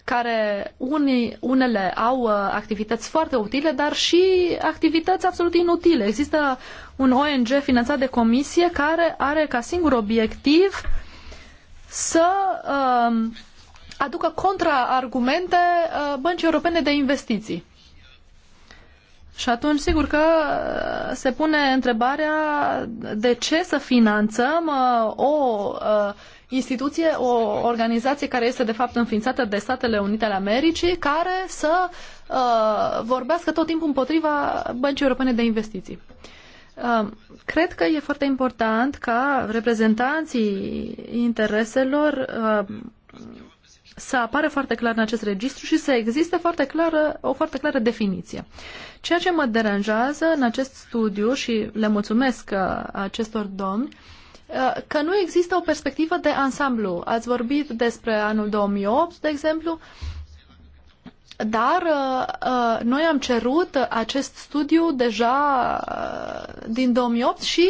care unii, unele au uh, activități foarte utile, dar și activități absolut inutile. Există un ONG finanțat de comisie care are ca singur obiectiv să uh, aducă contraargumente uh, băncii europene de investiții. Și atunci, sigur că uh, se pune întrebarea de ce să finanțăm uh, o uh, instituție, o organizație care este de fapt înființată de Statele Unite ale Americii, care să vorbească tot timpul împotriva Băncii Europene de Investiții. Cred că e foarte important ca reprezentanții intereselor să apară foarte clar în acest registru și să existe foarte clară, o foarte clară definiție. Ceea ce mă deranjează în acest studiu, și le mulțumesc uh, acestor domni, uh, că nu există o perspectivă de ansamblu. Ați vorbit despre anul 2008, de exemplu, dar uh, uh, noi am cerut acest studiu deja uh, din 2008 și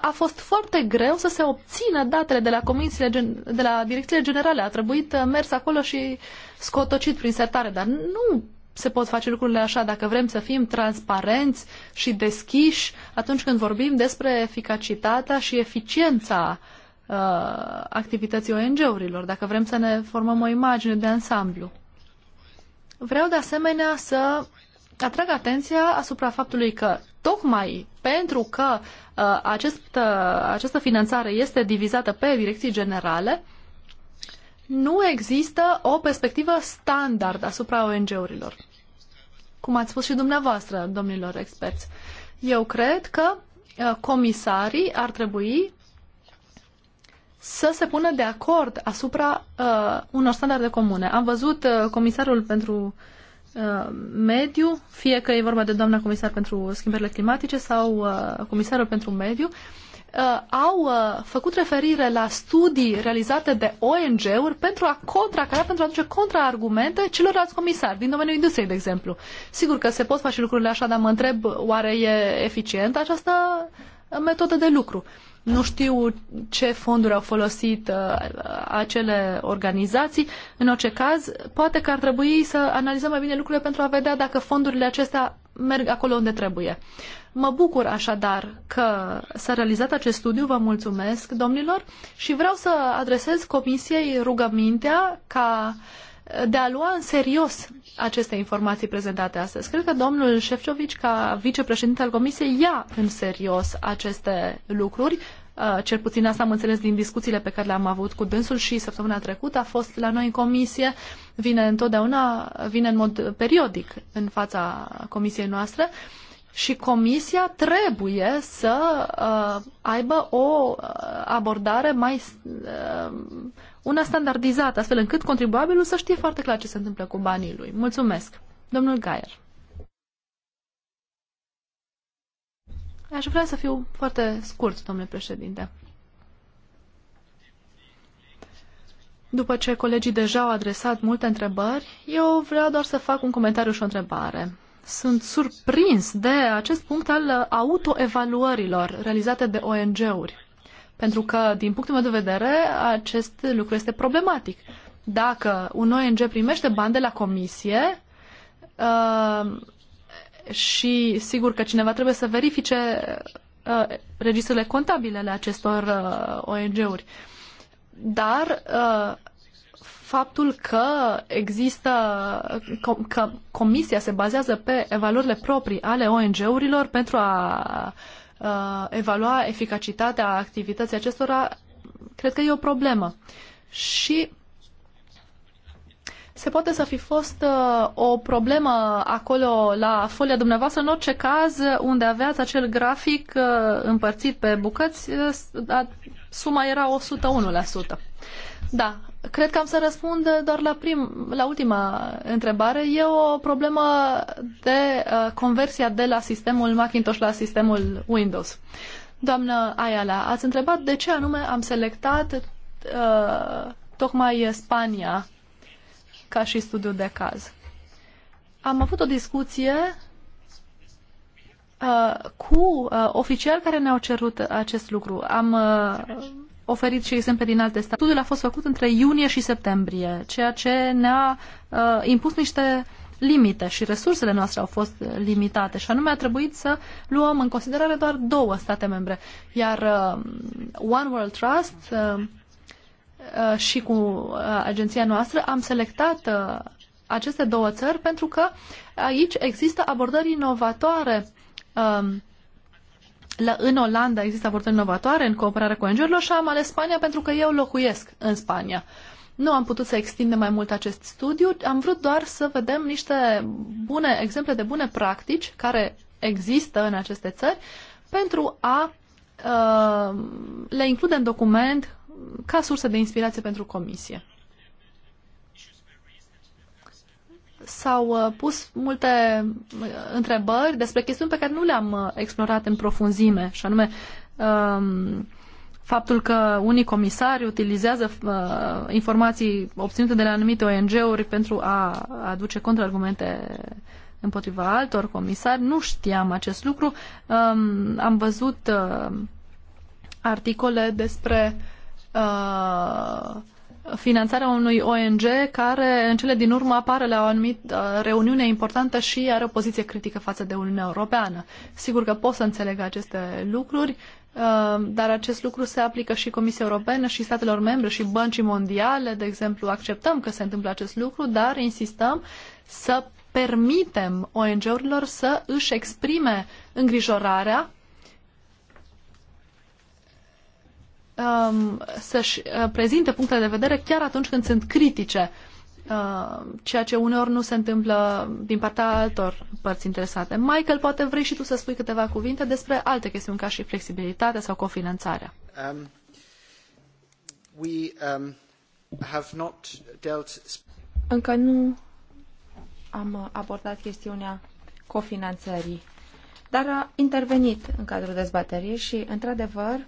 a fost foarte greu să se obțină datele de la comisiile de la direcțiile generale. A trebuit mers acolo și scotocit prin sertare, dar nu se pot face lucrurile așa. Dacă vrem să fim transparenți și deschiși atunci când vorbim despre eficacitatea și eficiența uh, activității ONG-urilor, dacă vrem să ne formăm o imagine de ansamblu. Vreau de asemenea să atrag atenția asupra faptului că tocmai pentru că uh, acest, uh, această finanțare este divizată pe direcții generale, nu există o perspectivă standard asupra ONG-urilor. Cum ați spus și dumneavoastră, domnilor experți. Eu cred că uh, comisarii ar trebui să se pună de acord asupra uh, unor standarde comune. Am văzut uh, comisarul pentru uh, mediu, fie că e vorba de doamna comisar pentru schimbările climatice sau uh, comisarul pentru mediu, uh, uh, au uh, făcut referire la studii realizate de ONG-uri pentru a contracara, pentru a aduce contraargumente celorlalți comisari din domeniul industriei, de exemplu. Sigur că se pot face lucrurile așa, dar mă întreb oare e eficient această metodă de lucru. Nu știu ce fonduri au folosit uh, acele organizații. În orice caz, poate că ar trebui să analizăm mai bine lucrurile pentru a vedea dacă fondurile acestea merg acolo unde trebuie. Mă bucur așadar că s-a realizat acest studiu, vă mulțumesc, domnilor, și vreau să adresez Comisiei rugămintea ca eh, de a lua în serios aceste informații prezentate astăzi. Cred că domnul Șefcovici, ca vicepreședinte al Comisiei, ia în serios aceste lucruri. Eh, cel puțin asta am înțeles din discuțiile pe care le-am avut cu dânsul și săptămâna trecută a fost la noi în comisie, vine întotdeauna, vine în mod periodic în fața comisiei noastre. Uh, și Comisia trebuie să uh, aibă o uh, abordare mai uh, una standardizată, astfel încât contribuabilul să știe foarte clar ce se întâmplă cu banii lui. Mulțumesc. Domnul Gaier. Aș vrea să fiu foarte scurt, domnule președinte. După ce colegii deja au adresat multe întrebări, eu vreau doar să fac un comentariu și o întrebare sunt surprins de acest punct al autoevaluărilor realizate de ONG-uri. Pentru că, din punctul meu de vedere, acest lucru este problematic. Dacă un ONG primește bani de la comisie uh, și sigur că cineva trebuie să verifice uh, registrele contabile ale acestor uh, ONG-uri, dar uh, faptul că există, că comisia se bazează pe evaluările proprii ale ONG-urilor pentru a evalua eficacitatea activității acestora, cred că e o problemă. Și se poate să fi fost uh, o problemă acolo la folia dumneavoastră, în orice caz, unde aveați acel grafic uh, împărțit pe bucăți, uh, suma era 101%. Da, Cred că am să răspund doar la, prim, la ultima întrebare. E o problemă de uh, conversia de la sistemul Macintosh la sistemul Windows. Doamnă Ayala, ați întrebat de ce anume am selectat uh, tocmai Spania ca și studiu de caz. Am avut o discuție uh, cu uh, oficiali care ne-au cerut acest lucru. Am uh, oferit și exemple din alte state. Studiul a fost făcut între iunie și septembrie, ceea ce ne-a uh, impus niște limite și resursele noastre au fost limitate și anume a trebuit să luăm în considerare doar două state membre. Iar uh, One World Trust uh, uh, și cu uh, agenția noastră am selectat uh, aceste două țări pentru că aici există abordări inovatoare uh, la, în Olanda există avorturi inovatoare în cooperare cu ONG-urilor și am ales Spania pentru că eu locuiesc în Spania. Nu am putut să extindem mai mult acest studiu, am vrut doar să vedem niște bune exemple de bune practici care există în aceste țări pentru a uh, le include în document ca sursă de inspirație pentru comisie. s-au uh, pus multe uh, întrebări despre chestiuni pe care nu le-am uh, explorat în profunzime, și anume um, faptul că unii comisari utilizează informații obținute de la anumite ONG-uri pentru a aduce contraargumente împotriva altor comisari. Nu știam acest lucru. Um, am văzut articole despre finanțarea unui ONG care în cele din urmă apare la o anumită uh, reuniune importantă și are o poziție critică față de Uniunea Europeană. Sigur că pot să înțeleg aceste lucruri, uh, dar acest lucru se aplică și Comisiei Europene și statelor membre și băncii mondiale, de exemplu, acceptăm că se întâmplă acest lucru, dar insistăm să permitem ONG-urilor să își exprime îngrijorarea um, să-și uh, prezinte punctele de vedere chiar atunci când sunt critice, uh, ceea ce uneori nu se întâmplă din partea altor părți interesate. Michael, poate vrei și tu să spui câteva cuvinte despre alte chestiuni ca și flexibilitatea sau cofinanțarea. Um, we, um, have not dealt... Încă nu am abordat chestiunea cofinanțării, dar a intervenit în cadrul dezbaterii și, într-adevăr,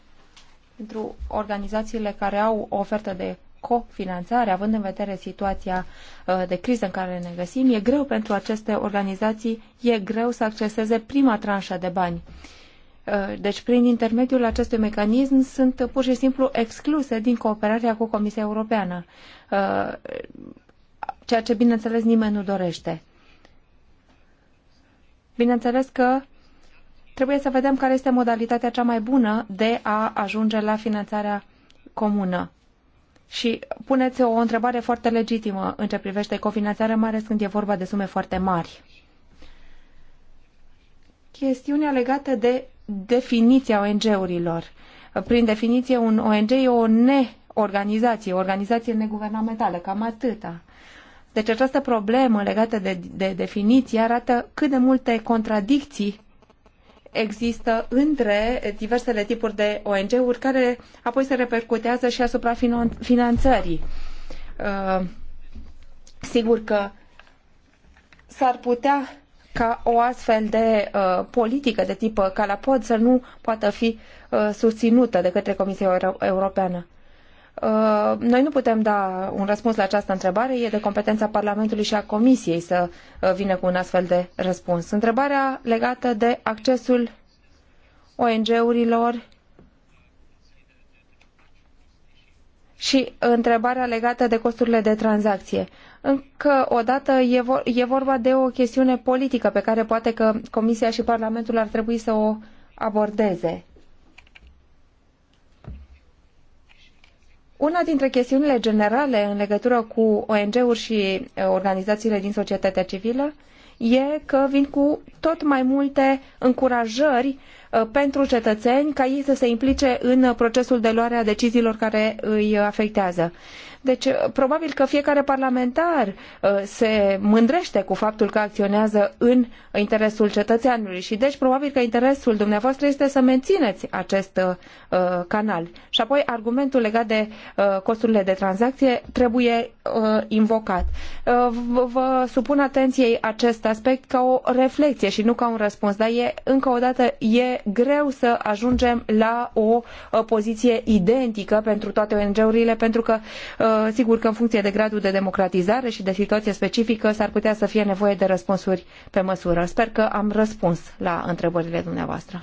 pentru organizațiile care au o ofertă de cofinanțare, având în vedere situația uh, de criză în care ne găsim, e greu pentru aceste organizații, e greu să acceseze prima tranșă de bani. Uh, deci, prin intermediul acestui mecanism, sunt pur și simplu excluse din cooperarea cu Comisia Europeană, uh, ceea ce, bineînțeles, nimeni nu dorește. Bineînțeles că Trebuie să vedem care este modalitatea cea mai bună de a ajunge la finanțarea comună. Și puneți o întrebare foarte legitimă în ce privește cofinanțarea, mai ales când e vorba de sume foarte mari. Chestiunea legată de definiția ONG-urilor. Prin definiție, un ONG e o neorganizație, o organizație neguvernamentală, cam atâta. Deci această problemă legată de, de definiție arată cât de multe contradicții există între diversele tipuri de ONG-uri care apoi se repercutează și asupra finanțării. Uh, sigur că s-ar putea ca o astfel de uh, politică de tip calapod să nu poată fi uh, susținută de către Comisia Euro Europeană. Uh, noi nu putem da un răspuns la această întrebare, e de competența Parlamentului și a Comisiei să uh, vină cu un astfel de răspuns. Întrebarea legată de accesul ONG-urilor și întrebarea legată de costurile de tranzacție. Încă o dată e, vor, e vorba de o chestiune politică pe care poate că Comisia și Parlamentul ar trebui să o abordeze. Una dintre chestiunile generale în legătură cu ONG-uri și organizațiile din societatea civilă e că vin cu tot mai multe încurajări Uh, pentru cetățeni ca ei să se implice în procesul de luare a deciziilor care îi afectează. Deci, uh, probabil că fiecare parlamentar uh, se mândrește cu faptul că acționează în interesul cetățeanului și deci probabil că interesul dumneavoastră este să mențineți acest canal. Și apoi argumentul legat de costurile de tranzacție trebuie invocat. Vă supun atenției acest aspect ca o reflexie și nu ca un răspuns, dar e, încă o dată e greu să ajungem la o uh, poziție identică pentru toate ONG-urile, pentru că, uh, sigur că în funcție de gradul de democratizare și de situație specifică, s-ar putea să fie nevoie de răspunsuri pe măsură. Sper că am răspuns la întrebările dumneavoastră.